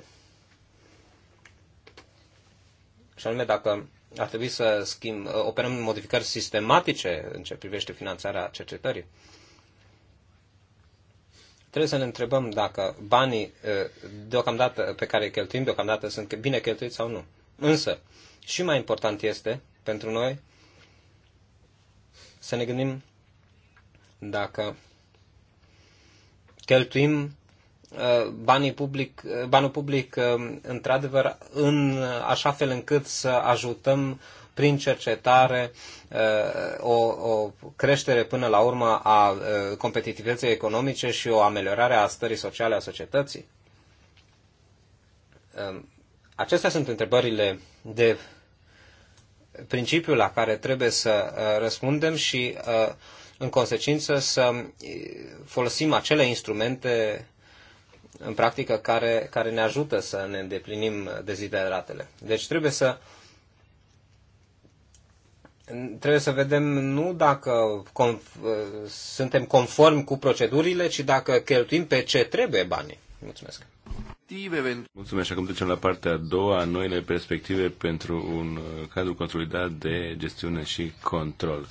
și anume dacă ar trebui să schimb, operăm modificări sistematice în ce privește finanțarea cercetării. Trebuie să ne întrebăm dacă banii deocamdată pe care îi cheltuim deocamdată sunt bine cheltuiți sau nu. Însă, și mai important este pentru noi să ne gândim dacă cheltuim Uh, banii public, uh, banul public uh, într-adevăr în așa fel încât să ajutăm prin cercetare o, o creștere până la urmă a competitivității economice și o ameliorare a stării sociale a societății? Um, acestea sunt întrebările de principiu la care trebuie să răspundem și în consecință să folosim acele instrumente în practică care, care ne ajută să ne îndeplinim dezideratele. Deci trebuie să trebuie să vedem nu dacă conf, suntem conform cu procedurile, ci dacă cheltuim pe ce trebuie banii. Mulțumesc. Mulțumesc. acum trecem la partea a doua, noile perspective pentru un uh, cadru consolidat de gestiune și control.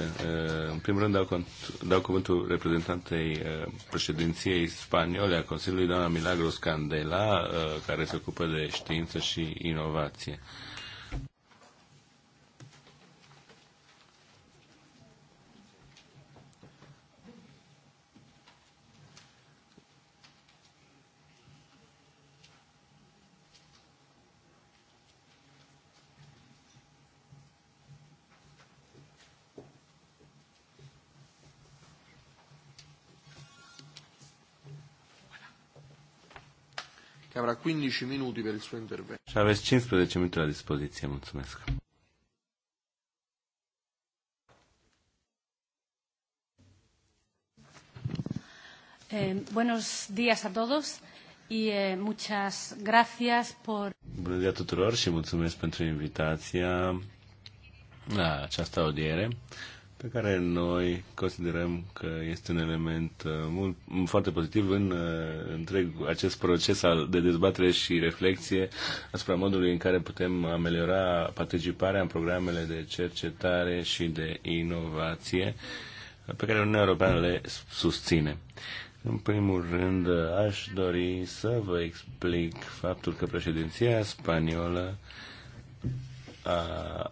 Eh, în primul rând dau, cont, dau cuvântul reprezentantei eh, președinției spaniole a Consiliului, doamna Milagros Candela, eh, care se ocupă de știință și inovație. avrà 15 minuti per il suo intervento. Ci avrà 15 minuti a disposizione, mulțumesc. Eh, buenos días a todos y eh, muchas gracias por... Buenos Bună ziua tuturor și mulțumesc pentru invitația la esta audiencia pe care noi considerăm că este un element uh, mult, foarte pozitiv în uh, întreg acest proces de dezbatere și reflexie asupra modului în care putem ameliora participarea în programele de cercetare și de inovație pe care Uniunea Europeană le susține. În primul rând, uh, aș dori să vă explic faptul că președinția spaniolă uh, a,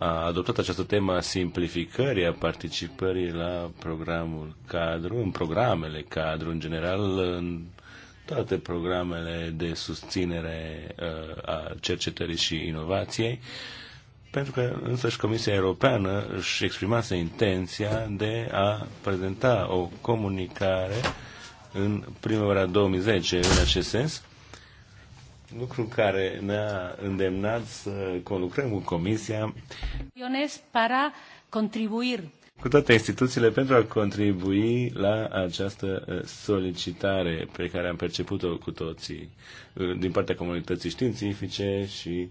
a adoptat această temă a simplificării, a participării la programul cadru, în programele cadru, în general, în toate programele de susținere a cercetării și inovației, pentru că însăși Comisia Europeană își exprimase intenția de a prezenta o comunicare în primăvara 2010 în acest sens lucru care ne-a îndemnat să conlucrăm cu Comisia para contribuir cu toate instituțiile pentru a contribui la această uh, solicitare pe care am perceput-o cu toții uh, din partea comunității științifice și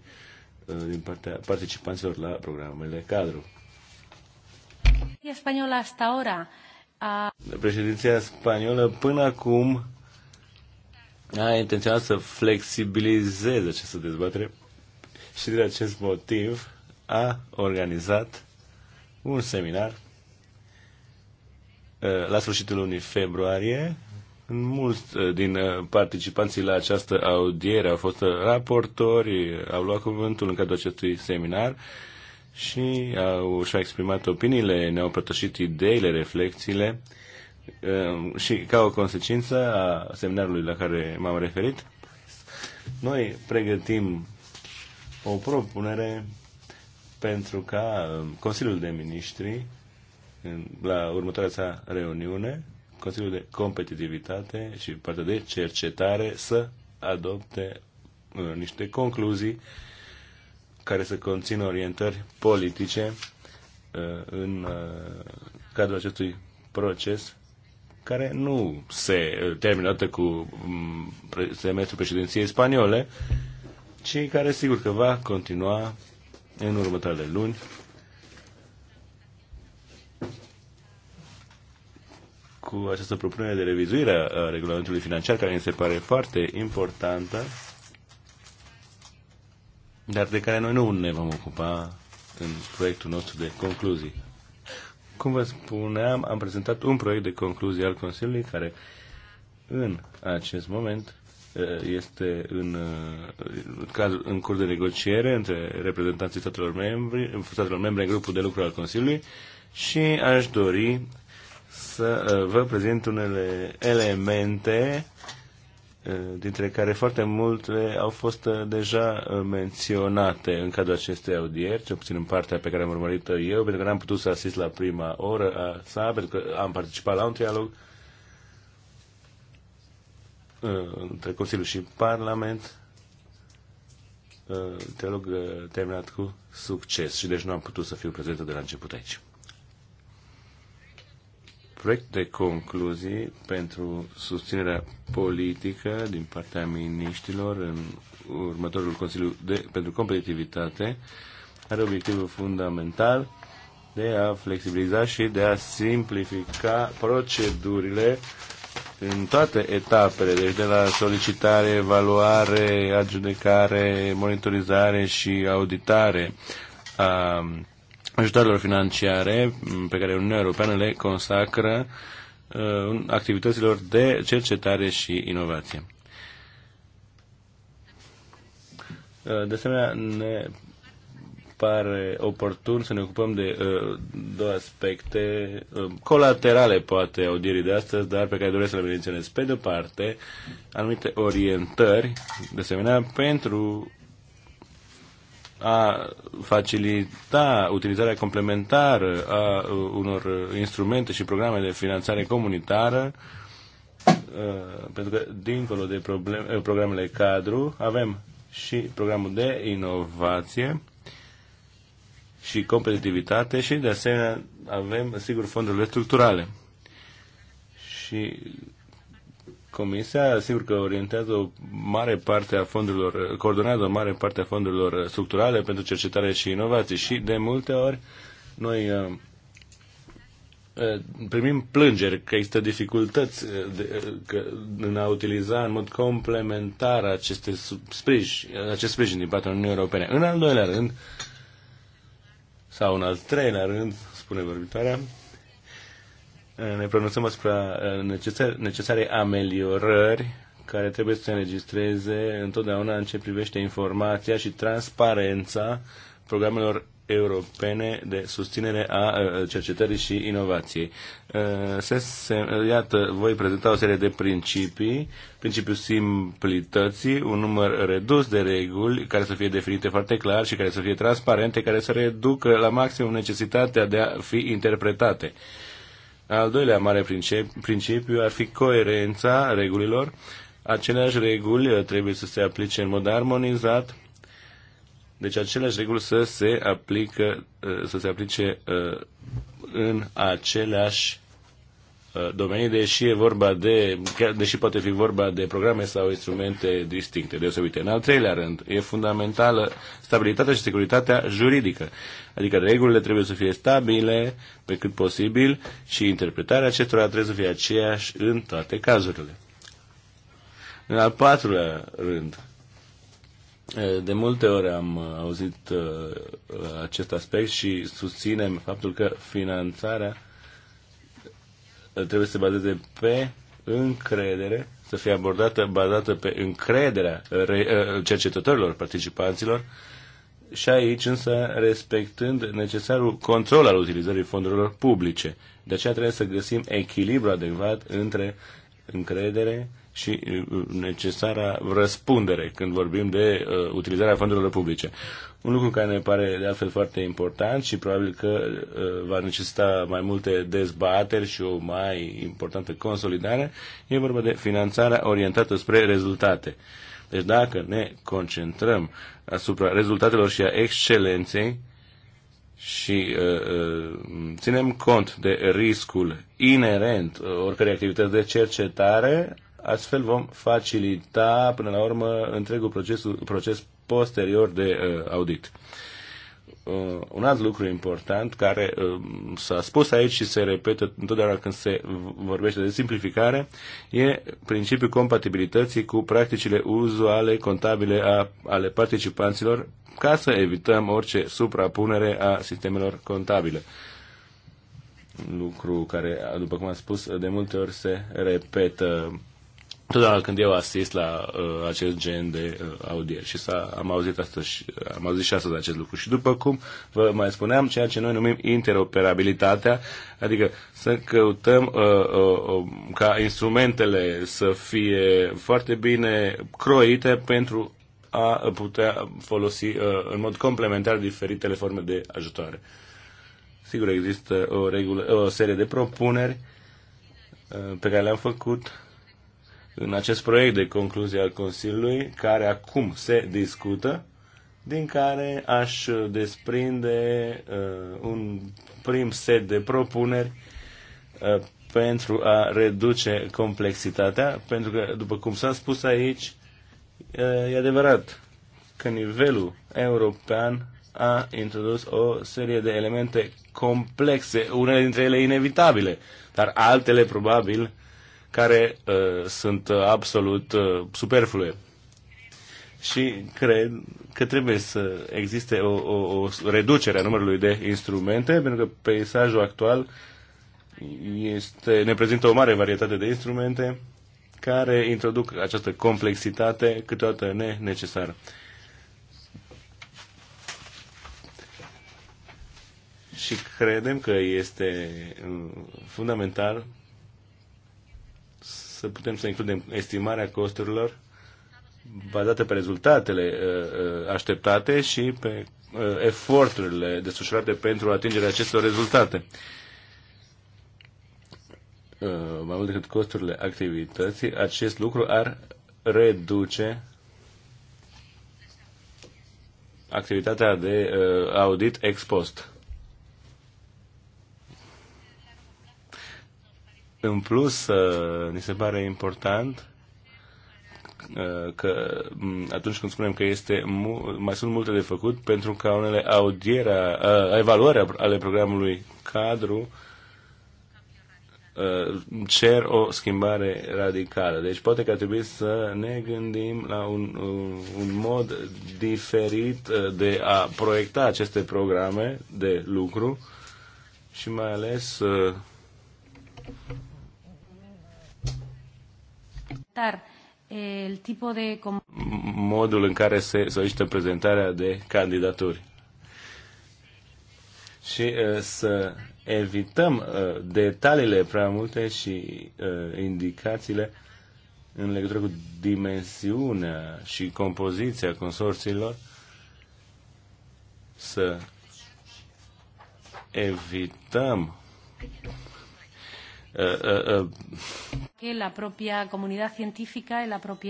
uh, din partea participanților la programele cadru. A... Președinția spaniolă până acum a intenționat să flexibilizeze această dezbatere și din acest motiv a organizat un seminar uh, la sfârșitul lunii februarie. Mulți uh, din uh, participanții la această audiere au fost raportori, au luat cuvântul în cadrul acestui seminar și au, și-au exprimat opiniile, ne-au prătășit ideile, reflexiile Ehm, și ca o consecință a seminarului la care m-am referit, noi pregătim o propunere pentru ca ehm, Consiliul de Ministri, la următoarea sa reuniune, Consiliul de Competitivitate și partea de cercetare să adopte ehm, niște concluzii care să conțină orientări politice în cadrul acestui proces care nu se termină atât cu mm, semestrul președinției spaniole, ci care sigur că va continua în următoarele luni. cu această propunere de revizuire a regulamentului financiar, care mi se pare foarte importantă, dar de care noi nu ne vom ocupa în proiectul nostru de concluzii. Cum vă spuneam, am prezentat un proiect de concluzie al Consiliului care în acest moment este în, caz, în curs de negociere între reprezentanții statelor membri, statelor membre în grupul de lucru al Consiliului și aș dori să vă prezint unele elemente dintre care foarte multe au fost uh, deja uh, menționate în cadrul acestei audieri, cel puțin în partea pe care am urmărit-o eu, pentru că n-am putut să asist la prima oră a sa, pentru că am participat la un trialog uh, între Consiliu și Parlament, trialog terminat cu succes și deci nu am putut să fiu prezentă de la început aici proiect de concluzii pentru susținerea politică din partea miniștilor în următorul Consiliu de, pentru Competitivitate are obiectivul fundamental de a flexibiliza și de a simplifica procedurile în toate etapele, deci de la solicitare, evaluare, adjudecare, monitorizare și auditare a ajutoarelor financiare mm, pe care Uniunea Europeană le consacră uh, activităților de cercetare și inovație. Uh, de asemenea, ne pare oportun să ne ocupăm de uh, două aspecte uh, colaterale, poate, audierii de astăzi, dar pe care doresc să le menționez. Pe de-o parte, anumite orientări, de asemenea, pentru a facilita utilizarea complementară a uh, unor instrumente și programe de finanțare comunitară, pentru că dincolo de probleme, eh, programele cadru avem și programul de inovație și competitivitate și de asemenea avem, sigur, fondurile structurale. Și Comisia, sigur că orientează o mare parte a fondurilor, coordonează o mare parte a fondurilor structurale pentru cercetare și inovații și de multe ori noi uh, uh, primim plângeri că există dificultăți uh, de, că, în a utiliza în mod complementar aceste sprijin, acest sprijin din partea Uniunii Europene. În al doilea rând, sau în al treilea rând, spune vorbitoarea, ne pronunțăm asupra uh, necesar, necesarei ameliorări care trebuie să se înregistreze întotdeauna în ce privește informația și transparența programelor europene de susținere a uh, cercetării și inovației. Uh, se, se, iată, voi prezenta o serie de principii, principiul simplității, un număr redus de reguli care să fie definite foarte clar și care să fie transparente, care să reducă la maxim necesitatea de a fi interpretate. Uh, al doilea mare principiu ar fi coerența regulilor. Aceleași reguli uh, trebuie să se aplice în mod armonizat, deci aceleași reguli să se aplică, uh, să se aplice uh, în aceleași Uh, domenii, deși, e vorba de, deși poate fi vorba de programe sau instrumente distincte, deosebite. În al treilea rând, e fundamentală stabilitatea și securitatea juridică. Adică regulile trebuie să fie stabile pe cât posibil și interpretarea acestora trebuie să fie aceeași în toate cazurile. În al patrulea rând, uh, de multe ori am uh, auzit acest aspect și susținem faptul că finanțarea trebuie să se bazeze pe încredere, să fie abordată bazată pe încrederea uh, cercetătorilor, participanților, și aici însă respectând necesarul control al utilizării fondurilor publice. De aceea trebuie să găsim echilibru adecvat între încredere și uh, necesara răspundere când vorbim de uh, utilizarea fondurilor publice. Un lucru care ne pare de altfel foarte important și probabil că uh, va necesita mai multe dezbateri și o mai importantă consolidare, e vorba de finanțarea orientată spre rezultate. Deci dacă ne concentrăm asupra rezultatelor și a excelenței, uh, și uh, uh, ținem cont de riscul inerent uh, oricărei activități de cercetare, astfel vom facilita până la urmă întregul proces, proces posterior de uh, audit. Uh, un alt lucru important care uh, s-a spus aici și se repetă întotdeauna când se vorbește de simplificare e principiul compatibilității cu practicile uzuale contabile a, ale participanților ca să evităm orice suprapunere a sistemelor contabile. Lucru care, după cum am spus, de multe ori se repetă Totdeauna când eu asist la uh, acest gen de uh, audieri și s-a, am, auzit astăzi, uh, am auzit și astăzi acest lucru. Și după cum vă mai spuneam, ceea ce noi numim interoperabilitatea, adică să căutăm uh, uh, uh, ca instrumentele să fie foarte bine croite pentru a putea folosi uh, în mod complementar diferitele forme de ajutoare. Sigur, există o, regulă, o serie de propuneri uh, pe care le-am făcut în acest proiect de concluzie al Consiliului, care acum se discută, din care aș desprinde uh, un prim set de propuneri uh, pentru a reduce complexitatea, pentru că, după cum s-a spus aici, uh, e adevărat că nivelul european a introdus o serie de elemente complexe, unele dintre ele inevitabile, dar altele probabil uh, care uh, sunt uh, absolut uh, superflue. Și cred că trebuie să existe o, o, o reducere a numărului de instrumente, pentru că peisajul actual este, ne prezintă o mare varietate de instrumente care introduc această complexitate câteodată necesară și credem că este uh, fundamental să putem să includem estimarea costurilor bazată pe rezultatele uh, uh, așteptate și pe uh, eforturile desfășurate pentru atingerea acestor rezultate. Mai mult decât costurile activității, acest lucru ar reduce activitatea de audit ex post. În plus, uh, ni se pare important uh, că mm, atunci când spunem că este, mai sunt multe de făcut pentru ca unele audiera, uh, evaluarea ale programului cadru cer o schimbare radicală. Deci poate că ar trebui să ne gândim la un, un mod diferit de a proiecta aceste programe de lucru și mai ales presentar eh, el tipo de... Modul în care se solicită prezentarea de candidaturi. Și eh, să evităm eh, detaliile prea multe și indicațiile în legătură cu dimensiunea și compoziția consorțiilor să evităm la comunidad la propria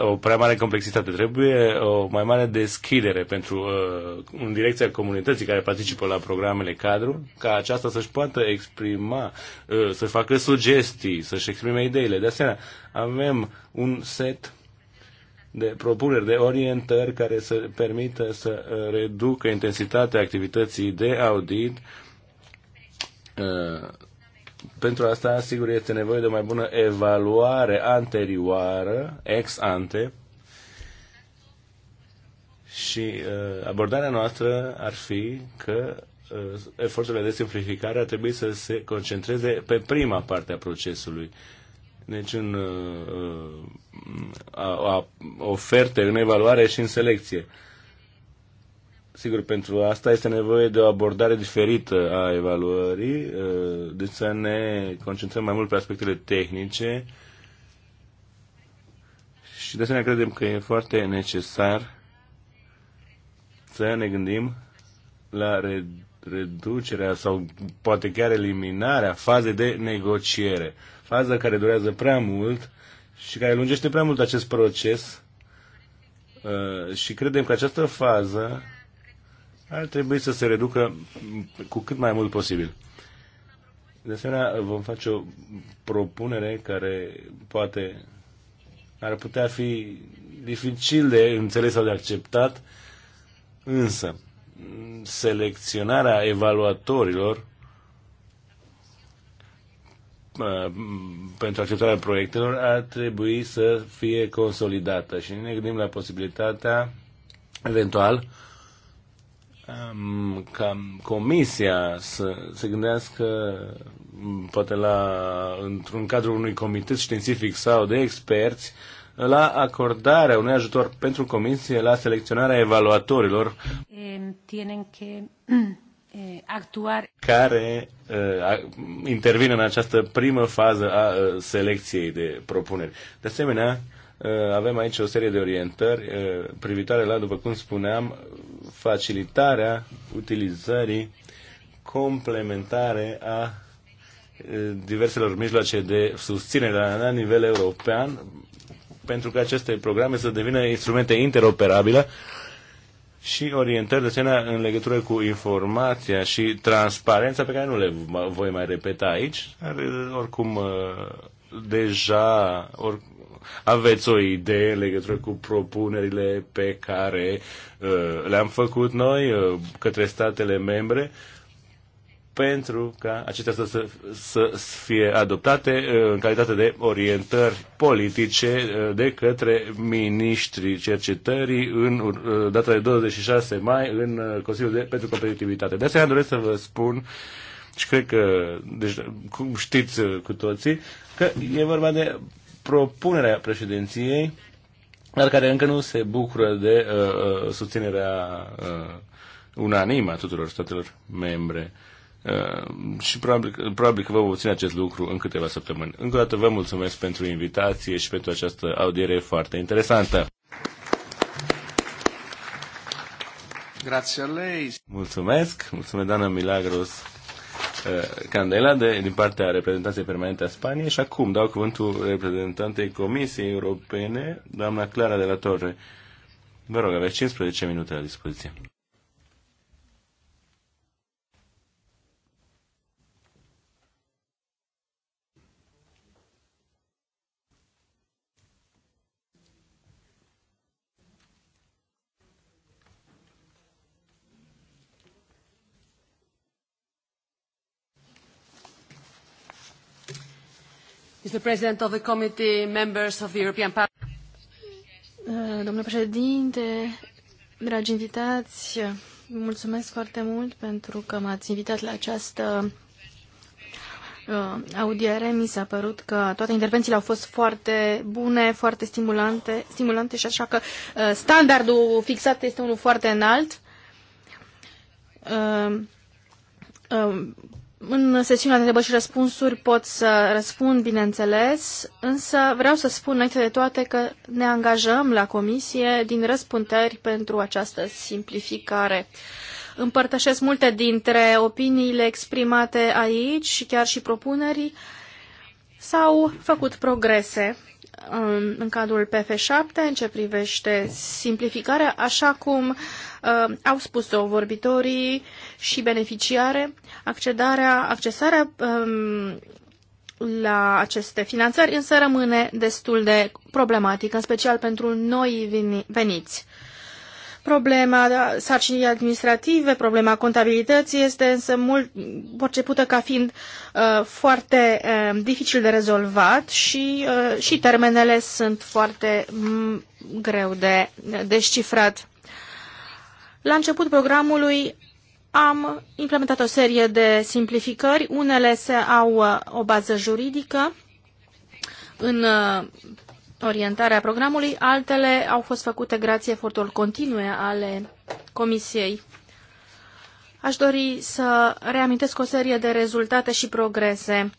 o prea mare complexitate. Trebuie o mai mare deschidere pentru uh, în direcția comunității care participă la programele cadru, ca aceasta să-și poată exprima, uh, să facă sugestii, să-și exprime ideile. De asemenea, avem un set de propuneri, de orientări care să permită să uh, reducă intensitatea activității de audit pentru asta, sigur, este nevoie de o mai bună evaluare anterioară, ex ante, și uh, abordarea noastră ar fi că uh, eforturile de simplificare ar trebui să se concentreze pe prima parte a procesului. Deci în uh, uh a, a, oferte, în evaluare și în selecție. Uh, Sigur, pentru asta este nevoie de o abordare diferită a evaluării, deci să ne concentrăm mai mult pe aspectele tehnice și de asemenea credem că e foarte necesar să ne gândim la reducerea sau poate chiar eliminarea fazei de negociere. Faza care durează prea mult și care lungește prea mult acest proces uh, și credem că această fază ar trebui să se reducă cu cât mai mult posibil. De asemenea, vom face o propunere care poate ar putea fi dificil de înțeles sau de acceptat, însă selecționarea evaluatorilor pentru acceptarea proiectelor ar trebui să fie consolidată și ne gândim la posibilitatea eventual ca comisia să se gândească mm, poate la, într-un cadru unui comitet științific sau de experți, la acordarea unui ajutor pentru comisie la selecționarea evaluatorilor (clears throat) eh, care eh, intervin în această primă fază a eh, selecției de propuneri. De asemenea, Uh, avem aici o serie de orientări uh, privitoare la, după cum spuneam, facilitarea utilizării complementare a uh, diverselor mijloace de susținere la, nivel european pentru că aceste programe să devină instrumente interoperabile și orientări de asemenea în legătură cu informația și transparența pe care nu le voi mai repeta aici. Oricum, deja or, aveți o idee în legătură cu propunerile pe care uh, le-am făcut noi uh, către statele membre pentru ca acestea să, să, să fie adoptate uh, în calitate de orientări politice uh, de către ministrii cercetării în uh, data de 26 mai în uh, Consiliul de, pentru Competitivitate. De asemenea doresc să vă spun și cred că deci, cum știți uh, cu toții că e vorba de propunerea președinției, dar care încă nu se bucură de uh, uh, susținerea uh, unanimă a tuturor statelor membre. Uh, și probabil, probabil că vă obține acest lucru în câteva săptămâni. Încă o dată vă mulțumesc pentru invitație și pentru această audiere foarte interesantă. Grazie a lei. Mulțumesc, mulțumesc doamna Milagros Uh, Candela de, din partea reprezentanței permanente a Spaniei și acum dau cuvântul reprezentantei Comisiei Europene, doamna Clara de la Torre. Vă rog, aveți 15 minute la dispoziție. Mr. President of the Committee, members of the European Parliament. Uh, domnule președinte, dragi invitați, mulțumesc foarte mult pentru că m-ați invitat la această uh, audiere. Mi s-a părut că toate intervențiile au fost foarte bune, foarte stimulante, stimulante și așa că uh, standardul fixat este unul foarte înalt în sesiunea de întrebări și răspunsuri pot să răspund, bineînțeles, însă vreau să spun înainte de toate că ne angajăm la comisie din răspunteri pentru această simplificare. Împărtășesc multe dintre opiniile exprimate aici și chiar și propunerii. S-au făcut progrese în cadrul PF7 în ce privește simplificarea, așa cum uh, au spus-o vorbitorii și beneficiare, accedarea, accesarea um, la aceste finanțări, însă rămâne destul de problematică, în special pentru noi veniți. Problema sarcinii administrative, problema contabilității este însă mult percepută ca fiind uh, foarte uh, dificil de rezolvat și, uh, și termenele sunt foarte mm, greu de descifrat. La început programului am implementat o serie de simplificări. Unele se au uh, o bază juridică în uh, Orientarea programului, altele au fost făcute grație efortul continue ale Comisiei. Aș dori să reamintesc o serie de rezultate și progrese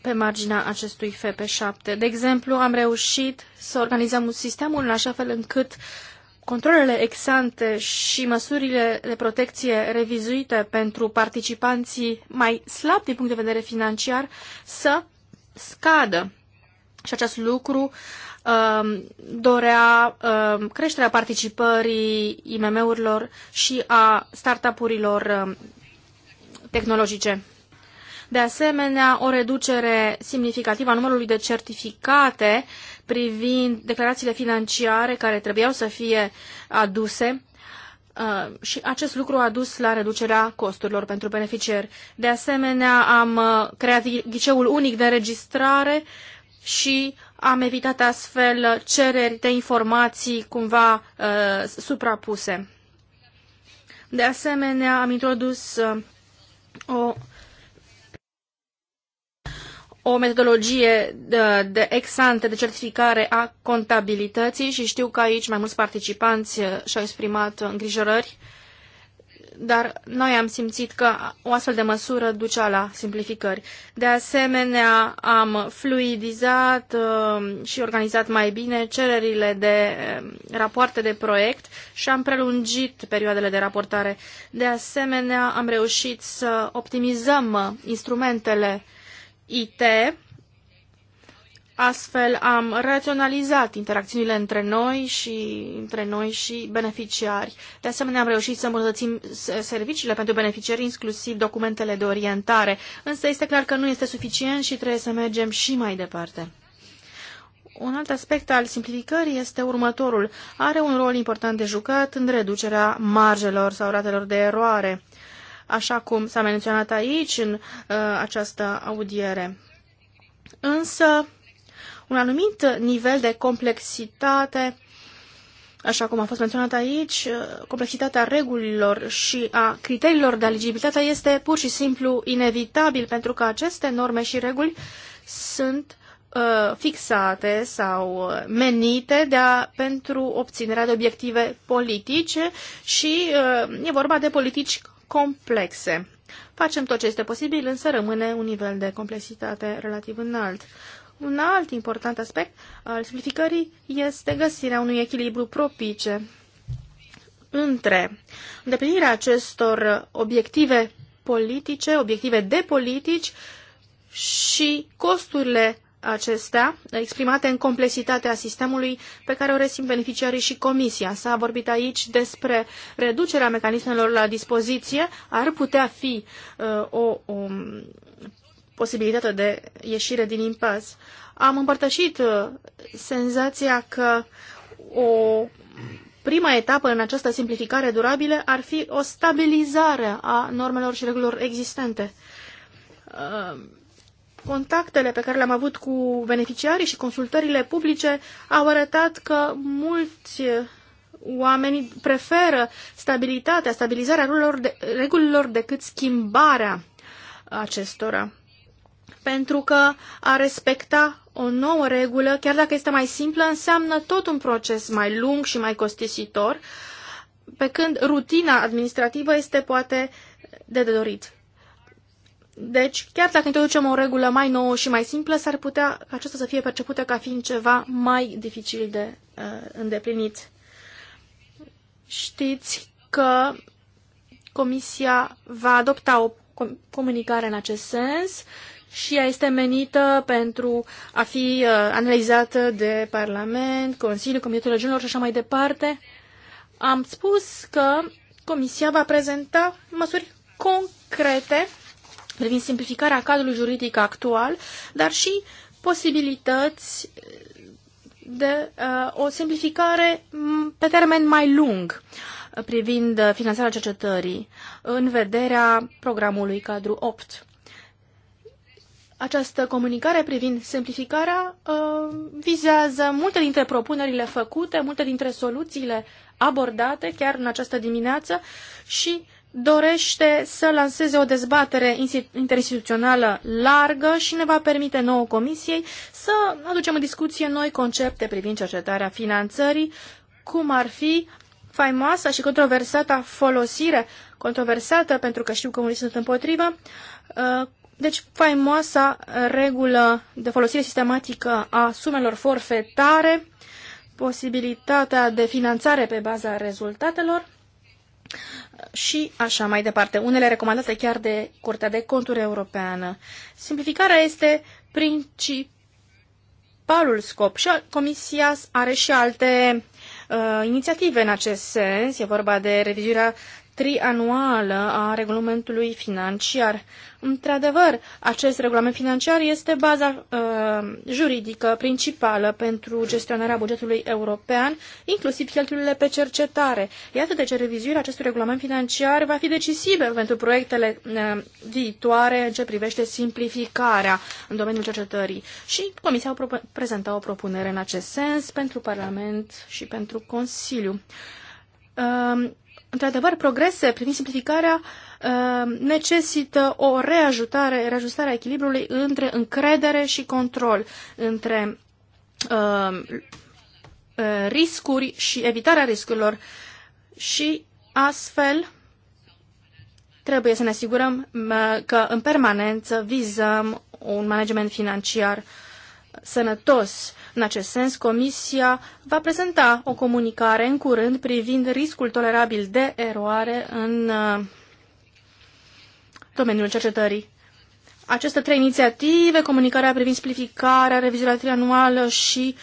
pe marginea acestui FP7. De exemplu, am reușit să organizăm sistemul în așa fel încât controlele exante și măsurile de protecție revizuite pentru participanții mai slabi din punct de vedere financiar să scadă și acest lucru um, dorea um, creșterea participării IMM-urilor și a startup-urilor um, tehnologice. De asemenea, o reducere semnificativă a numărului de certificate privind declarațiile financiare care trebuiau să fie aduse uh, și acest lucru a dus la reducerea costurilor pentru beneficiari. De asemenea, am uh, creat ghiceul unic de înregistrare și am evitat astfel cereri de informații cumva uh, suprapuse. De asemenea, am introdus uh, o, o metodologie de, de ex-ante de certificare a contabilității și știu că aici mai mulți participanți uh, și-au exprimat îngrijorări uh, dar noi am simțit că o astfel de măsură ducea la simplificări. De asemenea, am fluidizat uh, și organizat mai bine cererile de uh, rapoarte de proiect și am prelungit perioadele de raportare. De asemenea, am reușit să optimizăm uh, instrumentele IT Astfel am raționalizat interacțiunile între noi și între noi și beneficiari. De asemenea, am reușit să îmbunătățim serviciile pentru beneficiari, inclusiv documentele de orientare. Însă este clar că nu este suficient și trebuie să mergem și mai departe. Un alt aspect al simplificării este următorul. Are un rol important de jucat în reducerea marjelor sau ratelor de eroare, așa cum s-a menționat aici în uh, această audiere. Însă, un anumit nivel de complexitate, așa cum a fost menționat aici, complexitatea regulilor și a criteriilor de eligibilitate este pur și simplu inevitabil pentru că aceste norme și reguli sunt uh, fixate sau uh, menite de a, pentru obținerea de obiective politice și uh, e vorba de politici complexe. Facem tot ce este posibil, însă rămâne un nivel de complexitate relativ înalt. Un alt important aspect al simplificării este găsirea unui echilibru propice între îndeplinirea acestor obiective politice, obiective de politici și costurile acestea exprimate în complexitatea sistemului pe care o resim beneficiarii și comisia. S-a vorbit aici despre reducerea mecanismelor la dispoziție. Ar putea fi uh, o, o posibilitatea de ieșire din impas. Am împărtășit uh, senzația că o prima etapă în această simplificare durabilă ar fi o stabilizare a normelor și regulilor existente. Uh, contactele pe care le-am avut cu beneficiarii și consultările publice au arătat că mulți oamenii preferă stabilitatea, stabilizarea regulilor, de, regulilor decât schimbarea acestora pentru că a respecta o nouă regulă, chiar dacă este mai simplă, înseamnă tot un proces mai lung și mai costisitor, pe când rutina administrativă este poate de dorit. Deci, chiar dacă introducem o regulă mai nouă și mai simplă, s-ar putea aceasta să fie percepută ca fiind ceva mai dificil de uh, îndeplinit. Știți că Comisia va adopta o comunicare în acest sens și ea este menită pentru a fi uh, analizată de Parlament, Consiliu, Comitetul Regiunilor și așa mai departe. Am spus că Comisia va prezenta măsuri concrete privind simplificarea cadrului juridic actual, dar și posibilități de uh, o simplificare mm, pe termen mai lung privind uh, finanțarea cercetării în vederea programului cadru 8. Această comunicare privind simplificarea uh, vizează multe dintre propunerile făcute, multe dintre soluțiile abordate chiar în această dimineață și dorește să lanseze o dezbatere interinstituțională largă și ne va permite nouă comisiei să aducem în discuție noi concepte privind cercetarea finanțării, cum ar fi faimoasa și controversată folosire, controversată pentru că știu că unii sunt împotrivă, uh, deci, faimoasa regulă de folosire sistematică a sumelor forfetare, posibilitatea de finanțare pe baza rezultatelor și așa mai departe. Unele recomandate chiar de Curtea de Conturi Europeană. Simplificarea este principalul scop și Comisia are și alte uh, inițiative în acest sens. E vorba de revizuirea trianuală a regulamentului financiar. Într-adevăr, acest regulament financiar este baza uh, juridică principală pentru gestionarea bugetului european, inclusiv cheltuielile pe cercetare. Iată de ce revizuirea acestui regulament financiar va fi decisivă pentru proiectele uh, viitoare în ce privește simplificarea în domeniul cercetării. Și Comisia a prezentat o propunere în acest sens pentru Parlament și pentru Consiliu. Uh, Într-adevăr, progrese privind simplificarea uh, necesită o reajutare, reajustare a echilibrului între încredere și control, între uh, uh, riscuri și evitarea riscurilor și astfel trebuie să ne asigurăm că în permanență vizăm un management financiar sănătos. În acest sens, Comisia va prezenta o comunicare în curând privind riscul tolerabil de eroare în uh, domeniul cercetării. Aceste trei inițiative, comunicarea privind simplificarea, revizuirea trianuală și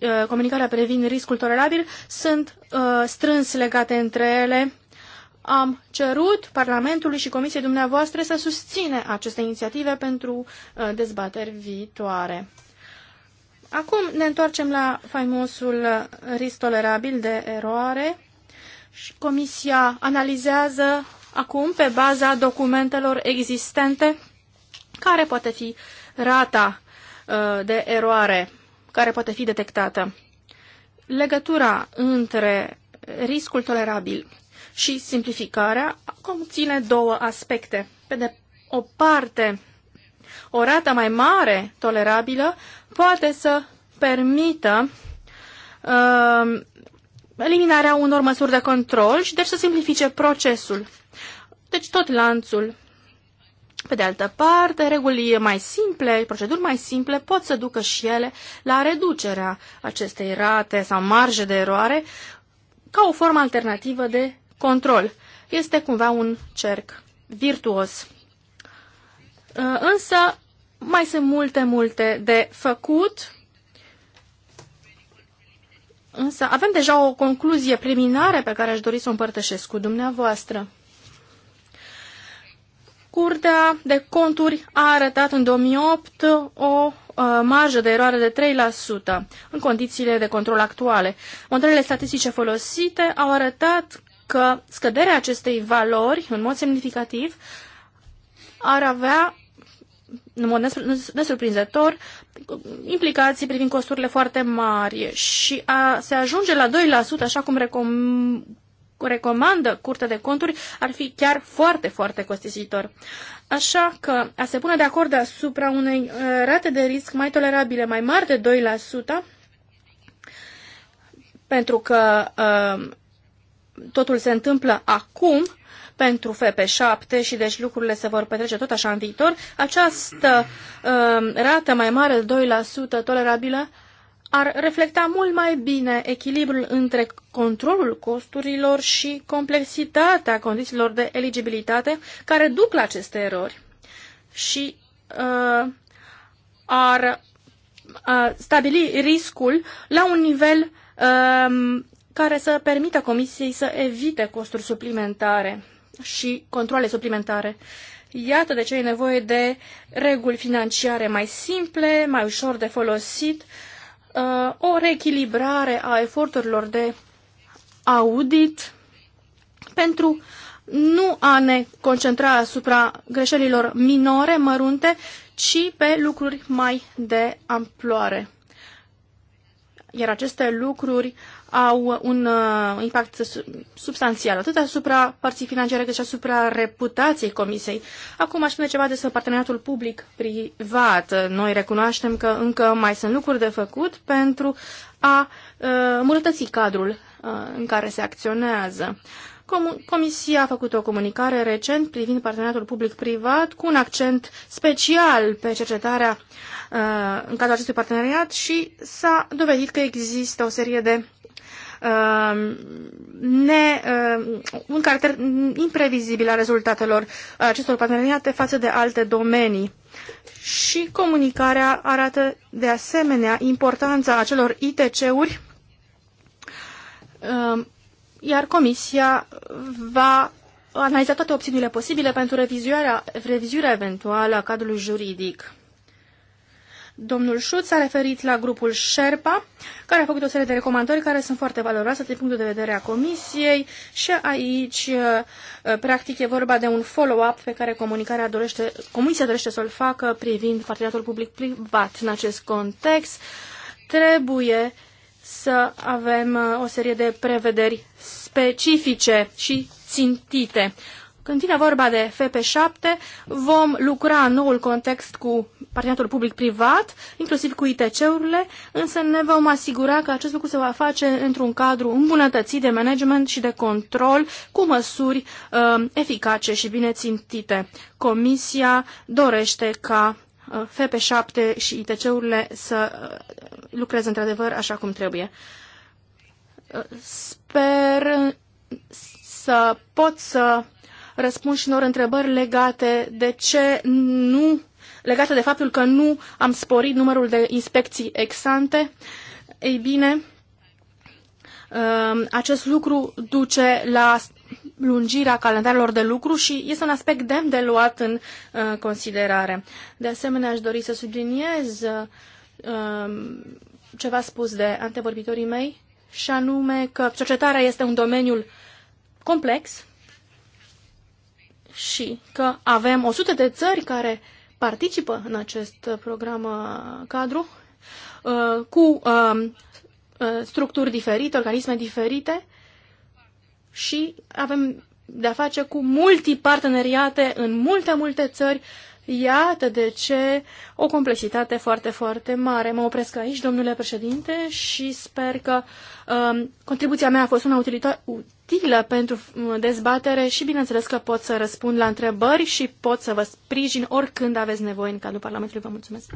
uh, comunicarea privind riscul tolerabil, sunt uh, strâns legate între ele. Am cerut Parlamentului și Comisiei dumneavoastră să susține aceste inițiative pentru uh, dezbateri viitoare. Acum ne întoarcem la faimosul risc tolerabil de eroare. Comisia analizează acum, pe baza documentelor existente, care poate fi rata uh, de eroare care poate fi detectată. Legătura între riscul tolerabil și simplificarea conține două aspecte. Pe de o parte, o rată mai mare tolerabilă poate să permită uh, eliminarea unor măsuri de control și deci să simplifice procesul. Deci tot lanțul. Pe de altă parte, reguli mai simple, proceduri mai simple pot să ducă și ele la reducerea acestei rate sau marge de eroare ca o formă alternativă de control. Este cumva un cerc virtuos. Uh, însă mai sunt multe, multe de făcut. Însă avem deja o concluzie preliminară pe care aș dori să o împărtășesc cu dumneavoastră. Curtea de conturi a arătat în 2008 o uh, marjă de eroare de 3% în condițiile de control actuale. Modelele statistice folosite au arătat că scăderea acestei valori, în mod semnificativ, ar avea în mod nesurprinzător, implicații privind costurile foarte mari și a se ajunge la 2%, așa cum recom recomandă Curtea de Conturi, ar fi chiar foarte, foarte costisitor. Așa că a se pune de acord asupra unei uh, rate de risc mai tolerabile, mai mari de 2%, pentru că uh, totul se întâmplă acum, pentru FP7 și deci lucrurile se vor petrece tot așa în viitor, această uh, rată mai mare de 2% tolerabilă ar reflecta mult mai bine echilibrul între controlul costurilor și complexitatea condițiilor de eligibilitate care duc la aceste erori și uh, ar uh, stabili riscul la un nivel uh, care să permită Comisiei să evite costuri suplimentare și controle suplimentare. Iată de ce e nevoie de reguli financiare mai simple, mai ușor de folosit, uh, o reechilibrare a eforturilor de audit pentru nu a ne concentra asupra greșelilor minore, mărunte, ci pe lucruri mai de amploare. Iar aceste lucruri au un uh, impact substanțial, atât asupra părții financiare cât și asupra reputației Comisiei. Acum aș spune ceva despre parteneriatul public-privat. Noi recunoaștem că încă mai sunt lucruri de făcut pentru a uh, îmbunătăți cadrul uh, în care se acționează. Com Comisia a făcut o comunicare recent privind parteneriatul public-privat cu un accent special pe cercetarea uh, în cadrul acestui parteneriat și s-a dovedit că există o serie de Um, ne, um, un caracter imprevizibil a rezultatelor acestor parteneriate față de alte domenii. Și comunicarea arată de asemenea importanța acelor ITC-uri, um, iar Comisia va analiza toate opțiunile posibile pentru revizuirea, revizuirea eventuală a cadrului juridic. Domnul Schutz a referit la grupul Sherpa, care a făcut o serie de recomandări care sunt foarte valoroase din punctul de vedere a Comisiei și aici, uh, uh, practic, e vorba de un follow-up pe care comunicarea dorește, Comisia dorește să-l facă privind parteneriatul public-privat în acest context. Trebuie să avem uh, o serie de prevederi specifice și țintite. Când vine vorba de FP7, vom lucra în noul context cu parteneriatul public-privat, inclusiv cu ITC-urile, însă ne vom asigura că acest lucru se va face într-un cadru îmbunătățit de management și de control cu măsuri uh, eficace și bine țintite. Comisia dorește ca uh, FP7 și ITC-urile să uh, lucreze într-adevăr așa cum trebuie. Uh, sper uh, să pot să răspund și unor întrebări legate de ce nu, legate de faptul că nu am sporit numărul de inspecții exante. Ei bine, um, acest lucru duce la lungirea calendarelor de lucru și este un aspect demn de luat în uh, considerare. De asemenea, aș dori să subliniez um, ceva spus de antevorbitorii mei, și anume că cercetarea este un domeniu complex și că avem 100 de țări care participă în acest program uh, cadru uh, cu um, uh, structuri diferite, organisme diferite și avem de-a face cu multi parteneriate în multe, multe țări Iată de ce o complexitate foarte, foarte mare. Mă opresc aici, domnule președinte, și sper că um, contribuția mea a fost una utilă pentru um, dezbatere și bineînțeles că pot să răspund la întrebări și pot să vă sprijin oricând aveți nevoie în cadrul Parlamentului. Vă mulțumesc!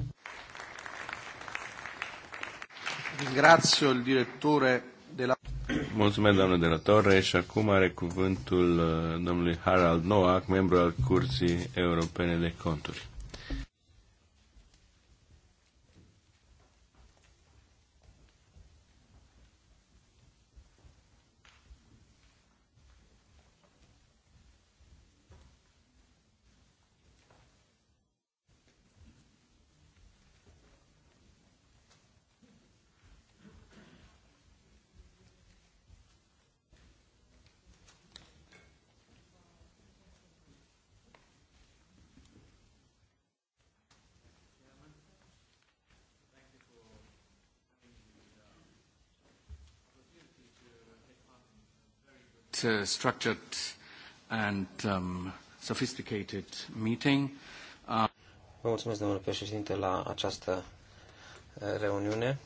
Ringrazio il direttore de la... Mulțumesc, doamnă de la Torre, și acum are cuvântul uh, domnului Harald Noack, membru al Curții Europene de Conturi. uh, structured and um, sophisticated meeting. Uh... Vă mulțumesc, domnule președinte, la această uh, reuniune.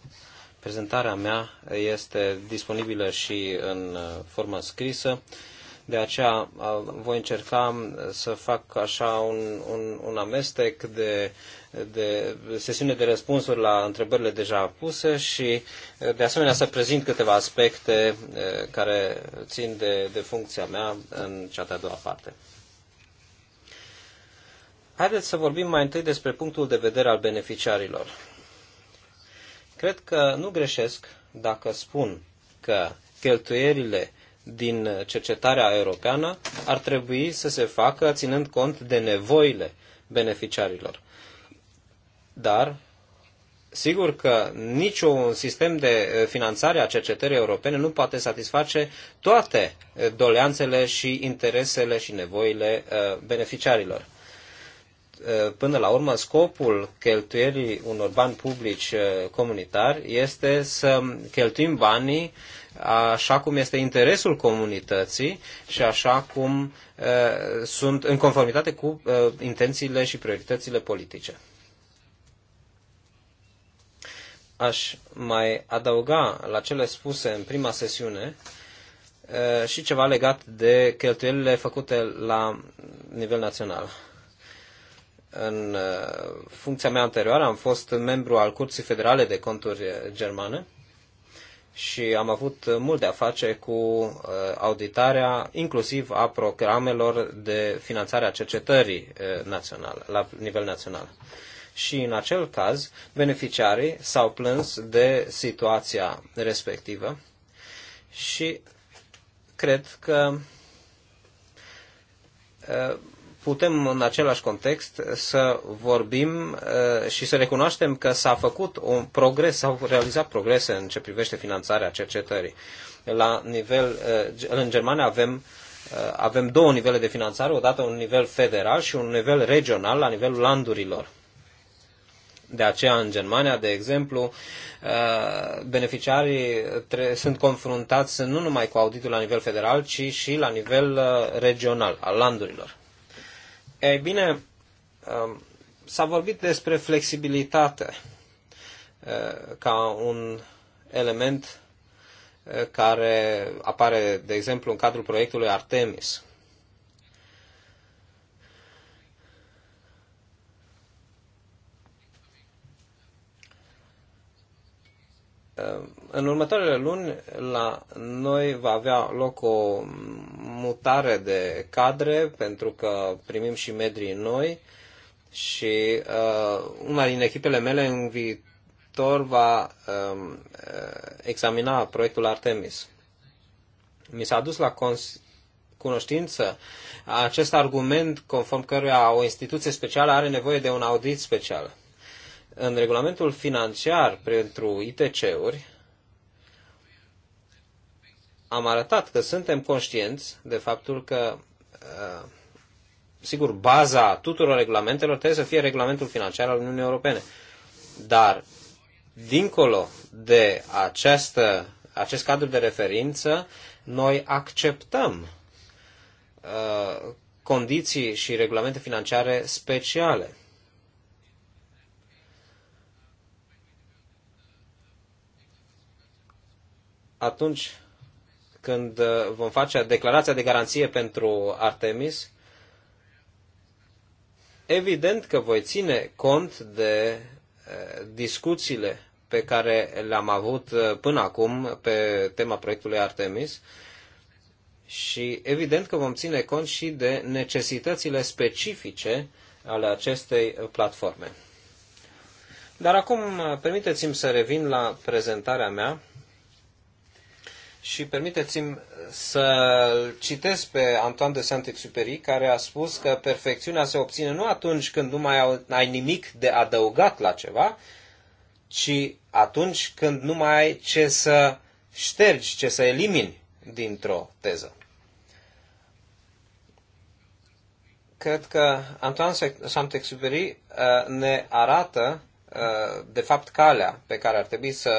Prezentarea mea este disponibilă și în uh, formă scrisă. De aceea voi încerca să fac așa un, un, un amestec de, de sesiune de răspunsuri la întrebările deja puse și de asemenea să prezint câteva aspecte care țin de, de funcția mea în cea de-a doua parte. Haideți să vorbim mai întâi despre punctul de vedere al beneficiarilor. Cred că nu greșesc dacă spun că cheltuierile din cercetarea europeană ar trebui să se facă ținând cont de nevoile beneficiarilor. Dar, sigur că niciun sistem de finanțare a cercetării europene nu poate satisface toate doleanțele și interesele și nevoile beneficiarilor până la urmă, scopul cheltuierii unor bani publici comunitari este să cheltuim banii așa cum este interesul comunității și așa cum uh, sunt în conformitate cu uh, intențiile și prioritățile politice. Aș mai adăuga la cele spuse în prima sesiune uh, și ceva legat de cheltuielile făcute la nivel național în funcția mea anterioară am fost membru al Curții Federale de Conturi Germane și am avut mult de a face cu uh, auditarea inclusiv a programelor de finanțare a cercetării uh, naționale, la nivel național. Și în acel caz, beneficiarii s-au plâns de situația respectivă și cred că uh, putem în același context să vorbim uh, și să recunoaștem că s-a făcut un progres, s-au realizat progrese în ce privește finanțarea cercetării. La nivel, uh, în Germania avem uh, avem două nivele de finanțare, odată un nivel federal și un nivel regional la nivelul landurilor. De aceea, în Germania, de exemplu, beneficiarii sunt confruntați nu numai cu auditul la nivel federal, ci și la nivel regional, al landurilor. Ei bine, um, s-a vorbit despre flexibilitate uh, ca un element uh, care apare, de exemplu, în cadrul proiectului Artemis. Um, în următoarele luni la noi va avea loc o mutare de cadre pentru că primim și medrii noi și uh, una din echipele mele în viitor va um, uh, examina proiectul Artemis. Mi s-a dus la cunoștință acest argument conform căruia o instituție specială are nevoie de un audit special. În regulamentul financiar pentru ITC-uri am arătat că suntem conștienți de faptul că, uh, sigur, baza tuturor regulamentelor trebuie să fie regulamentul financiar al Uniunii Europene. Dar, dincolo de această, acest cadru de referință, noi acceptăm uh, condiții și regulamente financiare speciale. Atunci când uh, vom face declarația de garanție pentru Artemis, evident că voi ține cont de uh, discuțiile pe care le-am avut uh, până acum pe tema proiectului Artemis și evident că vom ține cont și de necesitățile specifice ale acestei platforme. Dar acum permiteți-mi să revin la prezentarea mea și permiteți-mi uh, să citesc pe Antoine de Saint-Exupéry, care a spus că perfecțiunea se obține nu atunci când nu mai ai nimic de adăugat la ceva, ci atunci când nu mai ai ce să ștergi, ce să elimini dintr-o teză. Cred că Antoine Saint-Exupéry uh, ne arată, uh, de fapt, calea pe care ar trebui să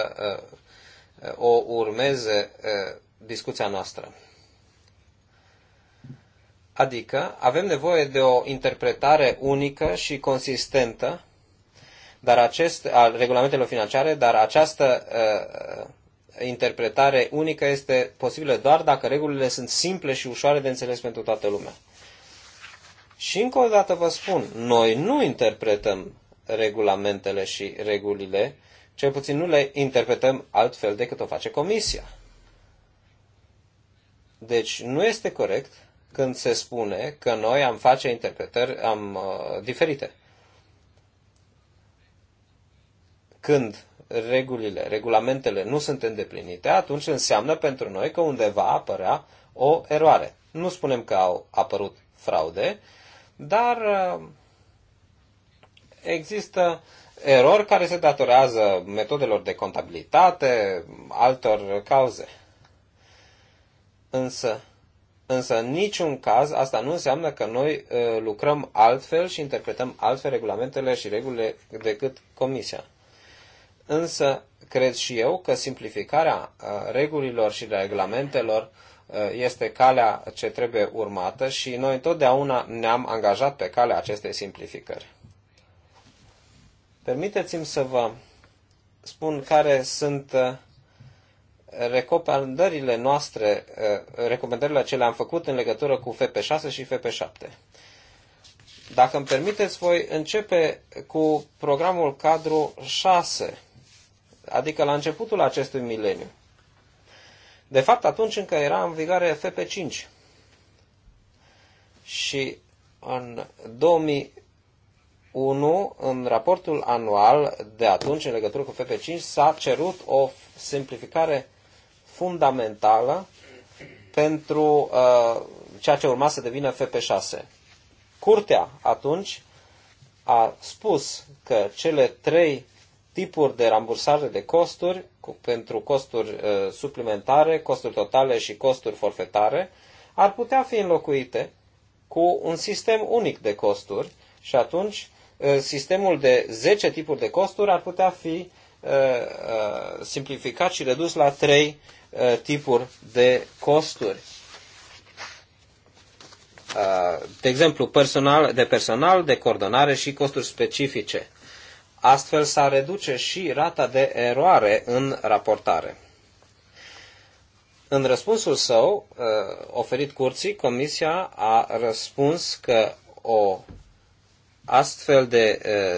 o urmeze discuția noastră. Adică avem nevoie de o interpretare unică și consistentă dar acest, al regulamentelor financiare, dar această uh, interpretare unică este posibilă doar dacă regulile sunt simple și ușoare de înțeles pentru toată lumea. Și încă o dată vă spun, noi nu interpretăm regulamentele și regulile cel puțin nu le interpretăm altfel decât o face Comisia. Deci nu este corect când se spune că noi am face interpretări am, uh, diferite. Când regulile, regulamentele nu sunt îndeplinite, atunci înseamnă pentru noi că undeva apărea o eroare. Nu spunem că au apărut fraude, dar uh, există uh, erori care se datorează metodelor de contabilitate, altor cauze. Însă, însă în niciun caz asta nu înseamnă că noi uh, lucrăm altfel și interpretăm altfel regulamentele și regulile decât Comisia. Însă, cred și eu că simplificarea uh, regulilor și regulamentelor uh, este calea ce trebuie urmată și noi întotdeauna ne-am angajat pe calea acestei simplificări. Permiteți-mi să vă spun care sunt uh, recomandările noastre, uh, recomandările ce le-am făcut în legătură cu FP6 și FP7. Dacă îmi permiteți, voi începe cu programul cadru 6, adică la începutul acestui mileniu. De fapt, atunci încă era în vigoare FP5. Și în 2000, 1, în raportul anual de atunci, în legătură cu fp 5 s-a cerut o simplificare fundamentală pentru uh, ceea ce urma să devină FP6. Curtea atunci a spus că cele trei tipuri de rambursare de costuri, cu, pentru costuri uh, suplimentare, costuri totale și costuri forfetare, ar putea fi înlocuite cu un sistem unic de costuri și atunci Uh, sistemul de 10 tipuri de costuri ar putea fi uh, uh, simplificat și redus la 3 tipuri de costuri. De exemplu, personal, de personal, de coordonare și costuri specifice. Astfel s-ar reduce și rata de eroare în raportare. În răspunsul său, oferit curții, Comisia a răspuns că o astfel de uh,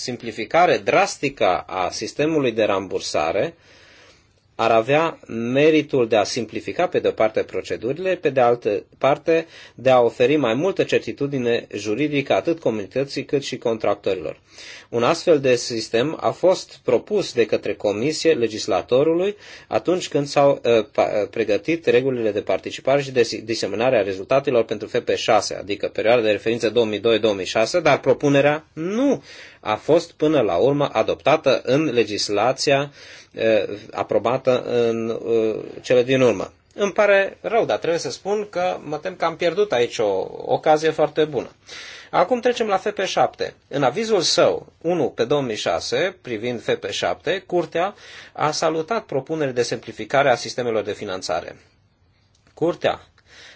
simplificare drastică a sistemului de rambursare ar avea meritul de a simplifica, pe de-o parte, procedurile, pe de altă parte, de a oferi mai multă certitudine juridică atât comunității cât și contractorilor. Un astfel de sistem a fost propus de către Comisie legislatorului atunci când s-au uh, uh pregătit regulile de participare și de diseminare a rezultatelor pentru FP6, adică perioada de referință 2002-2006, dar propunerea nu a fost până la urmă adoptată în legislația aprobată în cele din urmă. Îmi pare rău, dar trebuie să spun că mă tem că am pierdut aici o ocazie foarte bună. Acum trecem la FP7. În avizul său 1 pe 2006, privind FP7, Curtea a salutat propunerile de simplificare a sistemelor de finanțare. Curtea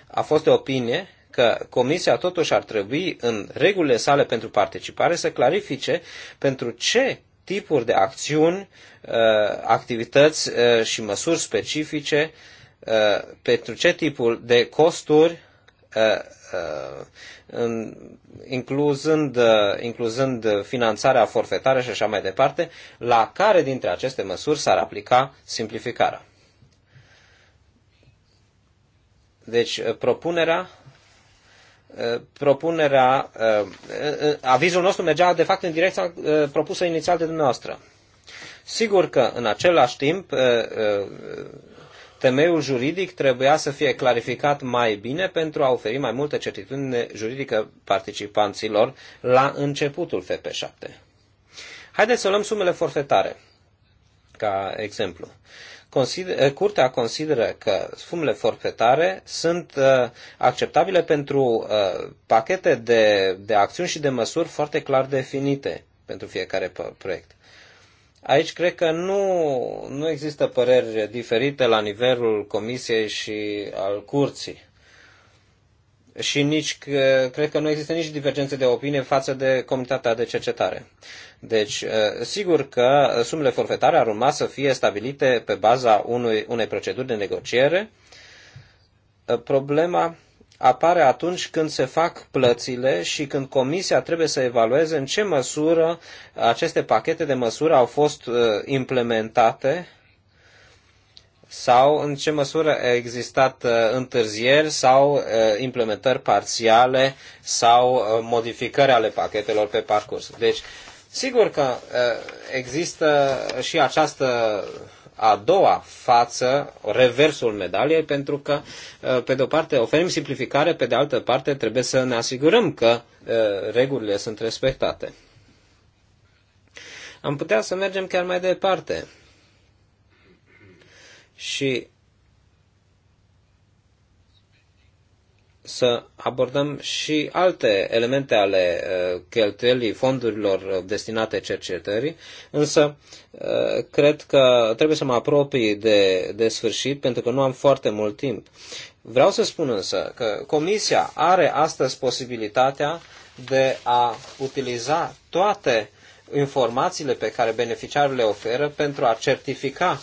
a fost de opinie că Comisia totuși ar trebui în regulile sale pentru participare să clarifice pentru ce tipuri de acțiuni, uh, activități uh, și măsuri specifice uh, pentru ce tipul de costuri, incluzând, incluzând finanțarea forfetară și așa mai departe, la care dintre aceste măsuri s-ar aplica simplificarea. Deci, propunerea Uh, propunerea, uh, uh, avizul nostru mergea de fapt în direcția propusă inițial de dumneavoastră. Sigur că în același timp temeiul juridic trebuia să fie clarificat mai bine pentru a oferi mai multă certitudine juridică participanților la începutul FP7. Haideți să luăm sumele forfetare ca exemplu. Uh, consider, eh, curtea consideră că sumele forfetare sunt uh, acceptabile pentru uh, pachete de, de acțiuni și de măsuri foarte clar definite pentru fiecare proiect. Aici cred că nu, nu există păreri diferite la nivelul comisiei și al curții. Și nici, cred că nu există nici divergențe de opinie față de Comitatea de Cercetare. Deci, uh, sigur că uh, sumele forfetare ar urma să fie stabilite pe baza unui, unei proceduri de negociere. Uh, problema apare atunci când se fac plățile și când comisia trebuie să evalueze în ce măsură aceste pachete de măsuri au fost implementate sau în ce măsură a existat întârzieri sau implementări parțiale sau modificări ale pachetelor pe parcurs. Deci Sigur că uh, există și această a doua față, reversul medaliei, pentru că, uh, pe de o parte, oferim simplificare, pe de altă parte, trebuie să ne asigurăm că uh, regulile sunt respectate. Am putea să mergem chiar mai departe. Și să abordăm și alte elemente ale uh, cheltuielii fondurilor uh, destinate cercetării, însă uh, cred că trebuie să mă apropii de, de sfârșit pentru că nu am foarte mult timp. Vreau să spun însă că Comisia are astăzi posibilitatea de a utiliza toate informațiile pe care beneficiarul le oferă pentru a certifica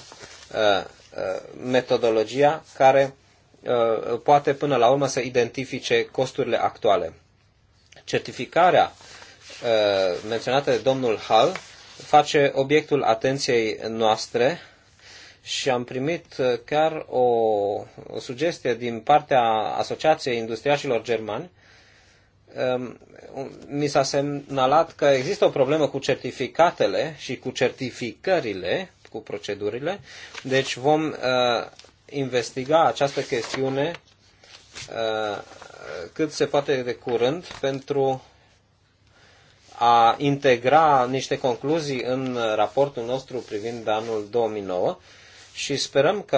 metodologia care Uh, poate până la urmă să identifice costurile actuale. Certificarea uh, menționată de domnul Hall face obiectul atenției noastre și am primit uh, chiar o, o sugestie din partea Asociației Industriașilor Germani. Um, mi s-a semnalat că există o problemă cu certificatele și cu certificările, cu procedurile, deci vom investiga această chestiune uh, cât se poate de curând pentru a integra niște concluzii în raportul nostru privind anul 2009 și sperăm că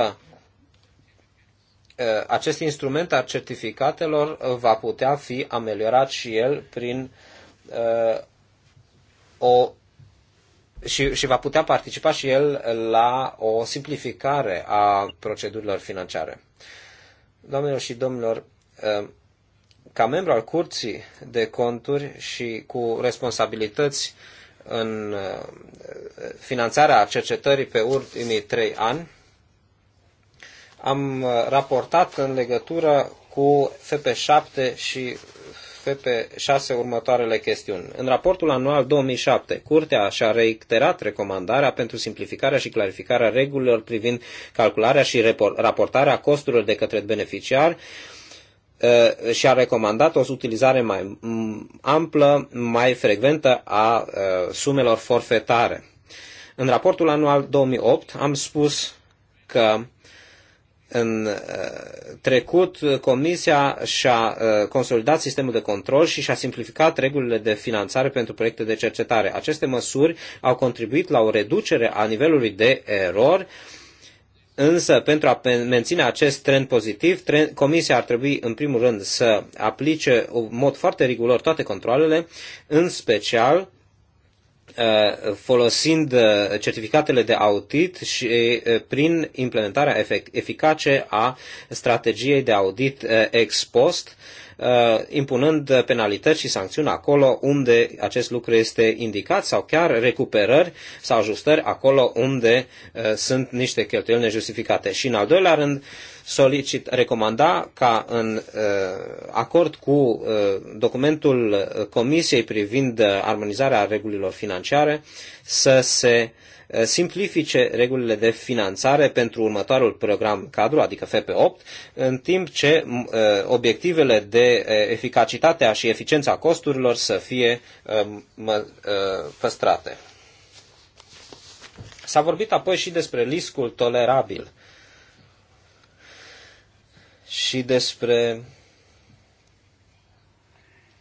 uh, acest instrument al certificatelor va putea fi ameliorat și el prin uh, o și, și va putea participa și el la o simplificare a procedurilor financiare. Doamnelor și domnilor, eh, ca membru al Curții de Conturi și cu responsabilități în eh, finanțarea cercetării pe ultimii trei ani, am eh, raportat în legătură cu FP7 și FP6 următoarele chestiuni. În raportul anual 2007, Curtea și-a reiterat recomandarea pentru simplificarea și clarificarea regulilor privind calcularea și raportarea costurilor de către beneficiari uh, și a recomandat o utilizare mai amplă, mai frecventă a uh, sumelor forfetare. În raportul anual 2008 am spus că în uh, trecut Comisia și-a uh, consolidat sistemul de control și și-a simplificat regulile de finanțare pentru proiecte de cercetare. Aceste măsuri au contribuit la o reducere a nivelului de erori, însă pentru a menține acest trend pozitiv, Comisia ar trebui în primul rând să aplice în mod foarte riguros toate controlele, în special Uh, folosind uh, certificatele de audit și uh, prin implementarea eficace a strategiei de audit ex post, impunând penalități și sancțiuni acolo unde acest lucru este indicat sau chiar recuperări sau ajustări acolo unde sunt niște cheltuieli nejustificate. Și în al doilea rând, solicit, recomanda ca în uh, acord cu uh, documentul uh, Comisiei privind armonizarea regulilor financiare să se simplifice regulile de finanțare pentru următoarul program cadru, adică FP8, în timp ce obiectivele de eficacitatea și eficiența costurilor să fie păstrate. S-a vorbit apoi și despre riscul tolerabil și despre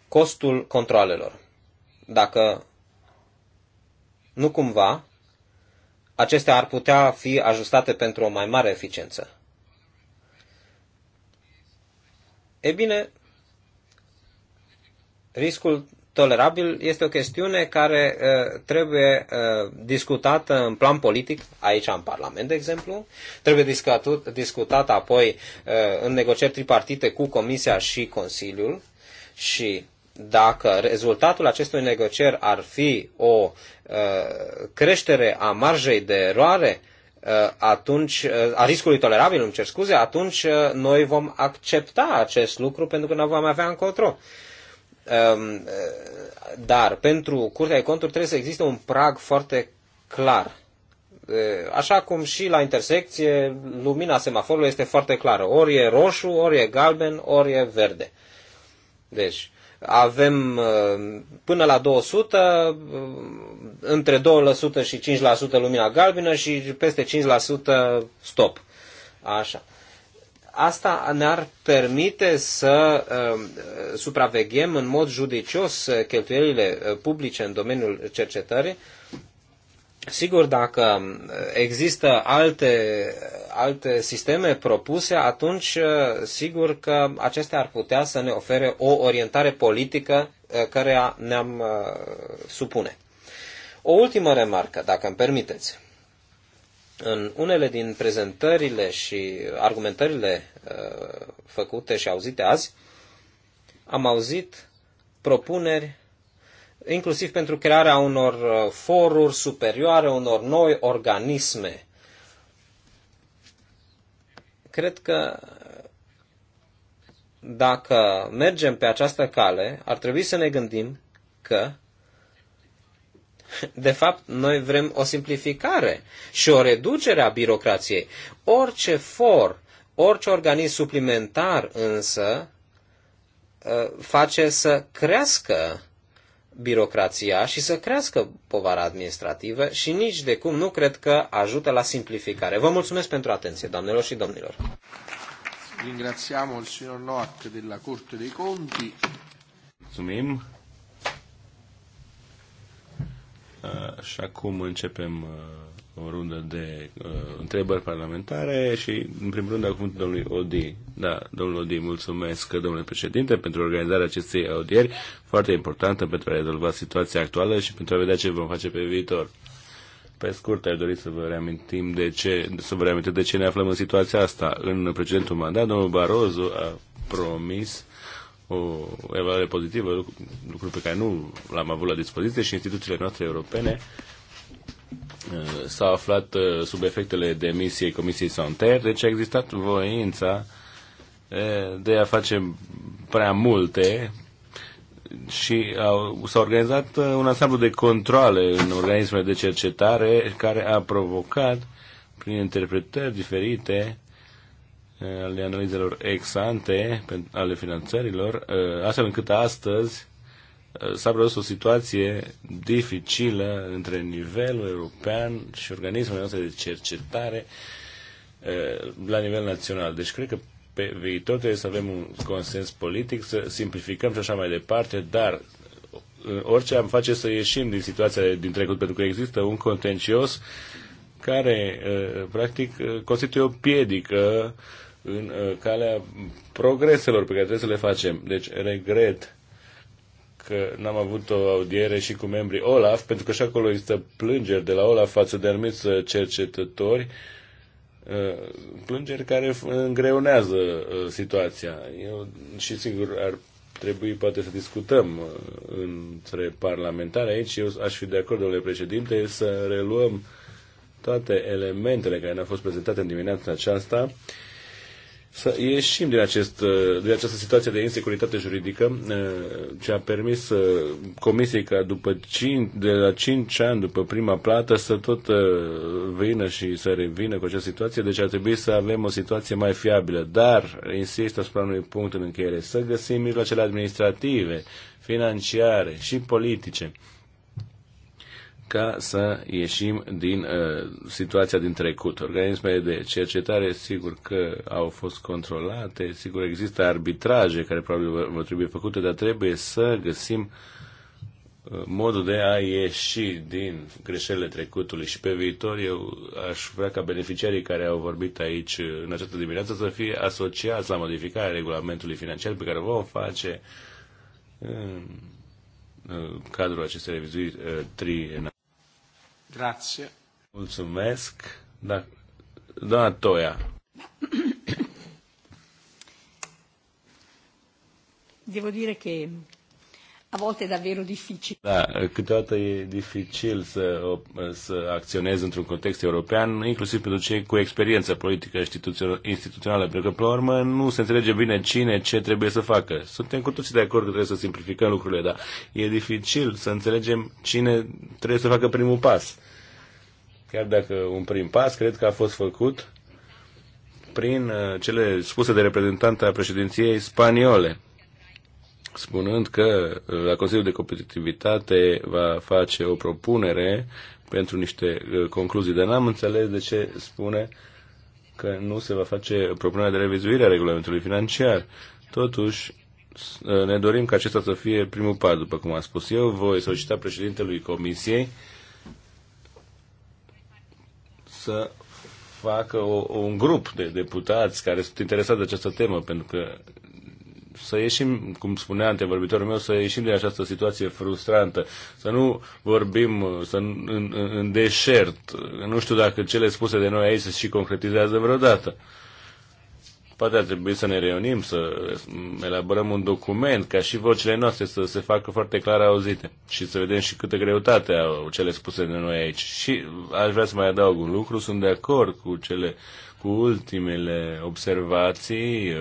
costul controlelor. Dacă nu cumva, acestea ar putea fi ajustate pentru o mai mare eficiență. E bine, riscul tolerabil este o chestiune care uh, trebuie uh, discutată în plan politic, aici în Parlament, de exemplu, trebuie discutată apoi uh, în negocieri tripartite cu Comisia și Consiliul și dacă rezultatul acestui negocieri ar fi o creștere a marjei de eroare, atunci, a riscului tolerabil, îmi cer scuze, atunci noi vom accepta acest lucru pentru că nu vom avea în control. Ehm, dar pentru Curtea de Conturi trebuie să existe un prag foarte clar. Așa cum și la intersecție, lumina semaforului este foarte clară. Ori e roșu, ori e galben, ori e verde. Deci, avem până la 200, între 2% și 5% lumina galbenă și peste 5% stop. Așa. Asta ne-ar permite să um, supraveghem în mod judicios uh, cheltuielile uh, publice în domeniul cercetării. Sigur, dacă um, există alte, alte sisteme propuse, atunci uh, sigur că acestea ar putea să ne ofere o orientare politică care ne-am supune. O ultimă remarcă, dacă îmi permiteți în unele din prezentările și argumentările uh, făcute și auzite azi, am auzit propuneri inclusiv pentru crearea unor uh, foruri superioare, unor noi organisme. Cred că dacă mergem pe această cale, ar trebui să ne gândim că de fapt, noi vrem o simplificare și o reducere a birocrației. Orice for, orice organism suplimentar însă ă, face să crească birocrația și să crească povara administrativă și nici de cum nu cred că ajută la simplificare. Vă mulțumesc pentru atenție, doamnelor și domnilor. Ringraziamo il signor Noac della Corte dei Conti. Mulțumim Uh, și acum începem uh, o rundă de uh, întrebări parlamentare și, în primul rând, acum domnului Odi. Da, domnul Odi, mulțumesc, domnule președinte, pentru organizarea acestei audieri, foarte importantă pentru a rezolva situația actuală și pentru a vedea ce vom face pe viitor. Pe scurt, aș dori să vă reamintim de ce, să vă reamintim de ce ne aflăm în situația asta. În precedentul mandat, domnul Barozu a promis o evaluare pozitivă, lucru, lucru pe care nu l-am avut la dispoziție și instituțiile noastre europene uh, s au aflat uh, sub efectele demisiei Comisiei Santer, deci a existat voința uh, de a face prea multe și s-a organizat un ansamblu de controle în organismele de cercetare care a provocat, prin interpretări diferite, ale analizelor ex ante ale finanțărilor, uh, astfel încât astăzi uh, s-a produs o situație dificilă între nivelul european și organismele noastre de cercetare uh, la nivel național. Deci cred că pe viitor trebuie să avem un consens politic, să simplificăm și așa mai departe, dar orice am face să ieșim din situația din trecut, pentru că există un contencios care, practic, constituie o piedică în uh, calea progreselor pe care trebuie să le facem. Deci regret că n-am avut o audiere și cu membrii Olaf, pentru că și acolo există plângeri de la Olaf față de anumiți uh, cercetători, uh, plângeri care îngreunează situația. Eu, și sigur ar trebui poate să discutăm între parlamentari aici. Eu aș fi de acord, domnule președinte, să reluăm toate elementele care ne-au fost prezentate în dimineața aceasta să ieșim din, acest, uh, din această situație de insecuritate juridică uh, ce a permis uh, comisiei ca după 5, de la 5 ani după prima plată să tot vină și să revină cu această situație, deci ar trebui să avem o situație mai fiabilă, dar insist asupra unui punct în încheiere, să găsim mijloacele administrative, financiare și politice ca să ieșim din uh, situația din trecut. Organismele de cercetare, sigur că au fost controlate, sigur există arbitraje care probabil vor trebui făcute, dar trebuie să găsim uh, modul de a ieși din greșelile trecutului și pe viitor eu aș vrea ca beneficiarii care au vorbit aici uh, în această dimineață să fie asociați la modificarea regulamentului financiar pe care vom face în uh, cadrul acestei revizuiri trienale. Grazie. Mulțumesc. Da. Doamna Toia. Devo dire che a volte è davvero difficile. Da, câteodată e dificil să, să acționezi într-un context european, inclusiv pentru cei cu experiență politică instituțională, pentru că, pe la urmă, nu se înțelege bine cine ce trebuie să facă. Suntem cu toții de acord că trebuie să simplificăm lucrurile, dar e dificil să înțelegem cine trebuie să facă primul pas. Chiar dacă un prim pas, cred că a fost făcut prin uh, cele spuse de reprezentanta președinției spaniole spunând că uh, la Consiliul de Competitivitate va face o propunere pentru niște uh, concluzii, dar n-am înțeles de ce spune că nu se va face propunerea de revizuire a regulamentului financiar. Totuși, uh, ne dorim ca acesta să fie primul pas, după cum am spus eu. Voi solicita președintelui Comisiei să facă o, un grup de deputați care sunt interesați de această temă, pentru că să ieșim, cum spunea antevorbitorul meu, să ieșim din această situație frustrantă, să nu vorbim uh, să, în, în, în deșert. Nu știu dacă cele spuse de noi aici se și concretizează vreodată. Poate ar trebui să ne reunim, să elaborăm un document, ca și vocile noastre să se facă foarte clar auzite și să vedem și câtă greutate au cele spuse de noi aici. Și aș vrea să mai adaug un lucru, sunt de acord cu cele cu ultimele observații uh,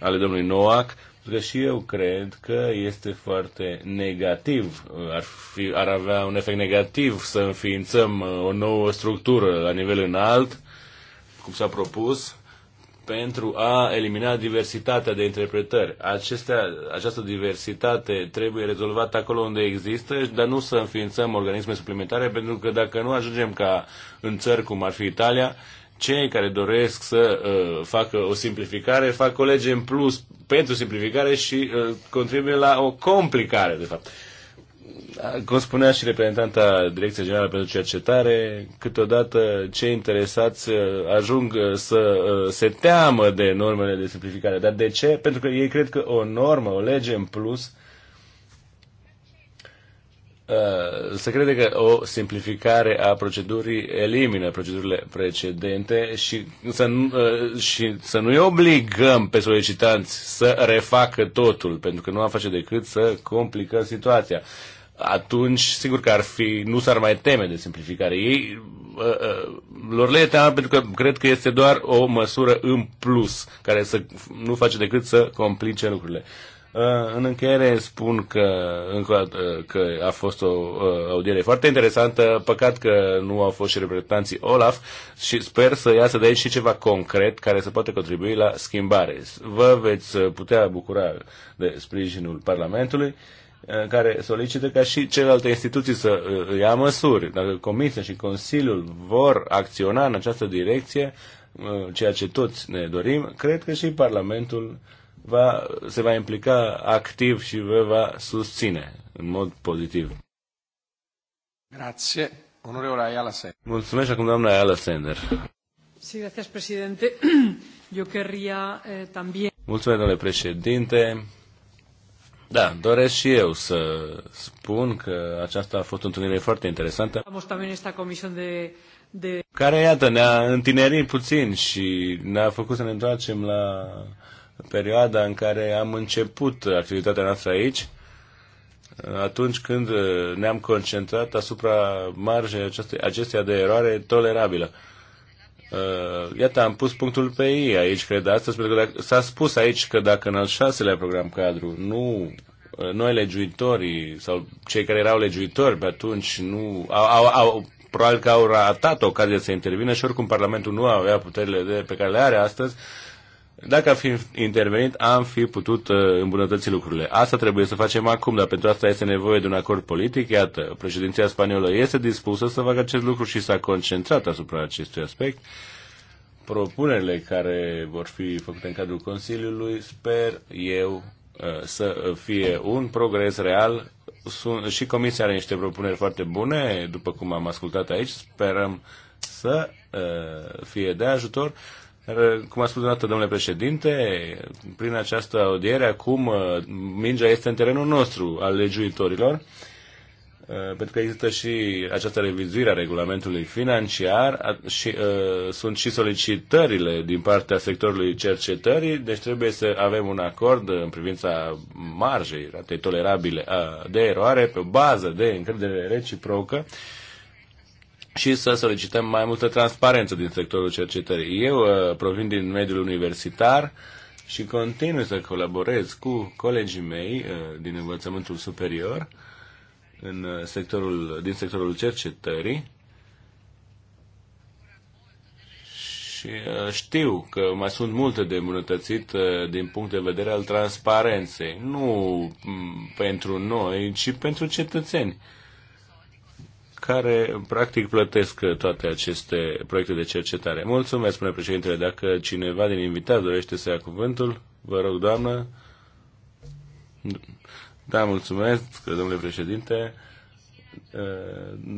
ale domnului Noac, că și eu cred că este foarte negativ, ar, fi, ar avea un efect negativ să înființăm uh, o nouă structură la nivel înalt, cum s-a propus, pentru a elimina diversitatea de interpretări. Acestea, această diversitate trebuie rezolvată acolo unde există, dar nu să înființăm organisme suplimentare, pentru că dacă nu ajungem ca în țări cum ar fi Italia, cei care doresc să uh, facă o simplificare fac o lege în plus pentru simplificare și uh, contribuie la o complicare, de fapt. Cum spunea și reprezentanta Direcției Generală pentru Cercetare, câteodată cei interesați uh, ajung uh, să uh, se teamă de normele de simplificare. Dar de ce? Pentru că ei cred că o normă, o lege în plus uh, Uh, se crede că o simplificare a procedurii elimină procedurile precedente și să, nu, uh, și să nu-i obligăm pe solicitanți să refacă totul, pentru că nu am face decât să complicăm situația. Atunci, sigur că ar fi, nu s-ar mai teme de simplificare. Ei uh, lor le e teamă pentru că cred că este doar o măsură în plus care să nu face decât să complice lucrurile. Uh, în încheiere spun că, încă uh, că a fost o uh, audiere foarte interesantă, păcat că nu au fost și reprezentanții Olaf și sper să iasă de aici și ceva concret care să poate contribui la schimbare. Vă veți putea bucura de sprijinul Parlamentului care solicită ca și celelalte instituții să ia măsuri. Dacă Comisia și Consiliul vor acționa în această direcție, ceea ce toți ne dorim, cred că și Parlamentul va, se va implica activ și vă va susține în mod pozitiv. Grazie. Onorevole Ayala Sender. Mulțumesc acum doamna Ayala Sender. Sí, gracias, presidente. Yo querría eh, también... Mulțumesc, domnule președinte. Da, doresc și eu să spun că aceasta a fost o întâlnire foarte interesantă. De, de... Care, iată, ne-a întinerit puțin și ne-a făcut să ne întoarcem la perioada în care am început activitatea noastră aici, atunci când uh, ne-am concentrat asupra marjei acestei, acesteia de eroare tolerabilă. Uh, iată, am pus punctul pe ei aici, cred, astăzi, pentru că s-a spus aici că dacă în al șaselea program cadru nu uh, noi legiuitorii sau cei care erau legiuitori pe atunci nu au, au, au probabil că au ratat ocazia să intervină și oricum Parlamentul nu avea puterile de, pe care le are astăzi, dacă am fi intervenit, am fi putut uh, îmbunătăți lucrurile. Asta trebuie să facem acum, dar pentru asta este nevoie de un acord politic. Iată, președinția spaniolă este dispusă să facă acest lucru și s-a concentrat asupra acestui aspect. Propunerile care vor fi făcute în cadrul Consiliului, sper eu, uh, să fie un progres real. Sun- și Comisia are niște propuneri foarte bune, după cum am ascultat aici. Sperăm să uh, fie de ajutor Uh, cum a spus dată domnule președinte, prin această audiere, acum uh, mingea este în terenul nostru al legiuitorilor, uh, pentru că există și această revizuire a regulamentului financiar și uh, sunt și solicitările din partea sectorului cercetării, deci trebuie să avem un acord în privința marjei, ratei tolerabile de eroare pe bază de încredere reciprocă. Uh, și să solicităm mai multă transparență din sectorul cercetării. Eu uh, provin din mediul universitar și continu să colaborez cu colegii mei uh, din învățământul superior în uh, sectorul, din sectorul cercetării și știu că mai sunt multe de îmbunătățit din punct de vedere al transparenței, nu mm, pentru noi, ci pentru cetățeni care practic plătesc toate aceste proiecte de cercetare. Mulțumesc, spune președintele. Dacă cineva din invitat dorește să ia cuvântul, vă rog, doamnă. Da, mulțumesc, domnule președinte.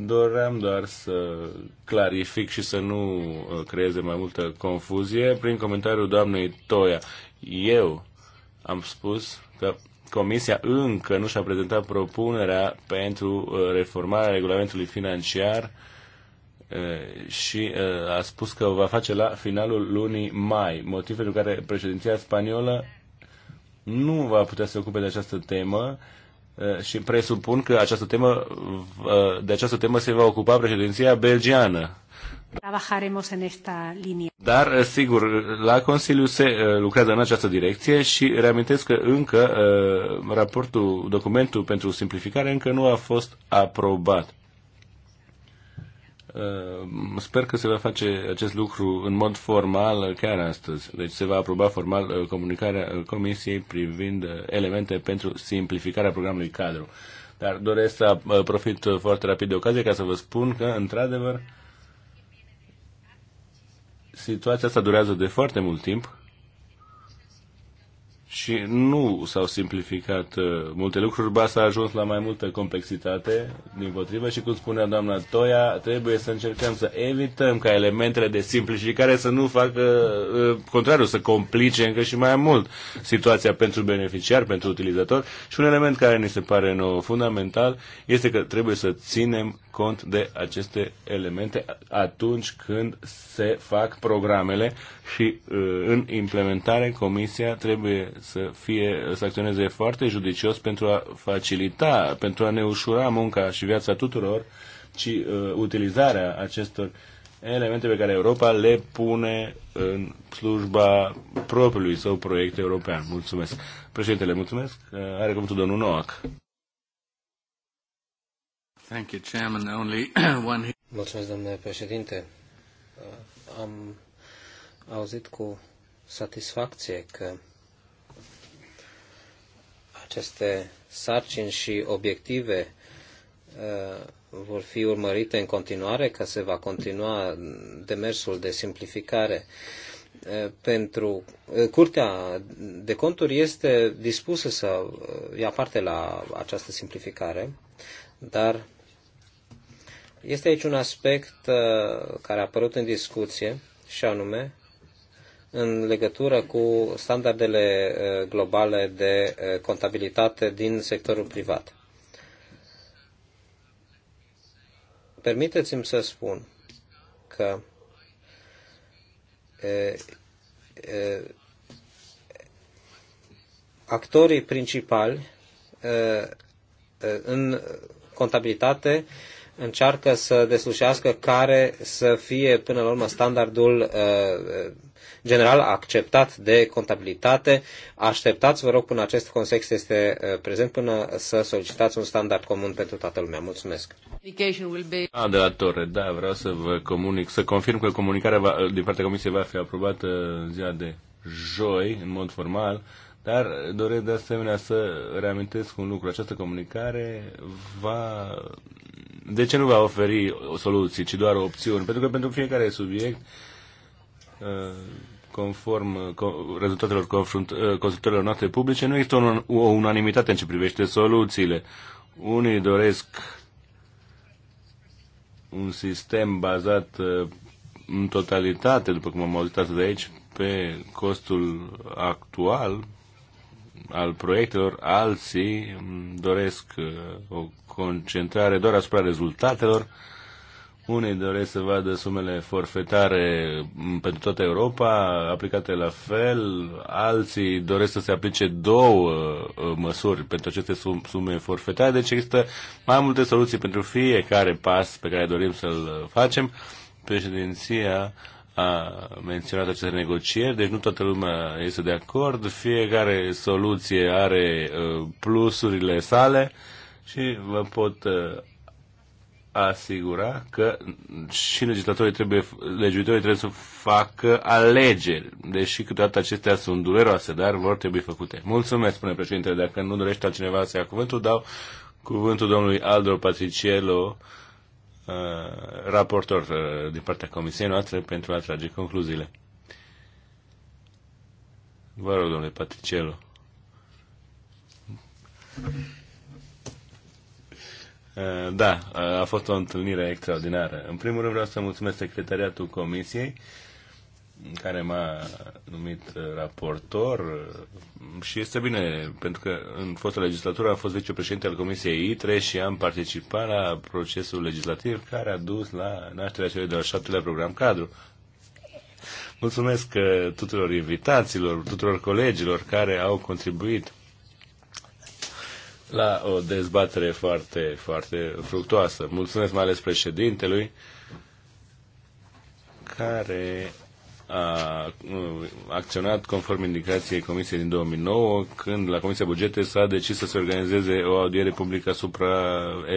Doream doar să clarific și să nu creeze mai multă confuzie prin comentariul doamnei Toia. Eu am spus că Comisia încă nu și-a prezentat propunerea pentru uh, reformarea regulamentului financiar uh, și uh, a spus că o va face la finalul lunii mai, motiv pentru care președinția spaniolă nu va putea să se ocupe de această temă și presupun că această temă, de această temă se va ocupa președinția belgiană. Trabajaremos în esta linie. Dar, eh, sigur, la Consiliu se eh, lucrează în această direcție și reamintesc că încă eh, raportul, documentul pentru simplificare încă nu a fost aprobat. Sper că se va face acest lucru în mod formal chiar astăzi. Deci se va aproba formal comunicarea Comisiei privind elemente pentru simplificarea programului cadru. Dar doresc să profit foarte rapid de ocazie ca să vă spun că, într-adevăr, situația asta durează de foarte mult timp și nu s-au simplificat uh, multe lucruri, ba s-a ajuns la mai multă complexitate, din potrivă, și cum spunea doamna Toia, trebuie să încercăm să evităm ca elementele de simplificare să nu facă uh, contrariul, să complice încă și mai mult situația pentru beneficiar, pentru utilizator. Și un element care ni se pare nou fundamental este că trebuie să ținem cont de aceste elemente atunci când se fac programele și uh, în implementare Comisia trebuie să, fie, să acționeze foarte judicios pentru a facilita, pentru a ne ușura munca și viața tuturor, ci uh, utilizarea acestor elemente pe care Europa le pune în slujba propriului său proiect european. Mulțumesc. Președintele, mulțumesc. Uh, are cuvântul domnul Noac. Thank you, Chairman. Only (clears throat) one... Mulțumesc, domnule președinte. Uh, am auzit cu satisfacție că aceste sarcini și obiective uh, vor fi urmărite în continuare, că se va continua demersul de simplificare uh, pentru uh, Curtea de Conturi este dispusă să ia parte la această simplificare, dar este aici un aspect care a apărut în discuție și anume în legătură cu standardele uh, globale de uh, contabilitate din sectorul privat. Permiteți-mi să spun că actorii principali în contabilitate încearcă să deslușească care să fie până la urmă standardul general acceptat de contabilitate. Așteptați, vă rog, până acest context este eh, prezent, până să solicitați un standard comun pentru toată lumea. Mulțumesc. A, ah, de la Torre, da, vreau să vă comunic, să confirm că comunicarea va, din partea Comisiei va fi aprobată în ziua de joi, în mod formal. Dar doresc de asemenea să reamintesc un lucru. Această comunicare va... De ce nu va oferi o soluție, ci doar opțiuni? Pentru că pentru fiecare subiect eh, conform uh, rezultatelor uh, consultărilor noastre publice, nu există o unanimitate în ce privește soluțiile. Unii doresc un sistem bazat uh, în totalitate, după cum am auzit atât de aici, pe costul actual al proiectelor, alții doresc o concentrare doar asupra rezultatelor unii doresc să vadă sumele forfetare mm, pentru toată Europa aplicate la fel, alții doresc să se aplice două ă, măsuri pentru aceste sume forfetare, deci există mai multe soluții pentru fiecare pas pe care dorim să-l facem. Președinția a menționat aceste negocieri, deci nu toată lumea este de acord, fiecare soluție are ă, plusurile sale și vă pot ă, asigura că și legislatorii trebuie, legiuitorii trebuie să facă alegeri, deși câteodată acestea sunt dureroase, dar vor trebui făcute. Mulțumesc, spune președintele. Dacă nu dorește altcineva să ia cuvântul, dau cuvântul domnului Aldo Patriciello, uh, raportor uh, din partea comisiei noastre, pentru a trage concluziile. Vă rog, domnule Patriciello. Da, a fost o întâlnire extraordinară. În primul rând vreau să mulțumesc secretariatul Comisiei care m-a numit raportor și este bine, pentru că în fostă legislatură am fost vicepreședinte al Comisiei ITRE și am participat la procesul legislativ care a dus la nașterea celui de-al șaptelea program cadru. Mulțumesc tuturor invitațiilor, tuturor colegilor care au contribuit la o dezbatere foarte, foarte fructoasă. Mulțumesc mai ales președintelui care a acționat conform indicației Comisiei din 2009, când la Comisia Bugete s-a decis să se organizeze o audiere publică asupra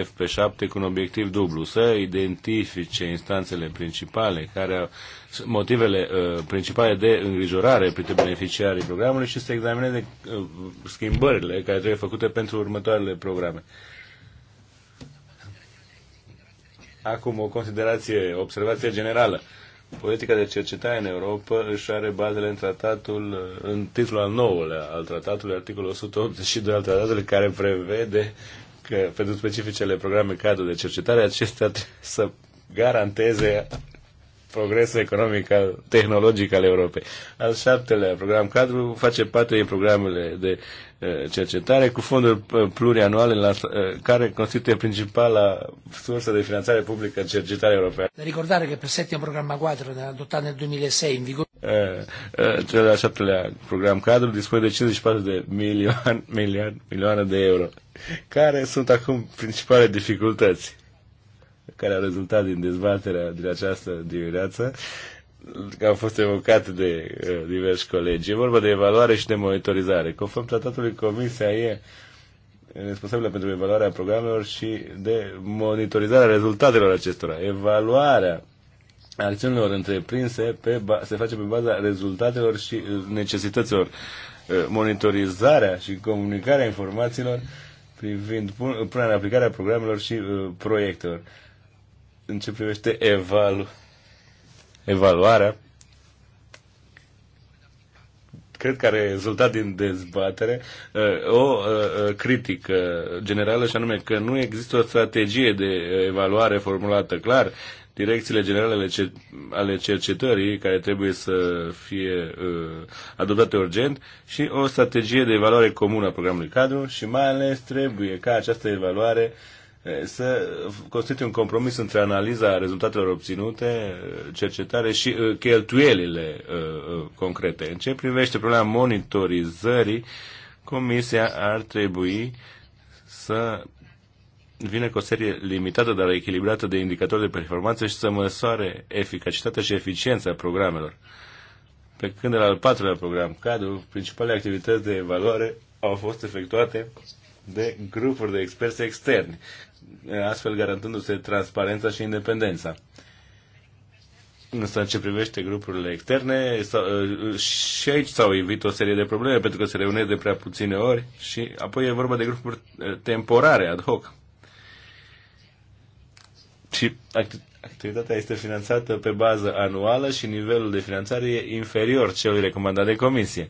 FP7 cu un obiectiv dublu, să identifice instanțele principale, care au, motivele uh, principale de îngrijorare printre beneficiarii programului și să examineze uh, schimbările care trebuie făcute pentru următoarele programe. Acum o considerație, observație generală. Uh, Politica de cercetare în Europa își are bazele în tratatul, în titlul al nouălea al tratatului, articolul 182 al tratatului, care prevede că pentru specificele programe cadru de cercetare, acestea trebuie să garanteze progresul economic, al, tehnologic al Europei. Al șaptelea program cadru face parte din programele de uh, cercetare cu fonduri uh, plurianuale la, uh, care constituie principala sursă de finanțare publică în cercetarea europeană. Da ricordare că pe settima Programa quadro adoptat nel 2006 în vigor... cel de-al șaptelea program cadru dispune de 54 de milioane, milioane, milioane de euro. Care sunt acum principale dificultăți? care a rezultat din dezbaterea din această dimineață, că au fost evocate de uh, diversi colegi. E vorba de evaluare și de monitorizare. Conform tratatului, Comisia e responsabilă pentru evaluarea programelor și de monitorizarea rezultatelor acestora. Evaluarea acțiunilor întreprinse pe, se face pe baza rezultatelor și uh, necesităților. Uh, monitorizarea și comunicarea informațiilor privind punerea în aplicare a programelor și uh, proiectelor în ce privește evalu- evaluarea, cred că a rezultat din dezbatere uh, o uh, uh, critică generală și anume că nu există o strategie de evaluare formulată clar. Direcțiile generale ale cercetării care trebuie să fie adoptate urgent și o strategie de evaluare comună a programului cadru și mai ales trebuie ca această evaluare uh, să constituie un compromis între analiza rezultatelor obținute, cercetare și cheltuielile concrete. În ce privește problema monitorizării, Comisia ar trebui să vine cu o serie limitată, dar echilibrată de indicatori de performanță și să măsoare eficacitatea și eficiența programelor. Pe când la al patrulea program, cadru, principalele activități de evaluare au fost efectuate de grupuri de experți externi, astfel garantându-se transparența și independența. Însă în ce privește grupurile externe, uh, și aici s-au invit o serie de probleme pentru că se reunesc de prea puține ori și apoi e vorba de grupuri uh, temporare, ad hoc. Și activitatea este finanțată pe bază anuală și nivelul de finanțare e inferior celui recomandat de comisie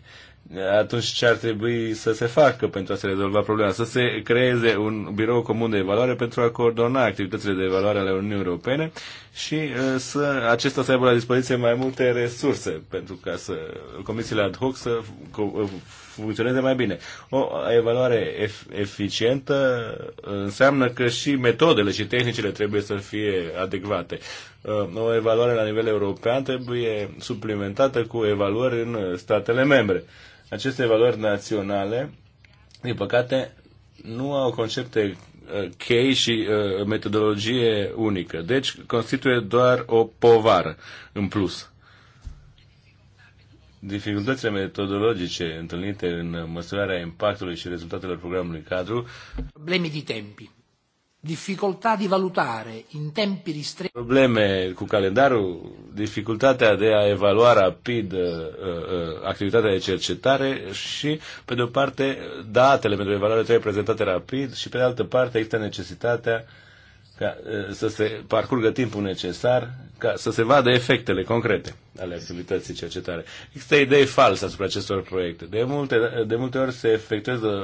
atunci ce ar trebui să se facă pentru a se rezolva problema? Să se creeze un birou comun de evaluare pentru a coordona activitățile de evaluare ale Uniunii Europene și uh, să acesta să aibă la dispoziție mai multe resurse pentru ca să comisiile ad hoc să uh, funcționeze mai bine. O evaluare eficientă uh, înseamnă că și metodele și tehnicile trebuie să fie adecvate. O evaluare la nivel european trebuie suplimentată cu evaluări în statele membre aceste valori naționale, din păcate, nu au concepte uh, chei și uh, metodologie unică. Deci constituie doar o povară în plus. Dificultățile metodologice întâlnite în măsurarea impactului și rezultatelor programului cadru probleme de tempi difficoltà di valutare in tempi ristretti. Probleme cu calendarul, dificultatea de a evalua rapid uh, uh, activitatea de cercetare și, pe de o parte, datele pentru evaluare trebuie prezentate rapid și, pe de altă parte, există necesitatea uh, ca să se parcurgă timpul necesar ca să se vadă efectele concrete ale activității cercetare. Există idei false asupra acestor proiecte. De multe, de multe ori se efectuează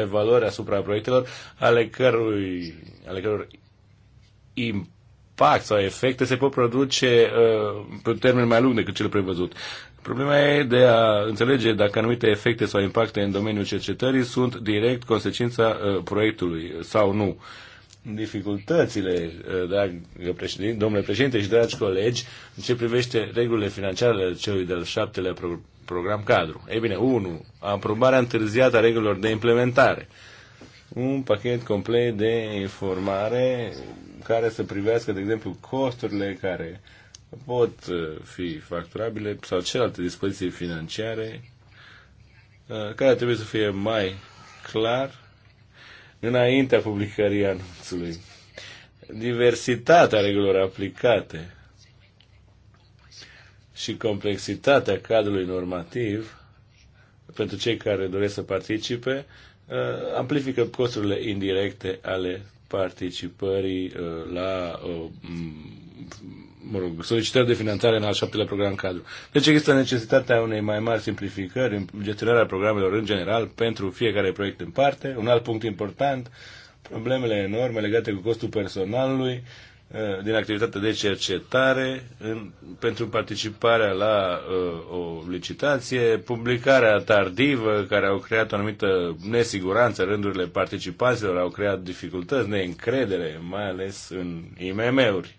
evaluări asupra proiectelor ale cărui, ale căror impact sau efecte se pot produce uh, pe termen mai lung decât cel prevăzut. Problema e de a înțelege dacă anumite efecte sau impacte în domeniul cercetării sunt direct consecința uh, proiectului sau nu. Uh, dificultățile, uh, drag președinte, domnule președinte și dragi colegi, în ce privește regulile financiare ale celui de-al șaptelea pro- program cadru. Ei bine, 1. Aprobarea întârziată a regulilor de implementare. Un pachet complet de informare care să privească, de exemplu, costurile care pot uh, fi facturabile sau celelalte dispoziții financiare uh, care trebuie să fie mai clar înaintea publicării anunțului. Diversitatea regulilor aplicate și complexitatea cadrului normativ pentru cei care doresc să participe uh, amplifică costurile indirecte ale participării uh, la uh, mă rog, solicitări de finanțare în al șaptelea program cadru. Deci există necesitatea unei mai mari simplificări în gestionarea programelor în general pentru fiecare proiect în parte. Un alt punct important, problemele enorme legate cu costul personalului uh, din activitatea de cercetare în, pentru participarea la uh, o licitație, publicarea tardivă care au creat o anumită nesiguranță rândurile participanților, au creat dificultăți, neîncredere, mai ales în IMM-uri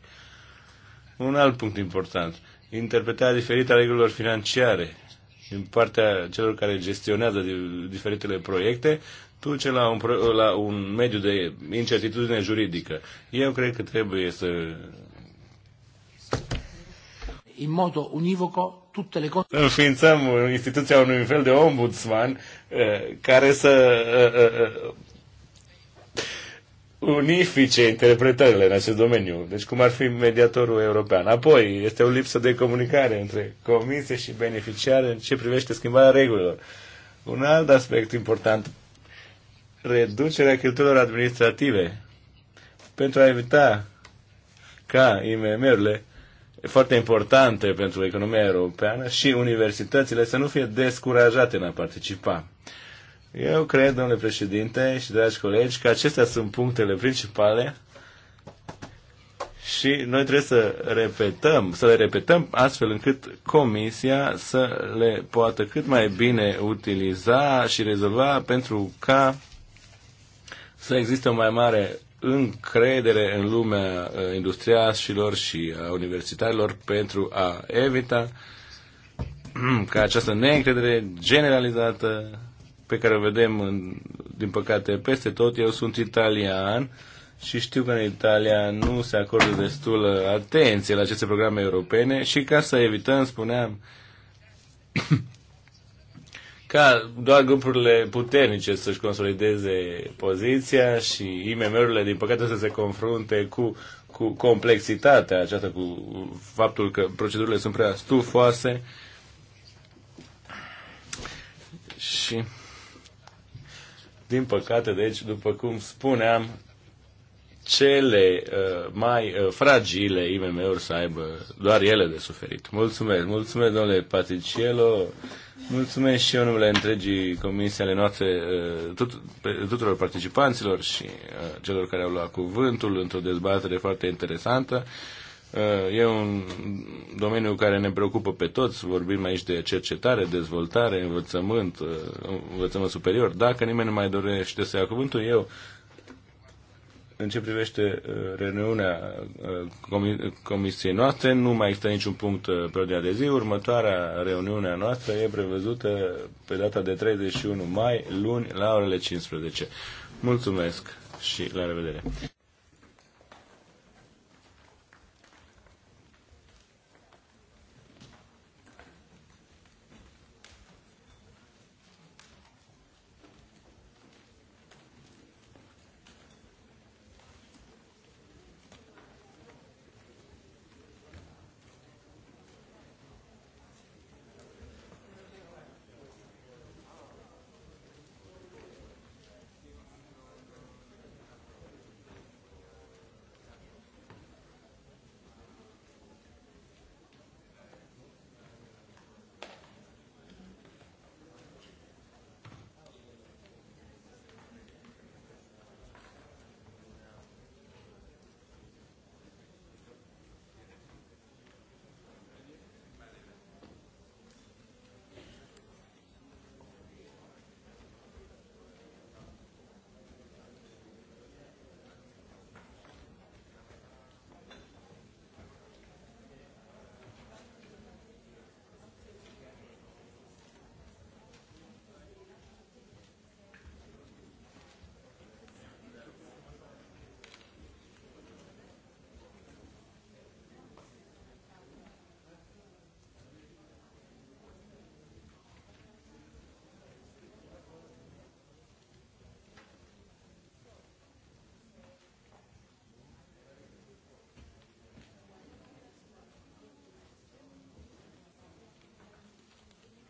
un alt punct important, interpretarea diferită a regulilor financiare din partea celor care gestionează diferitele proiecte duce la un, la un mediu de incertitudine juridică. Eu cred că trebuie să în mod univoc, toate le cose. Înființăm instituția unui fel de ombudsman eh, care să eh, eh, unifice interpretările în acest domeniu, deci cum ar fi mediatorul european. Apoi, este o lipsă de comunicare între comisie și beneficiare în ce privește schimbarea regulilor. Un alt aspect important, reducerea cheltuielor administrative pentru a evita ca IMM-urile foarte importante pentru economia europeană și universitățile să nu fie descurajate în a participa. Eu cred, domnule președinte și dragi colegi, că acestea sunt punctele principale și noi trebuie să repetăm, să le repetăm astfel încât comisia să le poată cât mai bine utiliza și rezolva pentru ca să existe o mai mare încredere în lumea uh, industriașilor și a universitarilor pentru a evita (clears throat) ca această neîncredere generalizată pe care o vedem, în, din păcate, peste tot. Eu sunt italian și știu că în Italia nu se acordă destul atenție la aceste programe europene și ca să evităm, spuneam, (coughs) ca doar grupurile puternice să-și consolideze poziția și IMM-urile, din păcate, să se confrunte cu, cu complexitatea aceasta, cu faptul că procedurile sunt prea stufoase. Și din păcate, deci, după cum spuneam, cele uh, mai uh, fragile IMM-uri să aibă doar ele de suferit. Mulțumesc, mulțumesc domnule Patriciello, mulțumesc și eu numele întregii comisii ale noastre, uh, tut, tuturor participanților și uh, celor care au luat cuvântul într-o dezbatere foarte interesantă. Uh, Uh, e un domeniu care ne preocupă pe toți. Vorbim aici de cercetare, dezvoltare, învățământ, uh, învățământ superior. Dacă nimeni nu mai dorește să ia cuvântul, eu în ce privește uh, reuniunea comisiei noastre, nu mai există niciun punct pe ordinea de zi. Următoarea reuniune a noastră e prevăzută pe data de 31 mai, luni, la orele 15. Mulțumesc și la revedere!